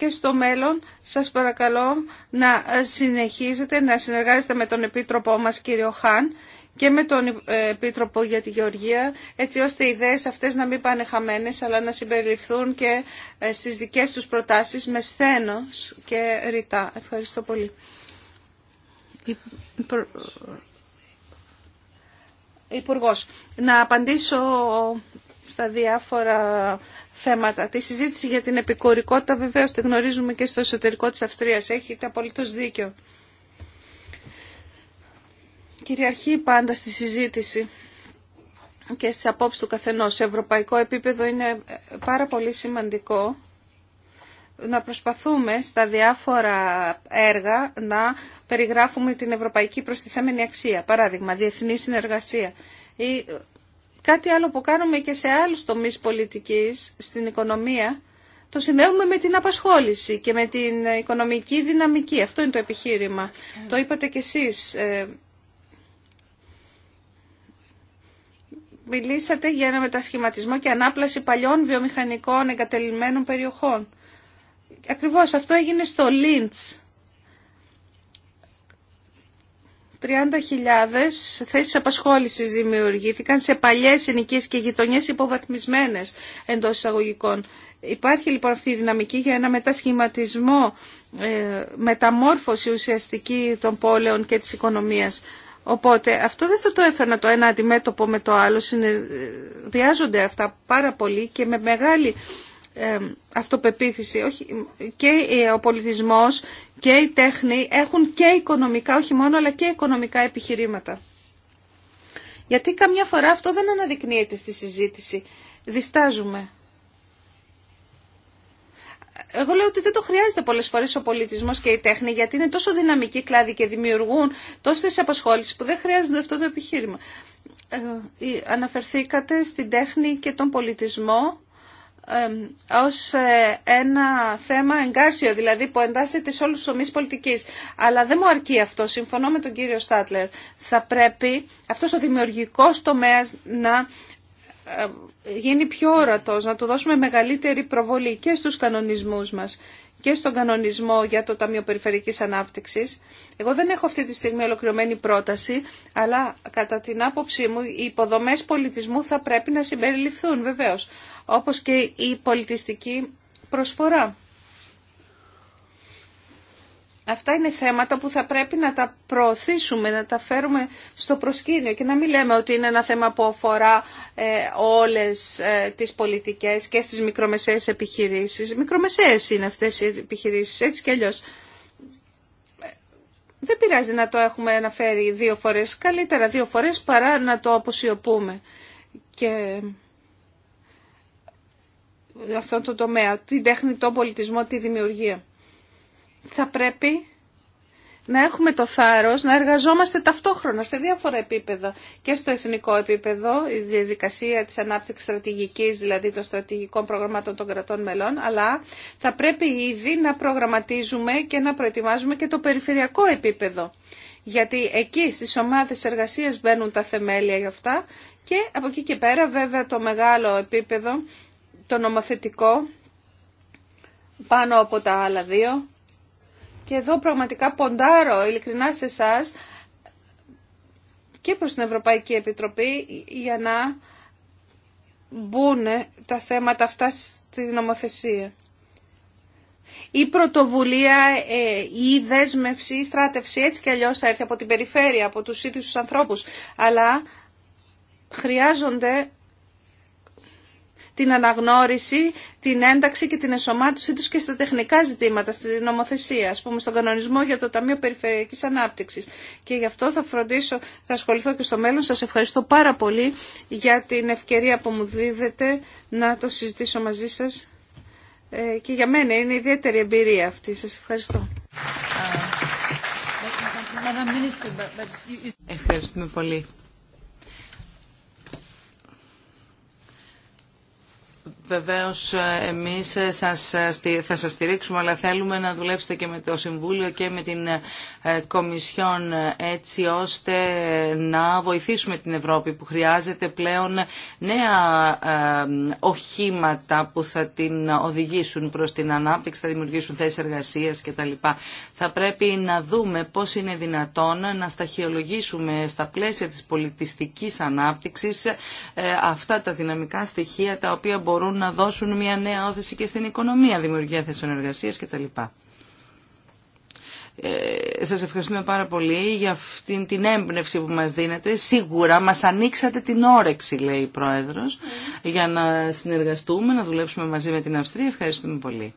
και στο μέλλον σας παρακαλώ να ε, συνεχίζετε να συνεργάζεστε με τον Επίτροπό μας κύριο Χάν και με τον ε, Επίτροπο για τη Γεωργία, έτσι ώστε οι ιδέες αυτές να μην πάνε χαμένες, αλλά να συμπεριληφθούν και ε, στις δικές τους προτάσεις με σθένος και ρητά. Ευχαριστώ πολύ. Υπουργός, να απαντήσω στα διάφορα θέματα. Τη συζήτηση για την επικουρικότητα βεβαίω τη γνωρίζουμε και στο εσωτερικό της Αυστρίας. Έχετε απολύτω δίκιο. Κυριαρχεί πάντα στη συζήτηση και στις απόψεις του καθενός. Σε ευρωπαϊκό επίπεδο είναι πάρα πολύ σημαντικό να προσπαθούμε στα διάφορα έργα να περιγράφουμε την ευρωπαϊκή προστιθέμενη αξία. Παράδειγμα, διεθνή συνεργασία ή Κάτι άλλο που κάνουμε και σε άλλους τομείς πολιτικής στην οικονομία, το συνδέουμε με την απασχόληση και με την οικονομική δυναμική. Αυτό είναι το επιχείρημα. Το είπατε κι εσείς. Ε, μιλήσατε για ένα μετασχηματισμό και ανάπλαση παλιών βιομηχανικών εγκατελειμμένων περιοχών. Ακριβώς αυτό έγινε στο Λίντς 30.000 θέσεις απασχόλησης δημιουργήθηκαν σε παλιές ενοικίες και γειτονιές υποβαθμισμένες εντός εισαγωγικών. Υπάρχει λοιπόν αυτή η δυναμική για ένα μετασχηματισμό, ε, μεταμόρφωση ουσιαστική των πόλεων και της οικονομίας. Οπότε αυτό δεν θα το έφερνα το ένα αντιμέτωπο με το άλλο. Συνδυάζονται αυτά πάρα πολύ και με μεγάλη αυτοπεποίθηση όχι, και ε, ο πολιτισμός και η τέχνη έχουν και οικονομικά, όχι μόνο, αλλά και οικονομικά επιχειρήματα. Γιατί καμιά φορά αυτό δεν αναδεικνύεται στη συζήτηση. Διστάζουμε. Εγώ λέω ότι δεν το χρειάζεται πολλές φορές ο πολιτισμός και η τέχνη γιατί είναι τόσο δυναμικοί κλάδοι και δημιουργούν τόσες απασχόλησεις που δεν χρειάζεται αυτό το επιχείρημα. Ε, αναφερθήκατε στην τέχνη και τον πολιτισμό ως ε, ένα θέμα εγκάρσιο, δηλαδή που εντάσσεται σε όλους τους τομείς πολιτικής. Αλλά δεν μου αρκεί αυτό, συμφωνώ με τον κύριο Στάτλερ. Θα πρέπει αυτός ο δημιουργικός τομέας να γίνει πιο ορατός, να του δώσουμε μεγαλύτερη προβολή και στους κανονισμούς μας και στον κανονισμό για το Ταμείο Περιφερικής Ανάπτυξης. Εγώ δεν έχω αυτή τη στιγμή ολοκληρωμένη πρόταση, αλλά κατά την άποψή μου οι υποδομές πολιτισμού θα πρέπει να συμπεριληφθούν βεβαίως όπως και η πολιτιστική προσφορά. Αυτά είναι θέματα που θα πρέπει να τα προωθήσουμε, να τα φέρουμε στο προσκήνιο και να μην λέμε ότι είναι ένα θέμα που αφορά ε, όλες ε, τις πολιτικές και στις μικρομεσαίες επιχειρήσεις. Μικρομεσαίες είναι αυτές οι επιχειρήσεις, έτσι κι αλλιώς. Ε, δεν πειράζει να το έχουμε αναφέρει δύο φορές. Καλύτερα δύο φορές παρά να το αποσιωπούμε. Και αυτόν τον τομέα, την τέχνη, τον πολιτισμό, τη δημιουργία. Θα πρέπει να έχουμε το θάρρος να εργαζόμαστε ταυτόχρονα σε διάφορα επίπεδα και στο εθνικό επίπεδο, η διαδικασία της ανάπτυξης στρατηγικής, δηλαδή των στρατηγικών προγραμμάτων των κρατών μελών, αλλά θα πρέπει ήδη να προγραμματίζουμε και να προετοιμάζουμε και το περιφερειακό επίπεδο. Γιατί εκεί στις ομάδες εργασίας μπαίνουν τα θεμέλια για αυτά και από εκεί και πέρα βέβαια το μεγάλο επίπεδο το νομοθετικό πάνω από τα άλλα δύο. Και εδώ πραγματικά ποντάρω ειλικρινά σε εσά και προς την Ευρωπαϊκή Επιτροπή για να μπουν τα θέματα αυτά στη νομοθεσία. Η πρωτοβουλία, ε, η δέσμευση, η στράτευση έτσι κι αλλιώς θα έρθει από την περιφέρεια, από τους ίδιους τους ανθρώπους. Αλλά χρειάζονται την αναγνώριση, την ένταξη και την ενσωμάτωσή τους και στα τεχνικά ζητήματα, στη νομοθεσία, ας πούμε, στον κανονισμό για το Ταμείο Περιφερειακής Ανάπτυξης. Και γι' αυτό θα φροντίσω, θα ασχοληθώ και στο μέλλον. Σας ευχαριστώ πάρα πολύ για την ευκαιρία που μου δίδετε να το συζητήσω μαζί σας. Ε, και για μένα είναι ιδιαίτερη εμπειρία αυτή. Σας ευχαριστώ. Ε, Ευχαριστούμε πολύ. Βεβαίως εμείς σας, θα σας στηρίξουμε, αλλά θέλουμε να δουλέψετε και με το Συμβούλιο και με την ε, Κομισιόν έτσι ώστε να βοηθήσουμε την Ευρώπη που χρειάζεται πλέον νέα ε, οχήματα που θα την οδηγήσουν προς την ανάπτυξη, θα δημιουργήσουν θέσεις εργασίας κτλ. Θα πρέπει να δούμε πώς είναι δυνατόν να σταχυολογήσουμε στα πλαίσια της πολιτιστικής ανάπτυξης ε, αυτά τα δυναμικά στοιχεία τα οποία μπορούν να δώσουν μια νέα όθηση και στην οικονομία, δημιουργία θέσεων εργασία κτλ. Ε, σας ευχαριστούμε πάρα πολύ για αυτήν την έμπνευση που μας δίνετε. Σίγουρα μας ανοίξατε την όρεξη, λέει η Πρόεδρος, για να συνεργαστούμε, να δουλέψουμε μαζί με την Αυστρία. Ευχαριστούμε πολύ.